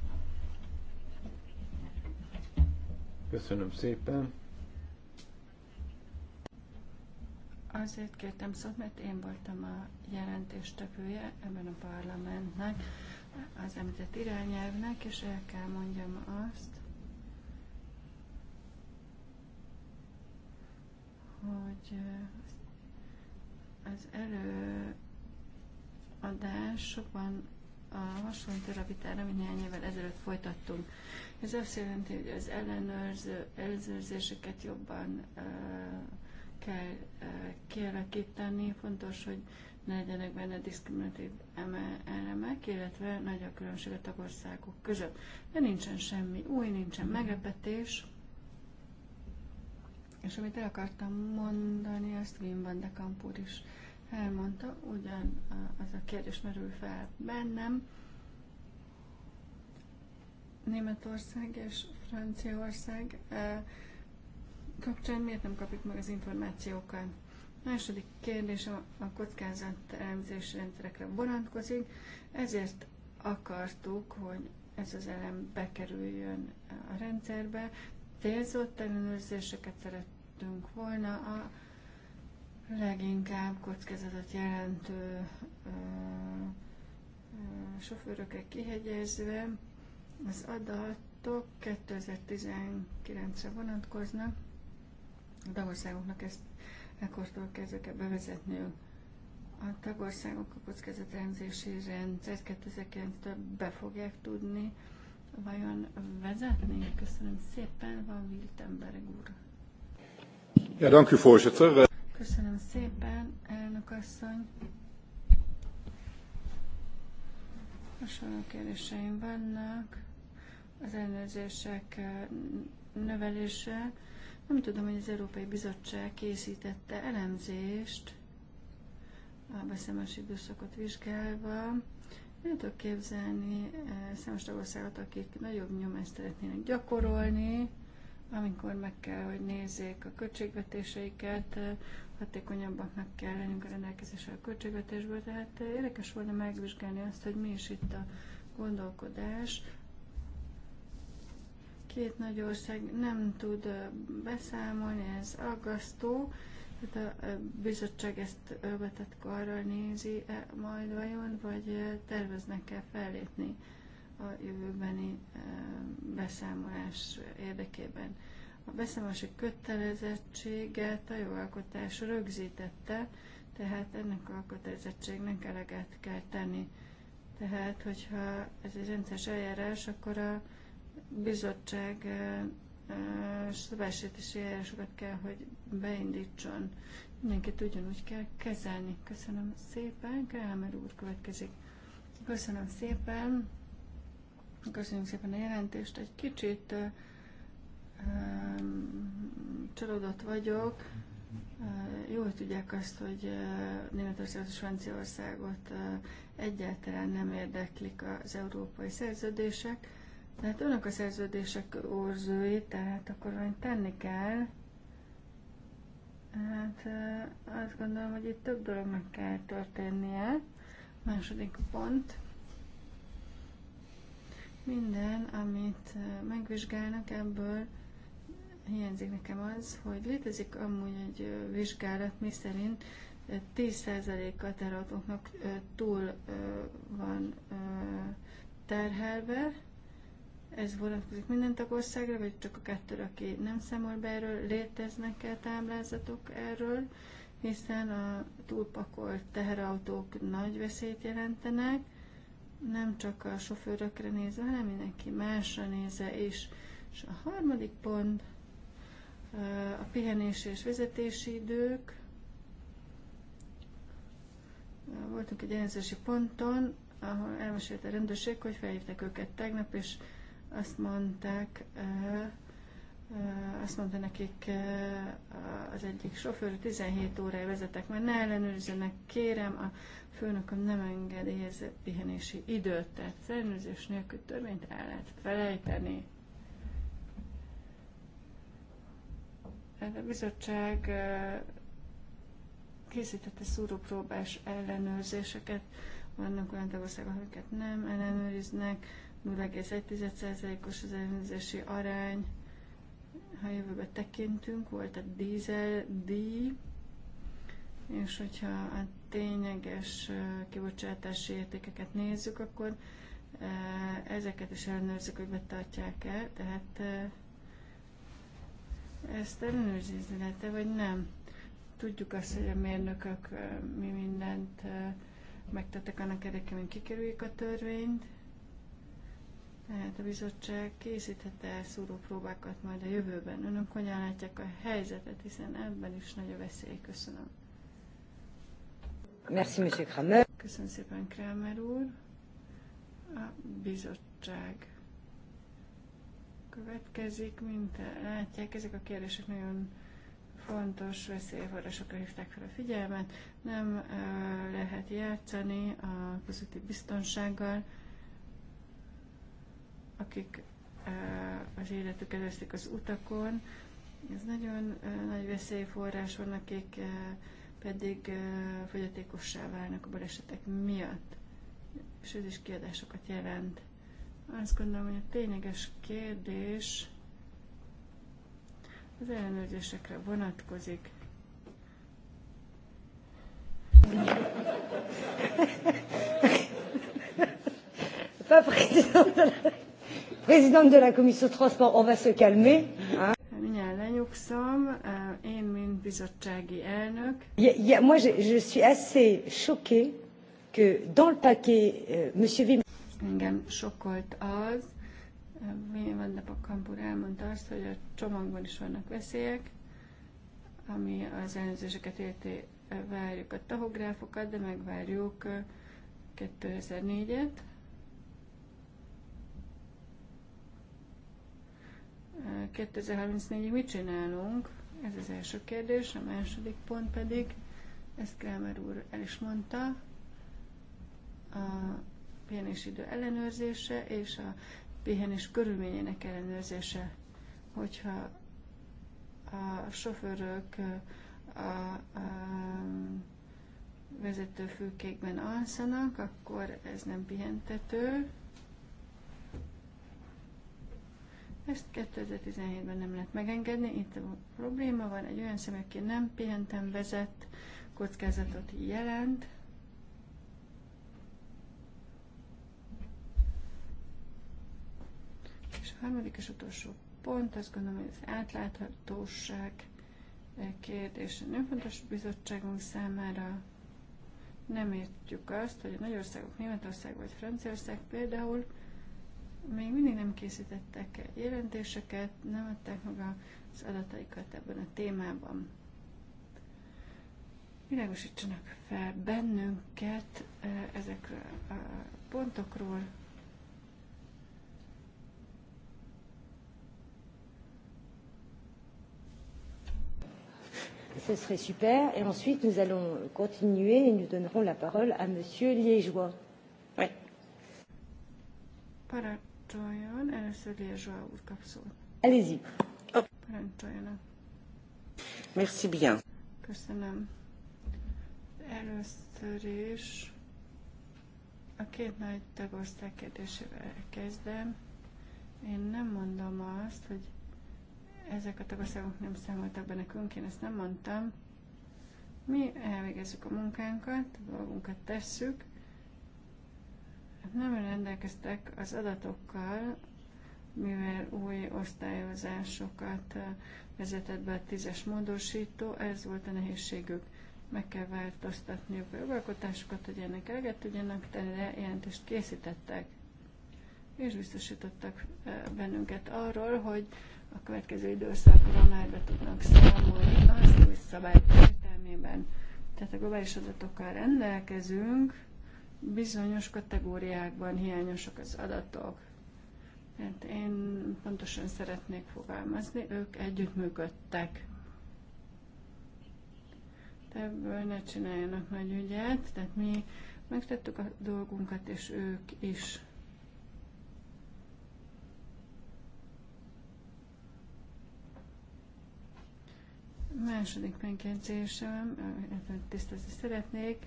Köszönöm szépen. Azért kértem szót, mert én voltam a jelentéstevője ebben a parlamentnek, az említett irányelvnek, és el kell mondjam azt, hogy az előadásokban a hasonló terapitára, amit néhány évvel ezelőtt folytattunk. Ez azt jelenti, hogy az ellenőrző, ellenőrzéseket jobban uh, kell uh, kialakítani. Fontos, hogy ne legyenek benne diszkriminatív elemek, illetve nagy a különbség a tagországok között. De nincsen semmi új, nincsen meglepetés. És amit el akartam mondani, azt Wim van de Kampur is elmondta, ugyan az a kérdés merül fel bennem, Németország és Franciaország kapcsán miért nem kapjuk meg az információkat? A második kérdés a kockázat elemzési rendszerekre vonatkozik, ezért akartuk, hogy ez az elem bekerüljön a rendszerbe. Célzott ellenőrzéseket szerettünk volna a leginkább kockázatot jelentő ö, ö, sofőrökre kihegyezve, az adatok 2019-re vonatkoznak, a tagországoknak ezt ekkortól kezdve kell bevezetni. A tagországok a kockázatrendzési rendszert 2009-től be fogják tudni vajon vezetni? Köszönöm szépen, van Wiltenberg úr. Ja, danke, u Köszönöm szépen, elnök asszony. Hasonló kérdéseim vannak az ellenőrzések növelése. Nem tudom, hogy az Európai Bizottság készítette elemzést a beszámolási időszakot vizsgálva. Nem tudok képzelni számos tagországot, akik nagyobb nyomást szeretnének gyakorolni, amikor meg kell, hogy nézzék a költségvetéseiket, hatékonyabbaknak kell lennünk a rendelkezésre a költségvetésből, tehát érdekes volna megvizsgálni azt, hogy mi is itt a gondolkodás, két nagy ország nem tud beszámolni, ez aggasztó. Tehát a bizottság ezt övetett karral nézi -e majd vajon, vagy terveznek-e fellépni a jövőbeni beszámolás érdekében. A beszámolási kötelezettséget a jogalkotás rögzítette, tehát ennek a kötelezettségnek eleget kell tenni. Tehát, hogyha ez egy rendszeres eljárás, akkor a bizottság szabálysértési eljárásokat kell, hogy beindítson. Mindenkit ugyanúgy kell kezelni. Köszönöm szépen. Kámer úr következik. Köszönöm szépen. Köszönjük szépen a jelentést. Egy kicsit csalódott vagyok. jól tudják azt, hogy Németország Németországot és Franciaországot egyáltalán nem érdeklik az európai szerződések tehát önök a szerződések őrzői, tehát akkor valamit tenni kell. Hát azt gondolom, hogy itt több dolognak kell történnie. Második pont. Minden, amit megvizsgálnak ebből, hiányzik nekem az, hogy létezik amúgy egy vizsgálat, mi szerint 10%-a terautóknak túl van terhelve, ez vonatkozik minden tagországra, vagy csak a kettőre, aki nem számol be erről, léteznek-e táblázatok erről, hiszen a túlpakolt teherautók nagy veszélyt jelentenek, nem csak a sofőrökre nézve, hanem mindenki másra nézve is. És a harmadik pont a pihenési és vezetési idők. Voltunk egy jelenzési ponton, ahol elmesélte a rendőrség, hogy felhívták őket tegnap, és azt mondták, azt mondta nekik az egyik sofőr, 17 órája vezetek, mert ne ellenőrizzenek, kérem, a főnököm nem engedélyez pihenési időt, tehát ellenőrzés nélkül törvényt el lehet felejteni. Hát a bizottság készítette szúrópróbás ellenőrzéseket, vannak olyan tagországok, amiket nem ellenőriznek, 0,1%-os az ellenőrzési arány, ha jövőbe tekintünk, volt a dízel díj, és hogyha a tényleges kibocsátási értékeket nézzük, akkor ezeket is ellenőrzik, hogy betartják-e, tehát ezt ellenőrzni lehet vagy nem. Tudjuk azt, hogy a mérnökök mi mindent megtettek annak érdekében, hogy kikerüljék a törvényt, tehát a bizottság készíthette el szúrópróbákat majd a jövőben. Önök hogyan látják a helyzetet, hiszen ebben is nagy a veszély. Köszönöm. Merci, Monsieur Kramer. Köszönöm szépen, Kramer úr. A bizottság következik, mint látják, ezek a kérdések nagyon fontos veszélyforrásokra hívták fel a figyelmet. Nem lehet játszani a közötti biztonsággal, akik az életük veszik az utakon. Ez nagyon nagy veszélyforrás van, akik pedig fogyatékossá válnak a balesetek miatt, és ez is kiadásokat jelent. Azt gondolom, hogy a tényleges kérdés az ellenőrzésekre vonatkozik. Pas président de la présidente de la commission transport, on va se calmer. Hein? lenyugszom, én, mint bizottsági elnök. Yeah, yeah, moi, je, je suis assez choquée que dans le paquet, euh, Monsieur Engem sokkolt az, Wim van de Pakampur elmondta azt, hogy a csomagban is vannak veszélyek, ami az ellenőrzéseket érti, várjuk a tahográfokat, de megvárjuk 2004-et, 2034-ig mit csinálunk? Ez az első kérdés, a második pont pedig, ezt Kramer úr el is mondta, a idő ellenőrzése és a pihenés körülményének ellenőrzése, hogyha a sofőrök a, a vezetőfülkékben alszanak, akkor ez nem pihentető, Ezt 2017-ben nem lehet megengedni, itt a probléma van, egy olyan személy, aki nem pihentem vezet, kockázatot jelent, És a harmadik és utolsó pont, azt gondolom, hogy az átláthatóság kérdés a fontos Bizottságunk számára. Nem értjük azt, hogy a nagyországok, Németország vagy Franciaország például még mindig nem készítettek jelentéseket, nem adták meg az adataikat ebben a témában. Világosítsanak fel bennünket ezekről a pontokról, ce serait super. Et ensuite, nous allons continuer et nous donnerons la parole à Monsieur Liégeois. Oui. Para parancsoljon. Először Lézsa úr kap szót. Elézi. Parancsoljanak. Merci bien. Köszönöm. Először is a két nagy tagország kérdésével kezdem. Én nem mondom azt, hogy ezek a tagországok nem számoltak be nekünk, én ezt nem mondtam. Mi elvégezzük a munkánkat, a dolgunkat tesszük, Hát nem rendelkeztek az adatokkal, mivel új osztályozásokat vezetett be a tízes módosító, ez volt a nehézségük. Meg kell változtatniuk a jogalkotásokat, hogy ennek eleget tudjanak tenni, de jelentést készítettek. És biztosítottak bennünket arról, hogy a következő időszakra már be tudnak számolni az új szabályok értelmében. Tehát a globális adatokkal rendelkezünk, bizonyos kategóriákban hiányosak az adatok. Hát én pontosan szeretnék fogalmazni, ők együttműködtek. Ebből ne csináljanak nagy ügyet, tehát mi megtettük a dolgunkat, és ők is. A második megjegyzésem, tisztázni szeretnék,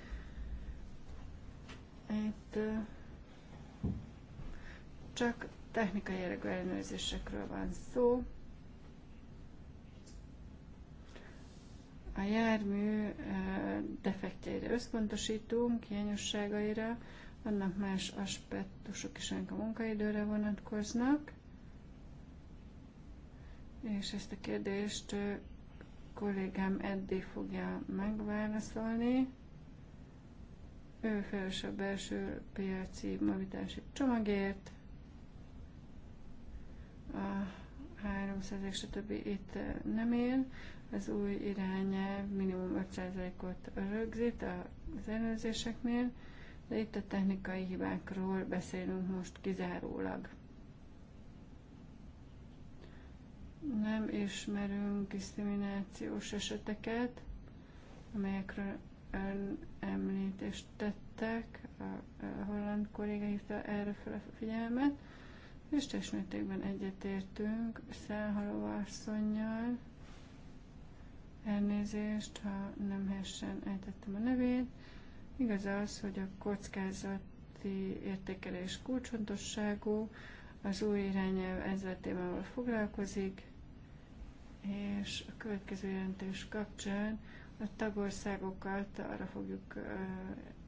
itt csak technikai jellegű ellenőrzésekről van szó. A jármű defektjeire összpontosítunk, hiányosságaira, vannak más aspektusok is, amik a munkaidőre vonatkoznak. És ezt a kérdést kollégám Eddi fogja megválaszolni ő felelős a belső piaci mobilitási csomagért, a 300 és a többi itt eh, nem él. Az új irányelv minimum 5%-ot rögzít az előzéseknél, de itt a technikai hibákról beszélünk most kizárólag. Nem ismerünk diszkriminációs eseteket, amelyekről ön említést tettek, a, holland kolléga hívta erre fel a figyelmet, és testmértékben egyetértünk Szelhaló asszonynal. Elnézést, ha nem hessen ejtettem a nevét. Igaz az, hogy a kockázati értékelés kulcsfontosságú, az új irányelv ezzel témával foglalkozik, és a következő jelentés kapcsán a tagországokat arra fogjuk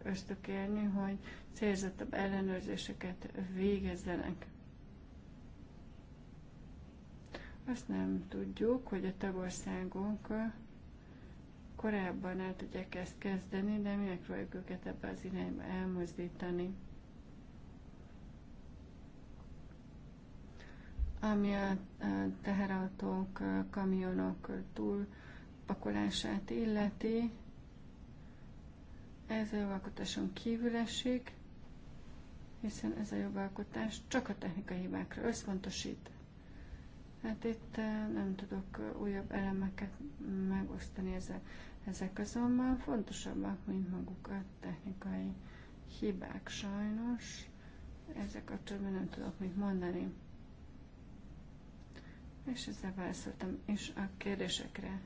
ösztökélni, hogy célzottabb ellenőrzéseket végezzenek. Azt nem tudjuk, hogy a tagországok korábban el tudják ezt kezdeni, de mi megpróbáljuk őket ebbe az irányba elmozdítani. Ami a teherautók, kamionok túl pakolását illeti, ez a jogalkotáson kívül esik, hiszen ez a jogalkotás csak a technikai hibákra összpontosít. Hát itt eh, nem tudok eh, újabb elemeket megosztani ezzel. Ezek azonban fontosabbak, mint maguk a technikai hibák sajnos. ezek a többen nem tudok mit mondani. És ezzel válaszoltam is a kérdésekre.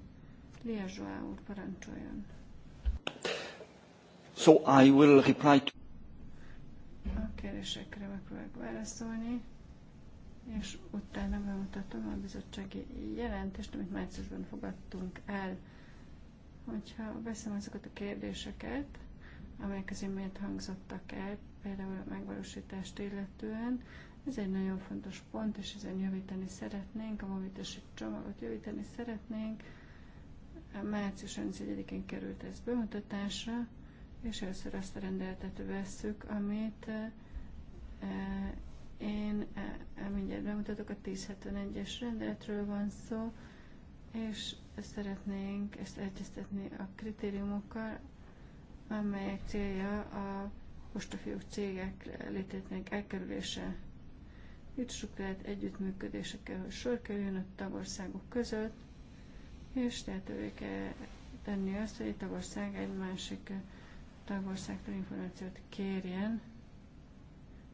Liazsoá úr, parancsoljon. So I will reply to... A kérdésekre megpróbálok válaszolni, és utána bemutatom a bizottsági jelentést, amit márciusban fogadtunk el. Hogyha veszem azokat a kérdéseket, amelyek az imént hangzottak el, például a megvalósítást illetően. Ez egy nagyon fontos pont, és ezen javítani szeretnénk, a mobilitási csomagot javítani szeretnénk, Március 31-én került ez bemutatásra, és először azt a rendeltető vesszük, amit eh, eh, én eh, mindjárt bemutatok, a 1071-es rendeletről van szó, és szeretnénk ezt egyeztetni a kritériumokkal, amelyek célja a postafiók cégek lététnek elkerülése. Ügysük lehet együttműködésekkel, hogy sor kerüljön a tagországok között, és lehetővé kell tenni azt, hogy egy tagország egy másik tagországtól információt kérjen,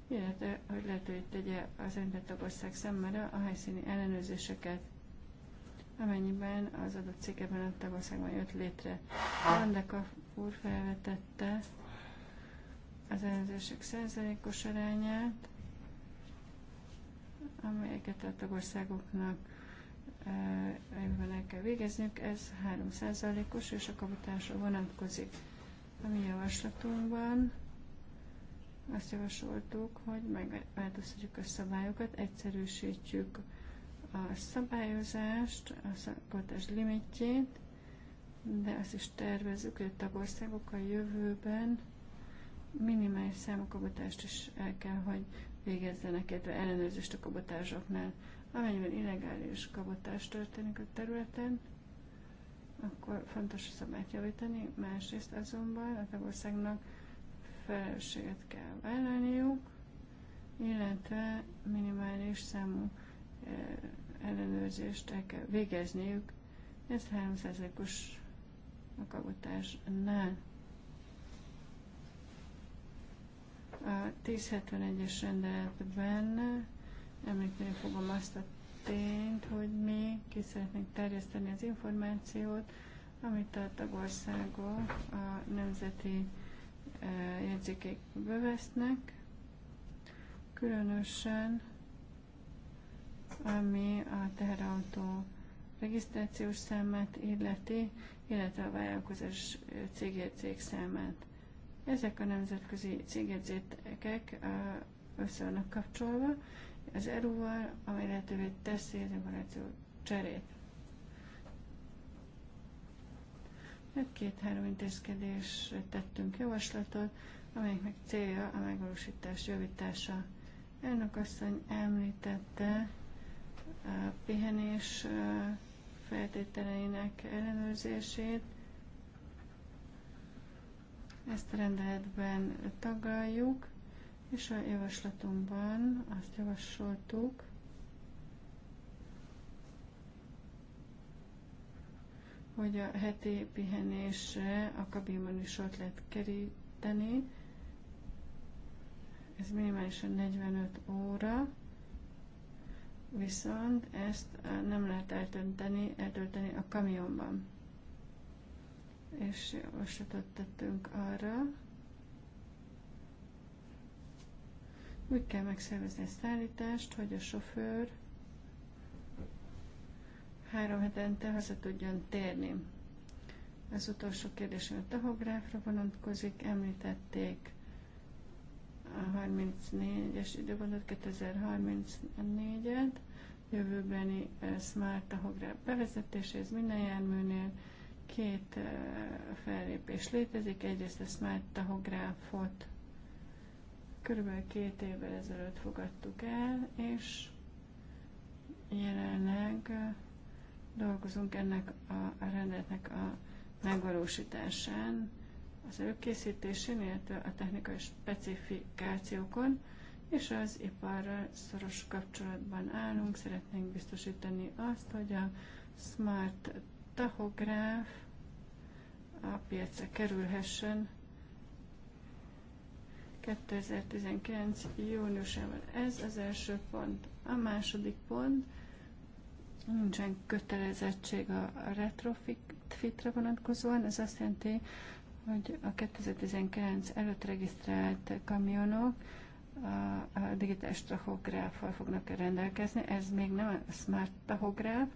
illetve hogy lehetővé tegye az említett tagország szemmelre a helyszíni ellenőrzéseket, amennyiben az adott cég ebben a tagországban jött létre. Randeka úr felvetette az ellenőrzések százalékos arányát, amelyeket a tagországoknak amivel el kell végezniük, ez 3%-os, és a kapatásra vonatkozik. A mi javaslatunkban azt javasoltuk, hogy megváltoztatjuk a szabályokat, egyszerűsítjük a szabályozást, a szabályozás limitjét, de azt is tervezzük, hogy a tagországok a jövőben minimális számú kobotást is el kell, hogy végezzenek, illetve ellenőrzést a kabotásoknál. Amennyiben illegális kabotás történik a területen, akkor fontos a szabályt javítani, másrészt azonban a tagországnak felelősséget kell vállalniuk, illetve minimális számú e, ellenőrzést el kell végezniük, ez 300 os a kabotásnál. A 1071-es rendeletben Említeni fogom azt a tényt, hogy mi ki szeretnénk terjeszteni az információt, amit a tagországok a nemzeti e, jegyzékek bevesznek, különösen ami a teherautó regisztrációs számát illeti, illetve a vállalkozás cégjegyzék számát. Ezek a nemzetközi cégjegyzékek e, össze vannak kapcsolva, az erővel, ami lehetővé teszi az információ cserét. Egy két-három intézkedésre tettünk javaslatot, amelyeknek célja a megvalósítás javítása. Elnök asszony említette a pihenés feltételeinek ellenőrzését. Ezt a rendeletben taglaljuk. És a javaslatunkban azt javasoltuk, hogy a heti pihenésre a kabinban is ott lehet keríteni. Ez minimálisan 45 óra, viszont ezt nem lehet eltönteni, eltölteni a kamionban. És javaslatot tettünk arra, Úgy kell megszervezni a szállítást, hogy a sofőr három hetente haza tudjon térni. Az utolsó kérdésem a tahográfra vonatkozik, említették a 34-es időpontot, 2034-et, jövőbeni eh, smart tahográf bevezetéséhez minden járműnél két eh, fellépés létezik. Egyrészt a smart tahográfot Körülbelül két évvel ezelőtt fogadtuk el, és jelenleg dolgozunk ennek a, a rendetnek a megvalósításán, az előkészítésén, illetve a technikai specifikációkon, és az iparral szoros kapcsolatban állunk. Szeretnénk biztosítani azt, hogy a smart tahográf a piacra kerülhessen, 2019. júniusában. Ez az első pont. A második pont, nincsen kötelezettség a retrofitre vonatkozóan, ez azt jelenti, hogy a 2019 előtt regisztrált kamionok a digitális tachográffal fognak rendelkezni. Ez még nem a smart tachográf,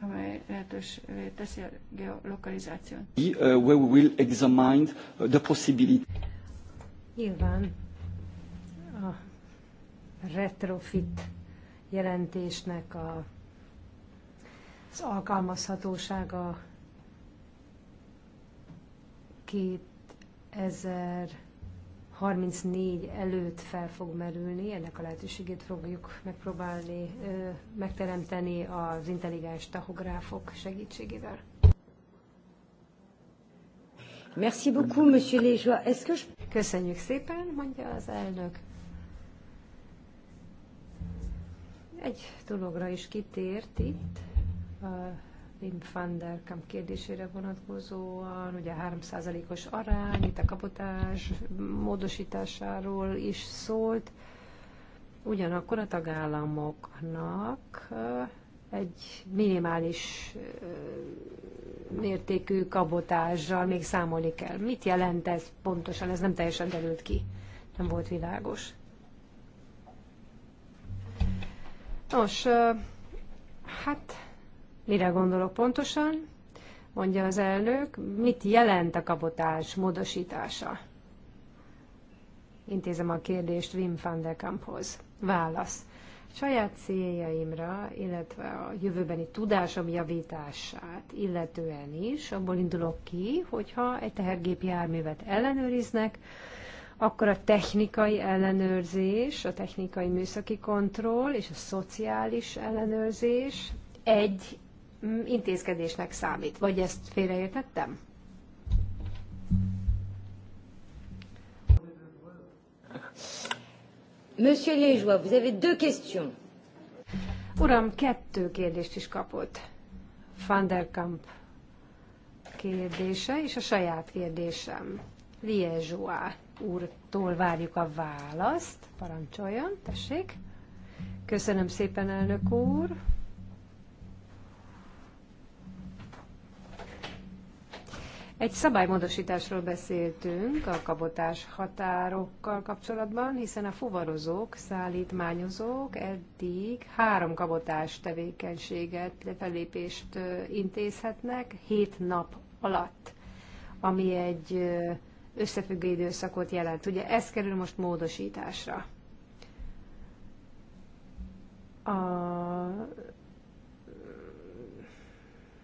amely lehetősé teszi a geolokalizációt. Uh, where we will examine the possibility. Nyilván a retrofit jelentésnek a, az alkalmazhatósága 2034 előtt fel fog merülni, ennek a lehetőségét fogjuk megpróbálni megteremteni az intelligens tachográfok segítségével. Merci beaucoup, monsieur Léjoa. Est-ce que je... Köszönjük szépen, mondja az elnök. Egy dologra is kitért itt, a Wim van der Kamp kérdésére vonatkozóan, ugye 3%-os arány, itt a kapotás módosításáról is szólt. Ugyanakkor a tagállamoknak egy minimális mértékű kabotással még számolni kell. Mit jelent ez pontosan? Ez nem teljesen derült ki. Nem volt világos. Nos, hát mire gondolok pontosan? Mondja az elnök, mit jelent a kabotás módosítása? Intézem a kérdést Wim van der Kamphoz. Válasz saját céljaimra, illetve a jövőbeni tudásom javítását illetően is, abból indulok ki, hogyha egy járművet ellenőriznek, akkor a technikai ellenőrzés, a technikai műszaki kontroll és a szociális ellenőrzés egy mm, intézkedésnek számít. Vagy ezt félreértettem? Monsieur Liégeois, vous avez deux questions. Uram, kettő kérdést is kapott. Van der Kamp kérdése és a saját kérdésem. Liégeois úrtól várjuk a választ. Parancsoljon, tessék. Köszönöm szépen, elnök úr. Egy szabálymódosításról beszéltünk a kabotás határokkal kapcsolatban, hiszen a fuvarozók, szállítmányozók eddig három kabotás tevékenységet, felépést intézhetnek hét nap alatt, ami egy összefüggő időszakot jelent. Ugye ez kerül most módosításra. A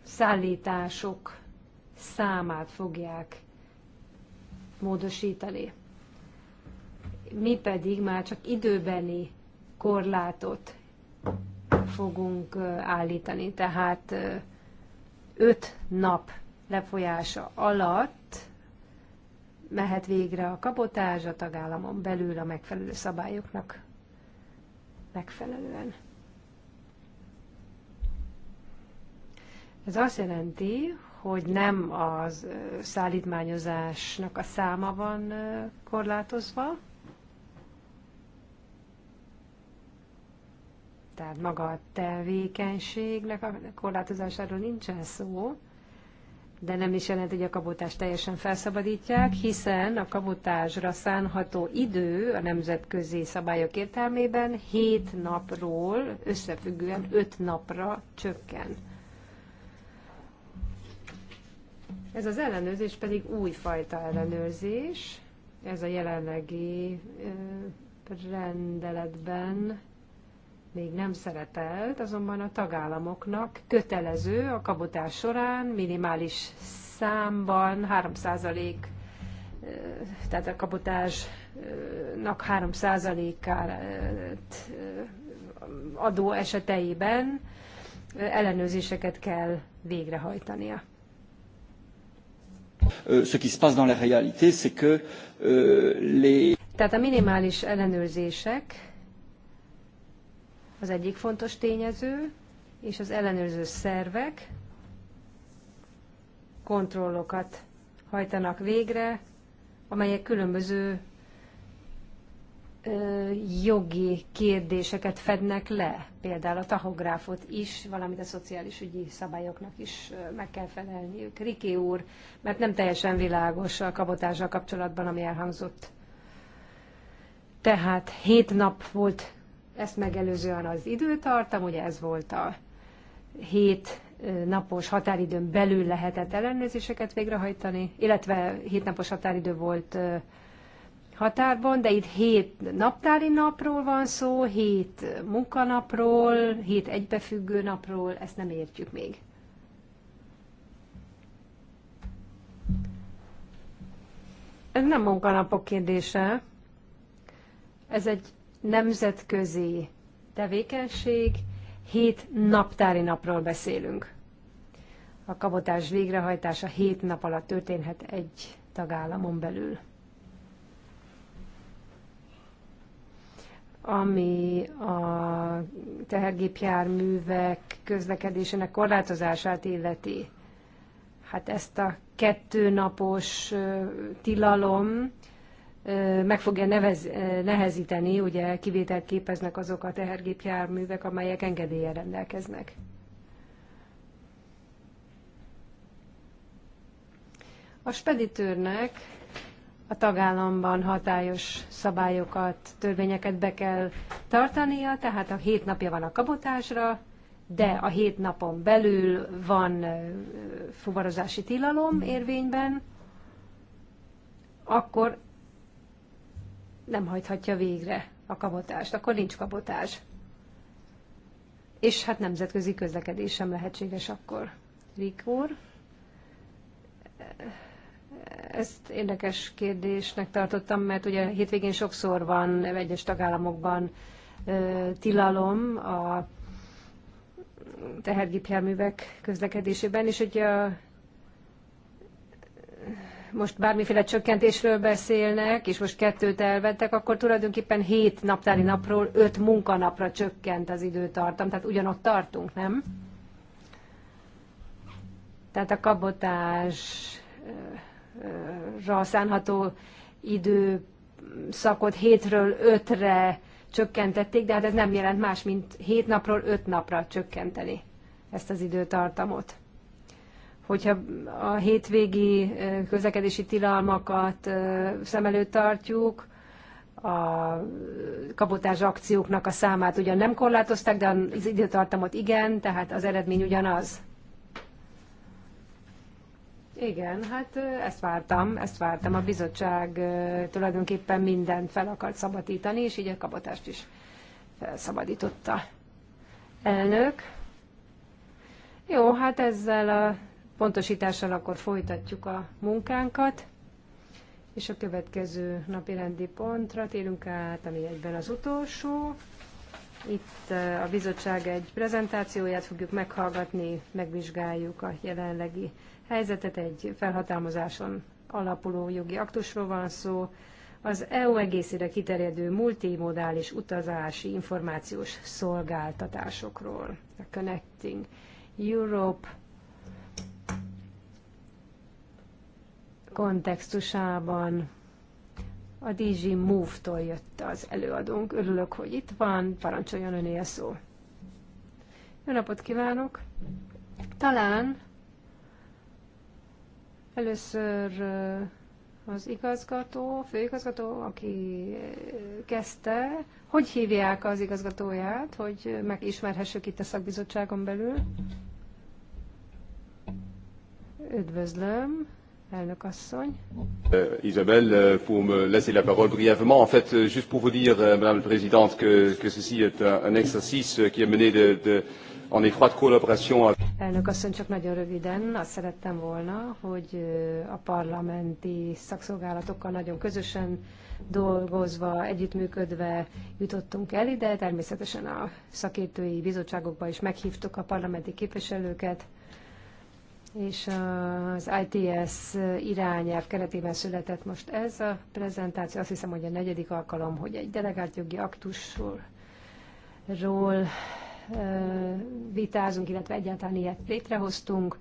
szállítások számát fogják módosítani. Mi pedig már csak időbeni korlátot fogunk állítani. Tehát öt nap lefolyása alatt mehet végre a kabotázs a tagállamon belül a megfelelő szabályoknak megfelelően. Ez azt jelenti, hogy nem az szállítmányozásnak a száma van korlátozva, tehát maga a tevékenységnek a korlátozásáról nincsen szó, de nem is jelent, hogy a kabotást teljesen felszabadítják, hiszen a kabotásra szánható idő a nemzetközi szabályok értelmében 7 napról összefüggően 5 napra csökken. Ez az ellenőrzés pedig újfajta ellenőrzés, ez a jelenlegi rendeletben még nem szerepelt, azonban a tagállamoknak kötelező a kabotás során minimális számban 3% tehát a kabotásnak 3%-át adó eseteiben ellenőrzéseket kell végrehajtania. Euh, ce qui se passe dans la réalité, c'est que euh, les... Tehát a minimális ellenőrzések az egyik fontos tényező, és az ellenőrző szervek kontrollokat hajtanak végre, amelyek különböző jogi kérdéseket fednek le, például a tahográfot is, valamint a szociális ügyi szabályoknak is meg kell felelniük. Riki úr, mert nem teljesen világos a kabotással kapcsolatban, ami elhangzott. Tehát hét nap volt ezt megelőzően az időtartam, ugye ez volt a hét napos határidőn belül lehetett ellenőrzéseket végrehajtani, illetve hét napos határidő volt határban, de itt hét naptári napról van szó, hét munkanapról, hét egybefüggő napról, ezt nem értjük még. Ez nem munkanapok kérdése, ez egy nemzetközi tevékenység, Hét naptári napról beszélünk. A kabotás végrehajtása hét nap alatt történhet egy tagállamon belül. ami a tehergépjárművek közlekedésének korlátozását illeti. Hát ezt a kettőnapos tilalom meg fogja nevez, nehezíteni, ugye kivételt képeznek azok a tehergépjárművek, amelyek engedélye rendelkeznek. A speditőrnek a tagállamban hatályos szabályokat, törvényeket be kell tartania, tehát a hét napja van a kabotásra, de a hét napon belül van fuvarozási tilalom érvényben, akkor nem hajthatja végre a kabotást, akkor nincs kabotás. És hát nemzetközi közlekedés sem lehetséges akkor. rikór. úr ezt érdekes kérdésnek tartottam, mert ugye hétvégén sokszor van egyes tagállamokban tilalom a tehergépjárművek közlekedésében, és hogy a, most bármiféle csökkentésről beszélnek, és most kettőt elvettek, akkor tulajdonképpen hét naptári napról öt munkanapra csökkent az időtartam, tehát ugyanott tartunk, nem? Tehát a kabotás szánható időszakot hétről ötre csökkentették, de hát ez nem jelent más, mint hét napról öt napra csökkenteni ezt az időtartamot. Hogyha a hétvégi közlekedési tilalmakat szem előtt tartjuk, a kabotás akcióknak a számát ugyan nem korlátozták, de az időtartamot igen, tehát az eredmény ugyanaz. Igen, hát ezt vártam, ezt vártam. A bizottság tulajdonképpen mindent fel akart szabadítani, és így a kabotást is felszabadította. Elnök. Jó, hát ezzel a pontosítással akkor folytatjuk a munkánkat, és a következő napi rendi pontra térünk át, ami egyben az utolsó. Itt a bizottság egy prezentációját fogjuk meghallgatni, megvizsgáljuk a jelenlegi helyzetet, egy felhatalmazáson alapuló jogi aktusról van szó, az EU egészére kiterjedő multimodális utazási információs szolgáltatásokról, a Connecting Europe kontextusában a DG Move-tól jött az előadónk. Örülök, hogy itt van, parancsoljon öné a szó. Jó napot kívánok! Talán Először az igazgató, főigazgató, aki kezdte, hogy hívják az igazgatóját, hogy megismerhessük itt a szakbizottságon belül? Üdvözlöm, elnök asszony. Uh, Isabelle, euh, pour me laisser la parole brièvement, en fait, euh, juste pour vous dire, euh, Madame la Présidente, que, que ceci est un, un exercice qui est mené de, de en étroite collaboration avec... Elnök asszony, csak nagyon röviden azt szerettem volna, hogy a parlamenti szakszolgálatokkal nagyon közösen dolgozva, együttműködve jutottunk el ide. Természetesen a szakértői bizottságokba is meghívtuk a parlamenti képviselőket, és az ITS irányelv keretében született most ez a prezentáció. Azt hiszem, hogy a negyedik alkalom, hogy egy delegált jogi aktusról vitázunk, illetve egyáltalán ilyet létrehoztunk.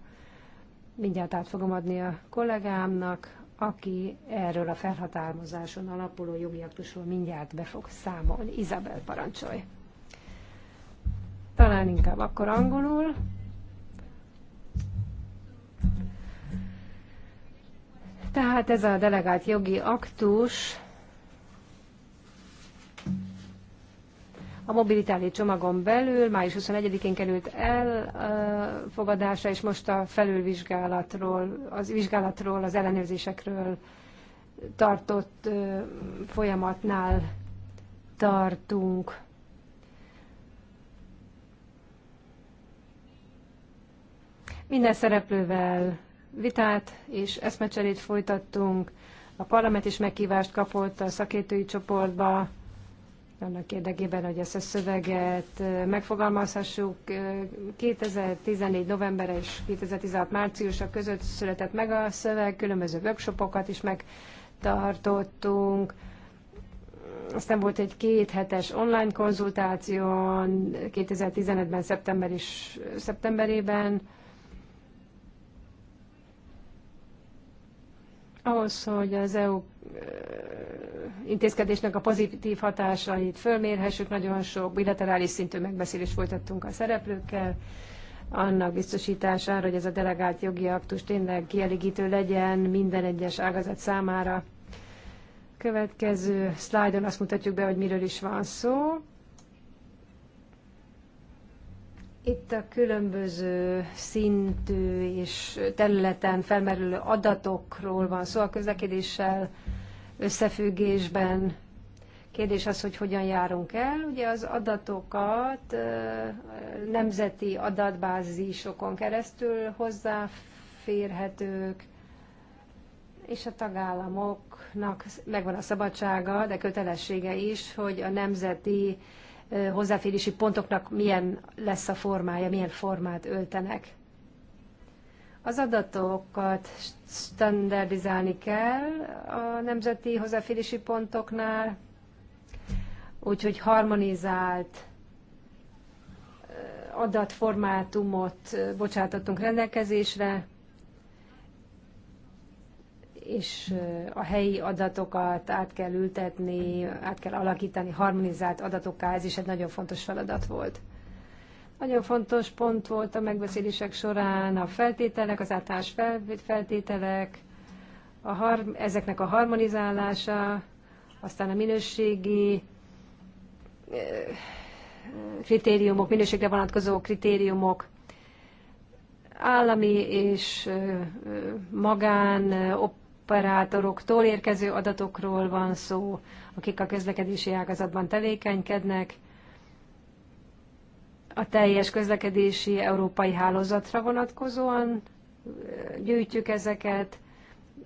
Mindjárt át fogom adni a kollégámnak, aki erről a felhatalmazáson alapuló jogi aktusról mindjárt be fog számolni. Izabel, parancsolj! Talán inkább akkor angolul. Tehát ez a delegált jogi aktus A mobilitáli csomagon belül május 21-én került elfogadása, és most a felülvizsgálatról, az vizsgálatról, az ellenőrzésekről tartott folyamatnál tartunk. Minden szereplővel vitát és eszmecserét folytattunk. A parlament is megkívást kapott a szakértői csoportba, annak érdekében, hogy ezt a szöveget megfogalmazhassuk. 2014. november és 2016. márciusa között született meg a szöveg, különböző workshopokat is megtartottunk, aztán volt egy két hetes online konzultáció 2015-ben, szeptember is, szeptemberében, Ahhoz, hogy az EU intézkedésnek a pozitív hatásait fölmérhessük, nagyon sok bilaterális szintű megbeszélést folytattunk a szereplőkkel, annak biztosítására, hogy ez a delegált jogi aktus tényleg kielégítő legyen minden egyes ágazat számára. Következő szlájdon azt mutatjuk be, hogy miről is van szó. Itt a különböző szintű és területen felmerülő adatokról van szó a közlekedéssel összefüggésben. Kérdés az, hogy hogyan járunk el. Ugye az adatokat nemzeti adatbázisokon keresztül hozzáférhetők, és a tagállamoknak megvan a szabadsága, de kötelessége is, hogy a nemzeti hozzáférési pontoknak milyen lesz a formája, milyen formát öltenek. Az adatokat standardizálni kell a nemzeti hozzáférési pontoknál, úgyhogy harmonizált adatformátumot bocsátottunk rendelkezésre, és a helyi adatokat át kell ültetni, át kell alakítani, harmonizált adatokká, ez is egy nagyon fontos feladat volt. Nagyon fontos pont volt a megbeszélések során a feltételek, az általános feltételek, a har- ezeknek a harmonizálása, aztán a minőségi kritériumok, minőségre vonatkozó kritériumok, állami és magán operátoroktól érkező adatokról van szó, akik a közlekedési ágazatban tevékenykednek. A teljes közlekedési európai hálózatra vonatkozóan gyűjtjük ezeket,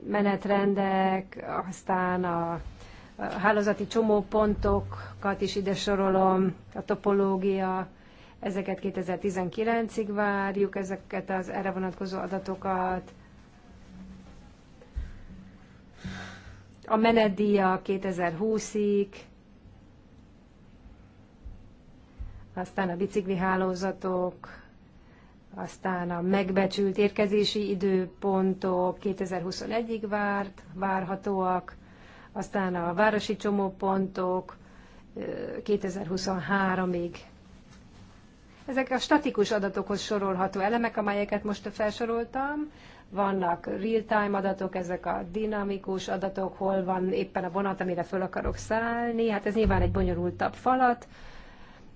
menetrendek, aztán a hálózati csomópontokat is ide sorolom, a topológia, ezeket 2019-ig várjuk, ezeket az erre vonatkozó adatokat, a menedíja 2020-ig, aztán a biciklihálózatok, aztán a megbecsült érkezési időpontok 2021-ig várt, várhatóak, aztán a városi csomópontok 2023-ig. Ezek a statikus adatokhoz sorolható elemek, amelyeket most felsoroltam, vannak real-time adatok, ezek a dinamikus adatok, hol van éppen a vonat, amire föl akarok szállni. Hát ez nyilván egy bonyolultabb falat.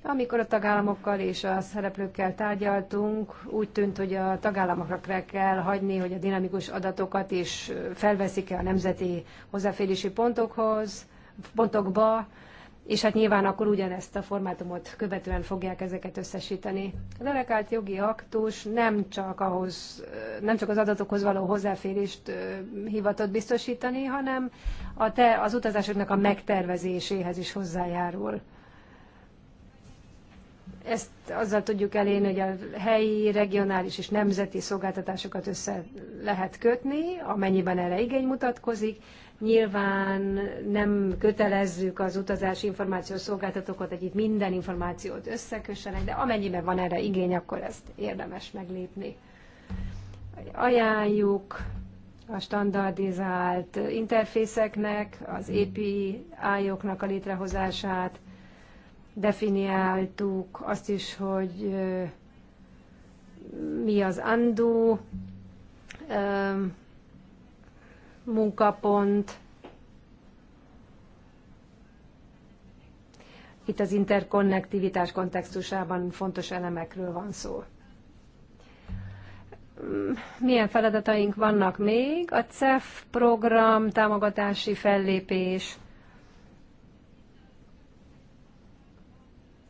Amikor a tagállamokkal és a szereplőkkel tárgyaltunk, úgy tűnt, hogy a tagállamokra kell hagyni, hogy a dinamikus adatokat is felveszik-e a nemzeti hozzáférési pontokhoz, pontokba, és hát nyilván akkor ugyanezt a formátumot követően fogják ezeket összesíteni. A delegált jogi aktus nem csak, ahhoz, nem csak az adatokhoz való hozzáférést hivatott biztosítani, hanem a te, az utazásoknak a megtervezéséhez is hozzájárul. Ezt azzal tudjuk elérni, hogy a helyi, regionális és nemzeti szolgáltatásokat össze lehet kötni, amennyiben erre igény mutatkozik, Nyilván nem kötelezzük az utazási információs szolgáltatókat, hogy itt minden információt összekössenek, de amennyiben van erre igény, akkor ezt érdemes meglépni. Ajánljuk a standardizált interfészeknek, az API-oknak a létrehozását, definiáltuk azt is, hogy mi az undo, munkapont, itt az interkonnektivitás kontextusában fontos elemekről van szó. Milyen feladataink vannak még? A CEF program, támogatási fellépés.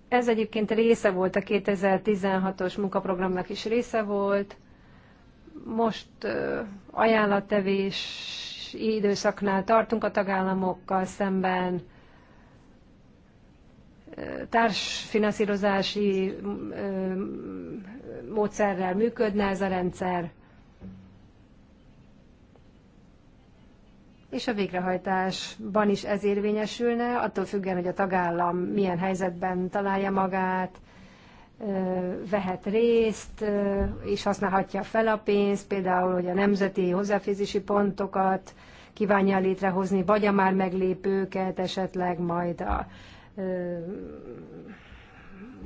Ez egyébként része volt a 2016-os munkaprogramnak is része volt most ajánlattevés időszaknál tartunk a tagállamokkal szemben, társfinanszírozási módszerrel működne ez a rendszer, és a végrehajtásban is ez érvényesülne, attól függően, hogy a tagállam milyen helyzetben találja magát, vehet részt, és használhatja fel a pénzt, például, hogy a nemzeti hozzáfizési pontokat kívánja létrehozni, vagy a már meglépőket esetleg majd a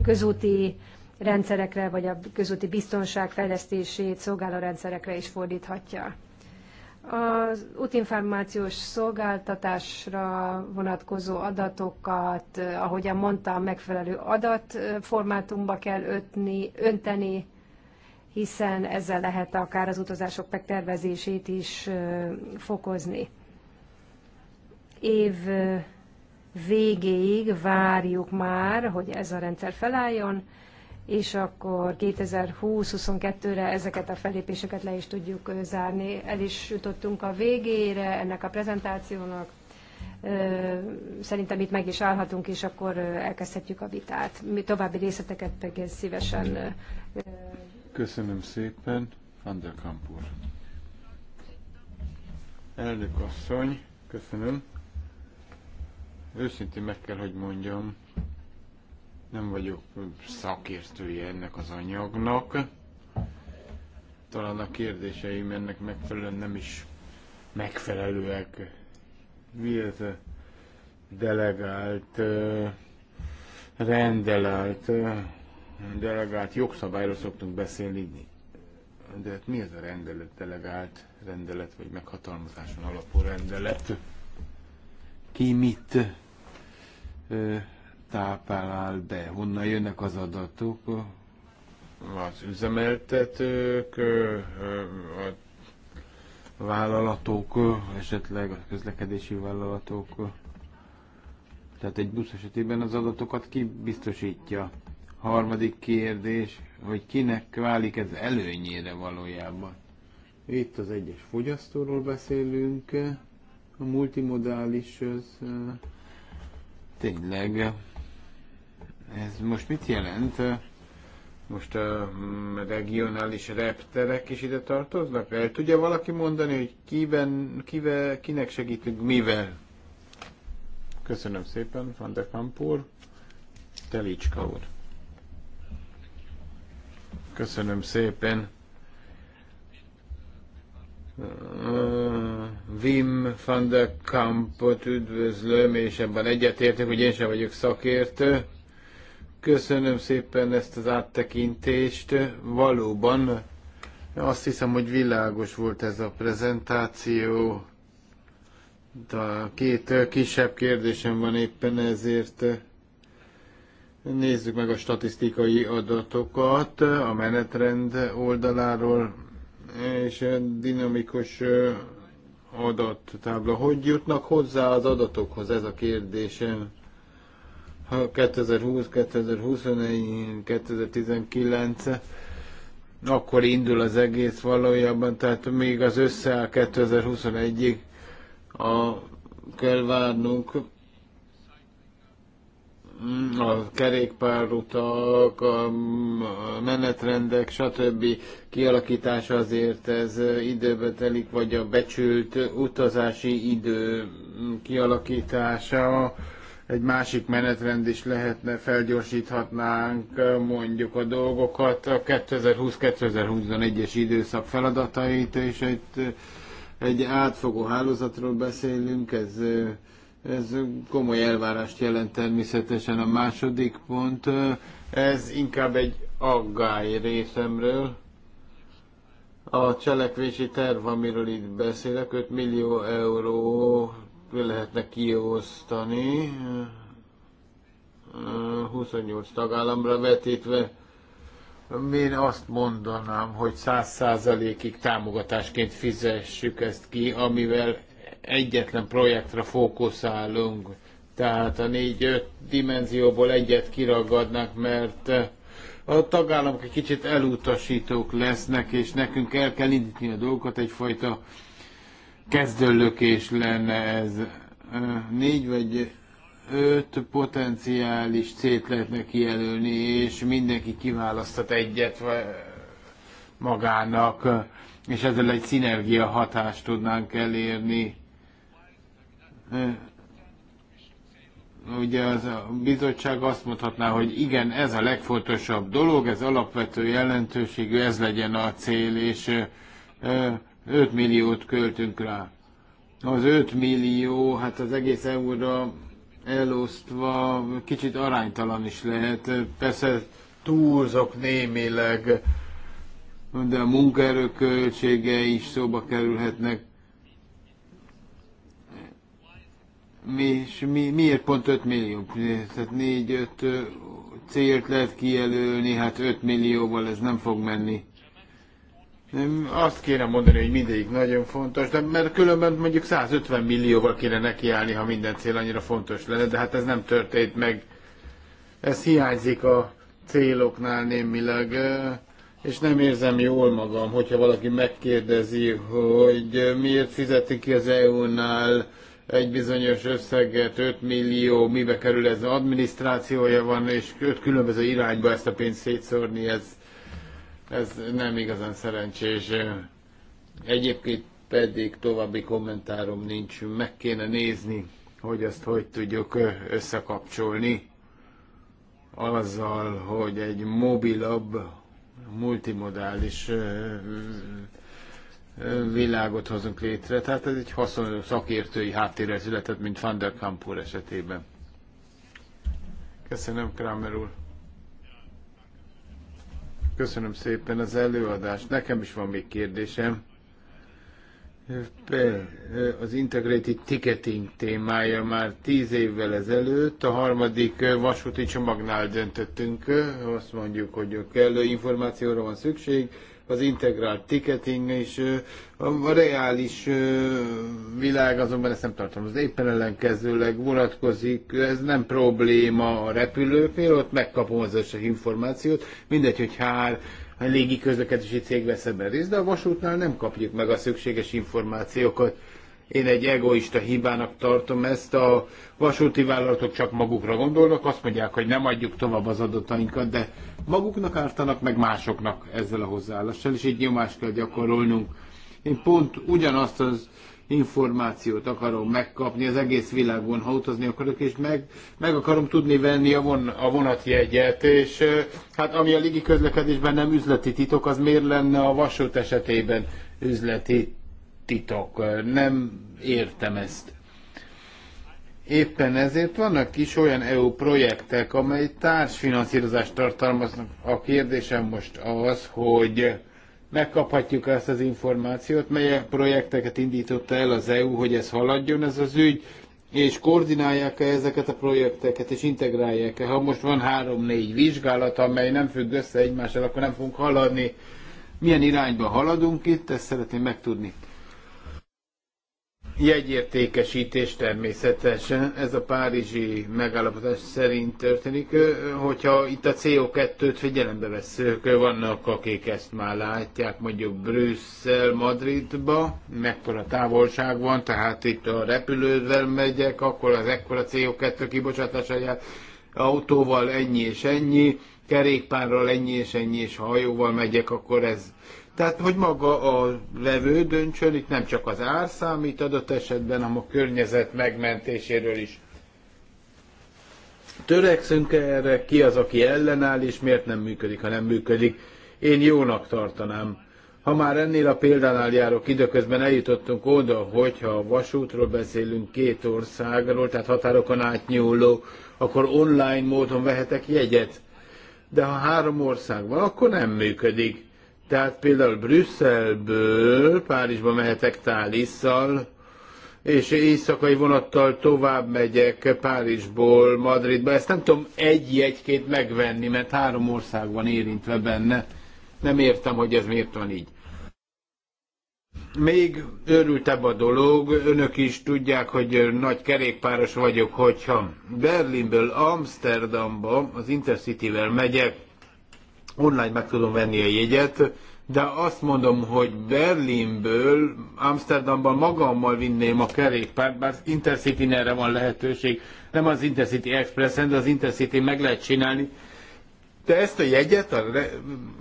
közúti rendszerekre, vagy a közúti biztonság fejlesztését szolgáló rendszerekre is fordíthatja. Az útinformációs szolgáltatásra vonatkozó adatokat, ahogyan mondtam, megfelelő adatformátumba kell ötni, önteni, hiszen ezzel lehet akár az utazások megtervezését is fokozni. Év végéig várjuk már, hogy ez a rendszer felálljon, és akkor 2020-22-re ezeket a felépéseket le is tudjuk zárni. El is jutottunk a végére ennek a prezentációnak. Szerintem itt meg is állhatunk, és akkor elkezdhetjük a vitát. Mi további részleteket pedig szívesen. Köszönöm szépen, Ander Kampur. Elnök asszony, köszönöm. Őszintén meg kell, hogy mondjam, nem vagyok szakértője ennek az anyagnak. Talán a kérdéseim ennek megfelelően nem is megfelelőek. Mi ez a delegált, rendelált, delegált jogszabályról szoktunk beszélni, de hát mi ez a rendelet, delegált rendelet, vagy meghatalmazáson alapú rendelet? Ki mit táplál be? Honnan jönnek az adatok? Az üzemeltetők, a vállalatok, esetleg a közlekedési vállalatok. Tehát egy busz esetében az adatokat ki biztosítja? Harmadik kérdés, hogy kinek válik ez előnyére valójában? Itt az egyes fogyasztóról beszélünk, a multimodális az tényleg ez most mit jelent? Most a mm, regionális repterek is ide tartoznak? El tudja valaki mondani, hogy kiben, kive, kinek segítünk, mivel? Köszönöm szépen, Van de Kampur. Telicska úr. Köszönöm szépen. Mm, Wim van der Kampot üdvözlöm, és ebben egyetértek, hogy én sem vagyok szakértő Köszönöm szépen ezt az áttekintést. Valóban azt hiszem, hogy világos volt ez a prezentáció. De két kisebb kérdésem van éppen ezért. Nézzük meg a statisztikai adatokat a menetrend oldaláról, és a dinamikus adattábla. Hogy jutnak hozzá az adatokhoz ez a kérdésem? 2020, 2021, 2019, akkor indul az egész valójában, tehát még az összeáll 2021-ig a, kell várnunk a kerékpárutak, a menetrendek, stb. kialakítása azért ez időbe telik, vagy a becsült utazási idő kialakítása, egy másik menetrend is lehetne, felgyorsíthatnánk mondjuk a dolgokat, a 2020-2021-es időszak feladatait, és egy, egy átfogó hálózatról beszélünk, ez, ez komoly elvárást jelent természetesen a második pont. Ez inkább egy aggály részemről, a cselekvési terv, amiről itt beszélek, 5 millió euró lehetne kiosztani 28 eh, tagállamra vetítve. Én azt mondanám, hogy 100%-ig támogatásként fizessük ezt ki, amivel egyetlen projektre fókuszálunk. Tehát a négy-öt dimenzióból egyet kiragadnak, mert a tagállamok egy kicsit elutasítók lesznek, és nekünk el kell indítani a dolgokat egyfajta kezdőlökés lenne ez. Négy vagy öt potenciális célt lehetne kijelölni, és mindenki kiválasztat egyet magának, és ezzel egy szinergia hatást tudnánk elérni. Ugye az a bizottság azt mondhatná, hogy igen, ez a legfontosabb dolog, ez alapvető jelentőségű, ez legyen a cél, és 5 milliót költünk rá. Az 5 millió, hát az egész euróra elosztva kicsit aránytalan is lehet. Persze túlzok némileg, de a munkaerő költsége is szóba kerülhetnek. Mi, és mi, miért pont 5 millió? Tehát 4-5 célt lehet kijelölni, hát 5 millióval ez nem fog menni. Azt kéne mondani, hogy mindegyik nagyon fontos, de mert különben mondjuk 150 millióval kéne nekiállni, ha minden cél annyira fontos lenne, de hát ez nem történt meg. Ez hiányzik a céloknál némileg, és nem érzem jól magam, hogyha valaki megkérdezi, hogy miért fizeti ki az EU-nál egy bizonyos összeget, 5 millió, mibe kerül ez, adminisztrációja van, és öt különböző irányba ezt a pénzt szétszórni, ez ez nem igazán szerencsés. Egyébként pedig további kommentárom nincs. Meg kéne nézni, hogy ezt hogy tudjuk összekapcsolni azzal, hogy egy mobilabb, multimodális világot hozunk létre. Tehát ez egy hasonló szakértői háttérre született, mint Van der Kampur esetében. Köszönöm, Kramer úr. Köszönöm szépen az előadást. Nekem is van még kérdésem. Az integrated ticketing témája már tíz évvel ezelőtt, a harmadik vasúti csomagnál döntöttünk, azt mondjuk, hogy kellő információra van szükség, az integrált ticketing és a reális világ azonban ezt nem Az Éppen ellenkezőleg vonatkozik, ez nem probléma a repülőknél, ott megkapom az összes információt, mindegy, hogy hár a légi közlekedési cég vesz ebben részt, de a vasútnál nem kapjuk meg a szükséges információkat. Én egy egoista hibának tartom ezt. A vasúti vállalatok csak magukra gondolnak, azt mondják, hogy nem adjuk tovább az adatainkat, de maguknak ártanak, meg másoknak ezzel a hozzáállással, és egy nyomást kell gyakorolnunk. Én pont ugyanazt az információt akarom megkapni az egész világon, ha utazni akarok, és meg, meg akarom tudni venni a, von, a vonatjegyet, és hát ami a légi közlekedésben nem üzleti titok, az miért lenne a vasút esetében üzleti titok. Nem értem ezt. Éppen ezért vannak is olyan EU projektek, amely társfinanszírozást tartalmaznak. A kérdésem most az, hogy megkaphatjuk ezt az információt, mely projekteket indította el az EU, hogy ez haladjon ez az ügy, és koordinálják-e ezeket a projekteket, és integrálják-e. Ha most van három-négy vizsgálat, amely nem függ össze egymással, akkor nem fogunk haladni. Milyen irányba haladunk itt, ezt szeretném megtudni jegyértékesítés természetesen, ez a párizsi megállapodás szerint történik. Hogyha itt a CO2-t figyelembe veszük, vannak akik ezt már látják, mondjuk Brüsszel, Madridba, mekkora távolság van, tehát itt a repülővel megyek, akkor az ekkora CO2 kibocsátásáját, autóval ennyi és ennyi, kerékpárral ennyi és ennyi, és ha hajóval megyek, akkor ez tehát, hogy maga a levő döntsön, itt nem csak az ár számít adott esetben, hanem a környezet megmentéséről is. Törekszünk -e erre, ki az, aki ellenáll, és miért nem működik, ha nem működik. Én jónak tartanám. Ha már ennél a példánál járok, időközben eljutottunk oda, hogyha a vasútról beszélünk két országról, tehát határokon átnyúló, akkor online módon vehetek jegyet. De ha három ország van, akkor nem működik tehát például Brüsszelből Párizsba mehetek Tálisszal, és éjszakai vonattal tovább megyek Párizsból Madridba. Ezt nem tudom egy egy-két megvenni, mert három ország van érintve benne. Nem értem, hogy ez miért van így. Még örültebb a dolog, önök is tudják, hogy nagy kerékpáros vagyok, hogyha Berlinből Amsterdamba az Intercity-vel megyek, online meg tudom venni a jegyet, de azt mondom, hogy Berlinből, Amsterdamban magammal vinném a kerékpárt, bár intercity erre van lehetőség, nem az Intercity Expressen, de az Intercity meg lehet csinálni. De ezt a jegyet a,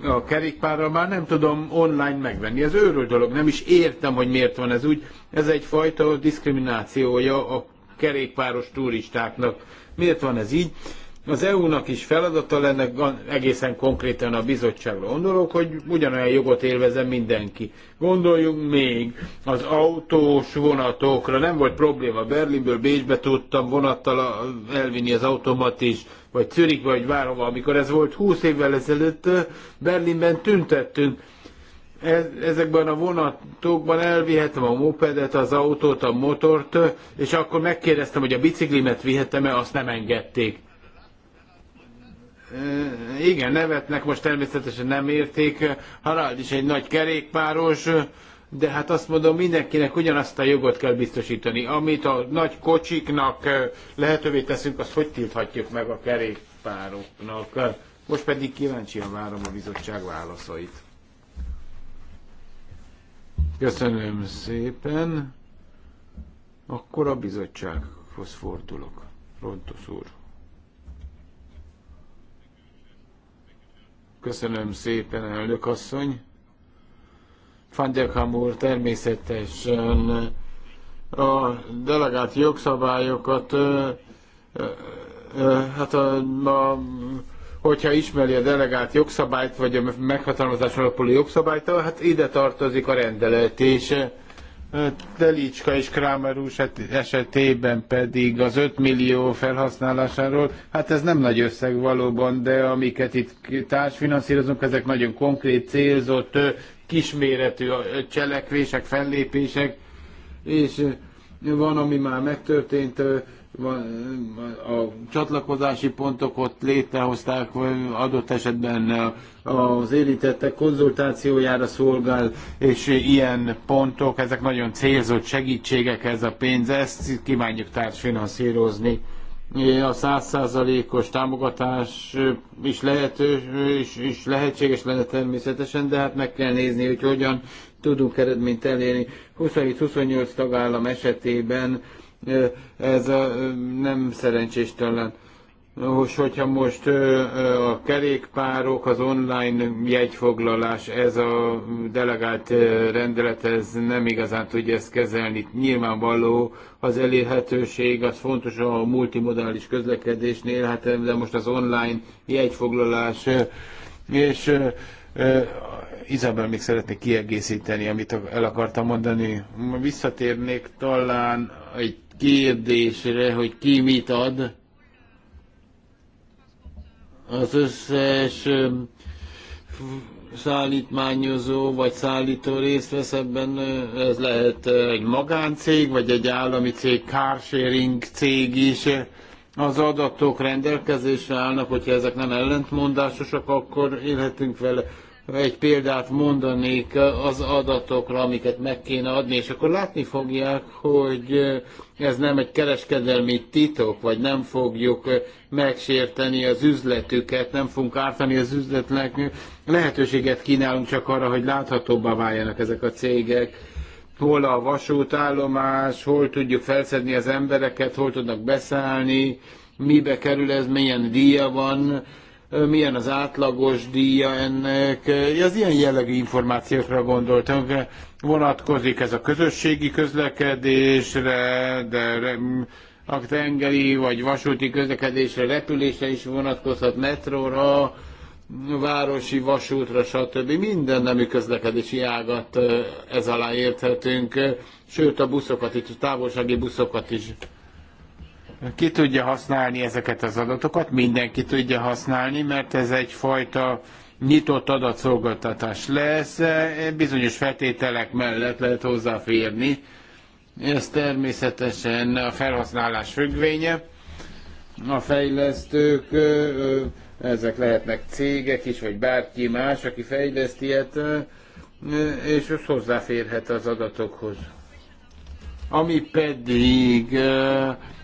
a kerékpárral már nem tudom online megvenni. Ez őrült dolog, nem is értem, hogy miért van ez úgy. Ez egyfajta diszkriminációja a kerékpáros turistáknak. Miért van ez így? Az EU-nak is feladata lenne, egészen konkrétan a bizottságra gondolok, hogy ugyanolyan jogot élvezem mindenki. Gondoljunk még az autós vonatokra. Nem volt probléma, Berlinből Bécsbe tudtam vonattal elvinni az automat is, vagy Zürichbe, vagy várva, Amikor ez volt 20 évvel ezelőtt, Berlinben tüntettünk ezekben a vonatokban elvihetem a mopedet, az autót, a motort, és akkor megkérdeztem, hogy a biciklimet vihetem-e, azt nem engedték igen, nevetnek, most természetesen nem érték. Harald is egy nagy kerékpáros, de hát azt mondom, mindenkinek ugyanazt a jogot kell biztosítani. Amit a nagy kocsiknak lehetővé teszünk, azt hogy tilthatjuk meg a kerékpároknak. Most pedig kíváncsian várom a bizottság válaszait. Köszönöm szépen. Akkor a bizottsághoz fordulok. Rontos úr. Köszönöm szépen, elnök asszony. Fandjakám úr természetesen a delegált jogszabályokat hát a, a, hogyha ismeri a delegált jogszabályt, vagy a meghatározás alapuló jogszabályt, hát ide tartozik a rendelet, és Delicska és Kramer úr esetében pedig az 5 millió felhasználásáról, hát ez nem nagy összeg valóban, de amiket itt társfinanszírozunk, ezek nagyon konkrét, célzott, kisméretű cselekvések, fellépések, és van, ami már megtörtént, a csatlakozási pontokat létrehozták, adott esetben az érintettek konzultációjára szolgál, és ilyen pontok, ezek nagyon célzott segítségek, ez a pénz, ezt kívánjuk társfinanszírozni. A százszázalékos támogatás is, lehető, is, is lehetséges lenne természetesen, de hát meg kell nézni, hogy hogyan tudunk eredményt elérni. 27-28 tagállam esetében ez a, nem szerencsés talán. Most, hogyha most a kerékpárok, az online jegyfoglalás, ez a delegált rendelet, ez nem igazán tudja ezt kezelni. Nyilvánvaló az elérhetőség, az fontos a multimodális közlekedésnél, hát de most az online jegyfoglalás, és Izabel még szeretnék kiegészíteni, amit el akartam mondani. Visszatérnék talán egy kérdésre, hogy ki mit ad, az összes szállítmányozó vagy szállító részt vesz ebben, ez lehet egy magáncég, vagy egy állami cég, carsharing cég is. Az adatok rendelkezésre állnak, hogyha ezek nem ellentmondásosak, akkor élhetünk vele egy példát mondanék az adatokra, amiket meg kéne adni, és akkor látni fogják, hogy ez nem egy kereskedelmi titok, vagy nem fogjuk megsérteni az üzletüket, nem fogunk ártani az üzletnek. Lehetőséget kínálunk csak arra, hogy láthatóbbá váljanak ezek a cégek hol a vasútállomás, hol tudjuk felszedni az embereket, hol tudnak beszállni, mibe kerül ez, milyen díja van, milyen az átlagos díja ennek. Az ilyen jellegű információkra gondoltam, vonatkozik ez a közösségi közlekedésre, de a tengeri vagy vasúti közlekedésre, repülésre is vonatkozhat, metróra, városi vasútra, stb. Minden nemű közlekedési ágat ez alá érthetünk, sőt a buszokat is, a távolsági buszokat is. Ki tudja használni ezeket az adatokat? Mindenki tudja használni, mert ez egyfajta nyitott adatszolgáltatás lesz, bizonyos feltételek mellett lehet hozzáférni. Ez természetesen a felhasználás függvénye. A fejlesztők, ezek lehetnek cégek is, vagy bárki más, aki fejleszt ilyet, és hozzáférhet az adatokhoz. Ami pedig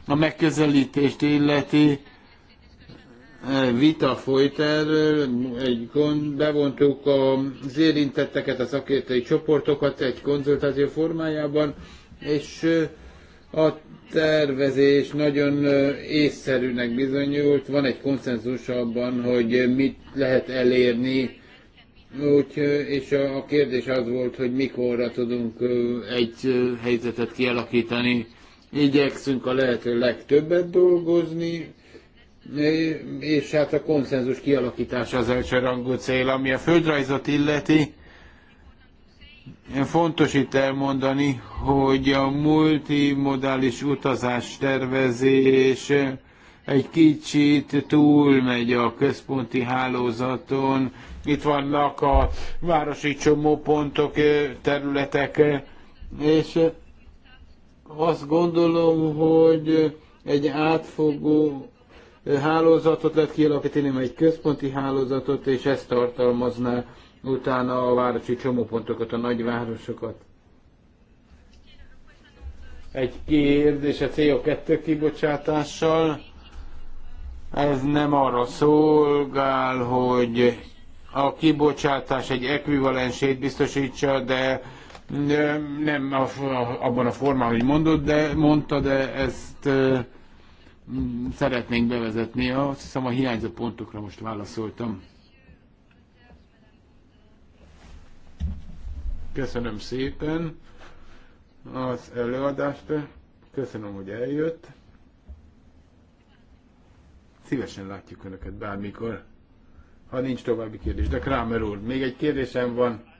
a megközelítést illeti e, vita folyt erről, egy, bevontuk az érintetteket, a szakértői csoportokat egy konzultáció formájában, és e, a tervezés nagyon e, észszerűnek bizonyult, van egy konszenzus abban, hogy mit lehet elérni, úgy, és a kérdés az volt, hogy mikorra tudunk egy helyzetet kialakítani, Igyekszünk a lehető legtöbbet dolgozni, és hát a konszenzus kialakítása az elsőrangú cél, ami a földrajzot illeti. Fontos itt elmondani, hogy a multimodális utazás tervezés egy kicsit túlmegy a központi hálózaton. Itt vannak a városi csomópontok, területek, és azt gondolom, hogy egy átfogó hálózatot lehet kialakítani, egy központi hálózatot, és ezt tartalmazná utána a városi csomópontokat, a nagyvárosokat. Egy kérdés a CO2 kibocsátással. Ez nem arra szolgál, hogy a kibocsátás egy ekvivalensét biztosítsa, de nem abban a formában, hogy mondod, de mondta, de ezt szeretnénk bevezetni. Azt hiszem a hiányzó pontokra most válaszoltam. Köszönöm szépen az előadást. Köszönöm, hogy eljött. Szívesen látjuk Önöket bármikor, ha nincs további kérdés. De Kramer úr, még egy kérdésem van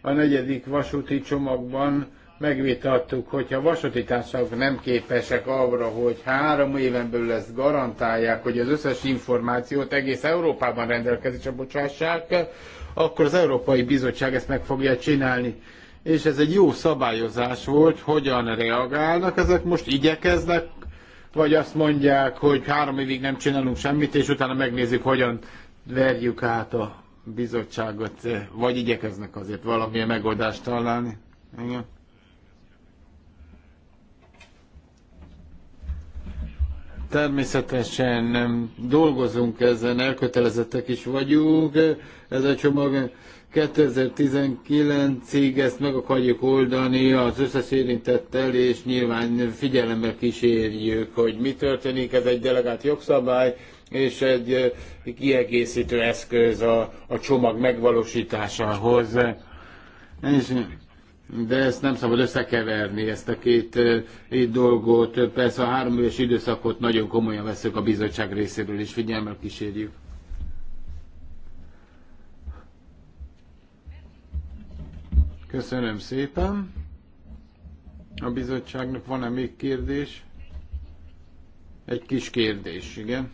a negyedik vasúti csomagban megvitattuk, hogy a vasúti társaságok nem képesek arra, hogy három éven belül ezt garantálják, hogy az összes információt egész Európában rendelkezésre bocsássák, akkor az Európai Bizottság ezt meg fogja csinálni. És ez egy jó szabályozás volt, hogyan reagálnak, ezek most igyekeznek, vagy azt mondják, hogy három évig nem csinálunk semmit, és utána megnézzük, hogyan verjük át a bizottságot, eh, vagy igyekeznek azért valamilyen megoldást találni. Igen. Természetesen nem dolgozunk ezen, elkötelezettek is vagyunk. Eh, ez a csomag 2019-ig ezt meg akarjuk oldani az összes érintettel, és nyilván figyelembe kísérjük, hogy mi történik. Ez egy delegált jogszabály, és egy kiegészítő eszköz a, a csomag megvalósításához. És de ezt nem szabad összekeverni, ezt a két, két dolgot. Persze a három éves időszakot nagyon komolyan veszük a bizottság részéről, és figyelmel kísérjük. Köszönöm szépen. A bizottságnak van-e még kérdés? Egy kis kérdés, igen.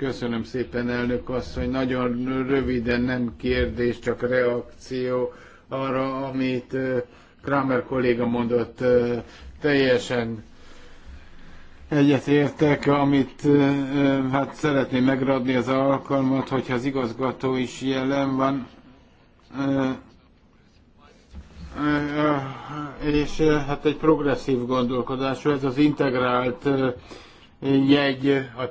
Köszönöm szépen, elnök asszony. Nagyon röviden, nem kérdés, csak reakció arra, amit Kramer kolléga mondott. Teljesen egyetértek, amit hát szeretném megradni az alkalmat, hogyha az igazgató is jelen van. És hát egy progresszív gondolkodású, ez az integrált jegy, a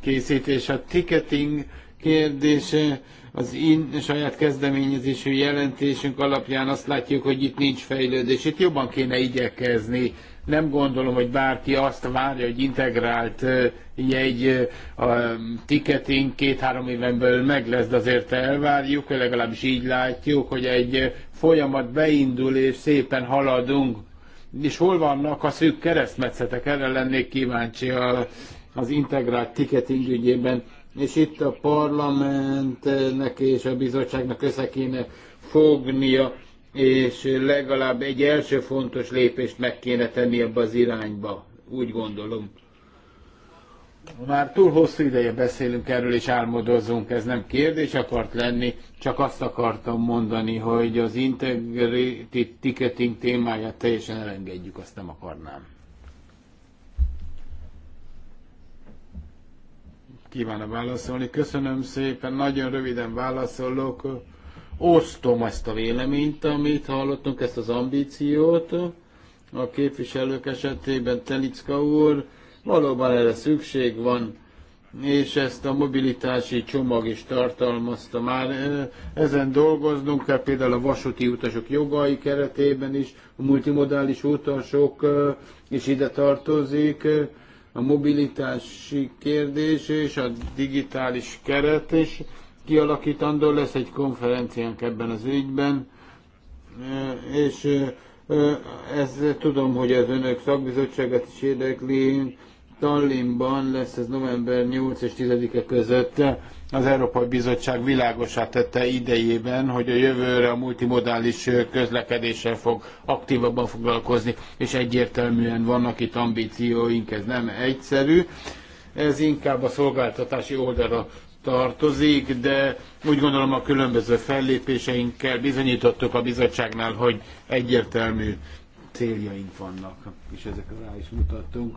Készítés és a ticketing kérdése az én saját kezdeményezésű jelentésünk alapján azt látjuk, hogy itt nincs fejlődés, itt jobban kéne igyekezni. Nem gondolom, hogy bárki azt várja, hogy integrált jegy a ticketing két-három éven belül meg lesz, de azért elvárjuk, legalábbis így látjuk, hogy egy folyamat beindul és szépen haladunk és hol vannak a szűk keresztmetszetek, erre lennék kíváncsi a az integrált ticketing ügyében, és itt a parlamentnek és a bizottságnak össze kéne fognia, és legalább egy első fontos lépést meg kéne tenni ebbe az irányba, úgy gondolom. Már túl hosszú ideje beszélünk erről, és álmodozunk, ez nem kérdés akart lenni, csak azt akartam mondani, hogy az integrity ticketing témáját teljesen elengedjük, azt nem akarnám. kívánna válaszolni. Köszönöm szépen, nagyon röviden válaszolok. Osztom ezt a véleményt, amit hallottunk, ezt az ambíciót. A képviselők esetében Telicka úr, valóban erre szükség van, és ezt a mobilitási csomag is tartalmazta már. Ezen dolgoznunk kell például a vasúti utasok jogai keretében is, a multimodális utasok eh, is ide tartozik, a mobilitási kérdés és a digitális keret is kialakítandó. Lesz egy konferenciánk ebben az ügyben, eh, és eh, ez tudom, hogy az önök szakbizottságát is érdekli. Tallinnban lesz ez november 8 és 10-e között az Európai Bizottság világosá tette idejében, hogy a jövőre a multimodális közlekedéssel fog aktívabban foglalkozni, és egyértelműen vannak itt ambícióink, ez nem egyszerű. Ez inkább a szolgáltatási oldalra tartozik, de úgy gondolom a különböző fellépéseinkkel bizonyítottuk a bizottságnál, hogy egyértelmű céljaink vannak, és ezekre rá is mutattunk.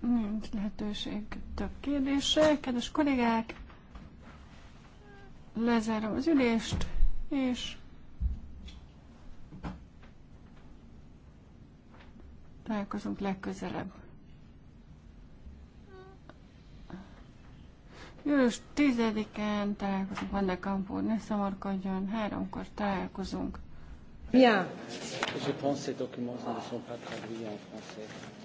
Nincs lehetőség több kérdésre. Kedves kollégák, lezárom az ülést, és találkozunk legközelebb. Július 10-en találkozunk Van de Kampúr, ne szamarkodjon, háromkor találkozunk. Bien. Je pense que ces documents ne sont pas traduits en français.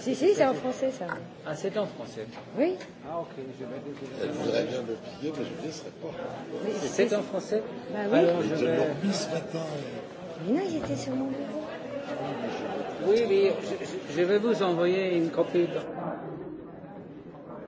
Si, si, c'est en français ça. Ah, c'est en français Oui. Ah, ok. Elle voudrait bien le plier, mais je ne laisserai pas. c'est en français Bah oui. Alors, je vais... dormi ce matin. Mais non, j'étais sur mon bureau. Oui, mais je, je, vais vous envoyer une copie.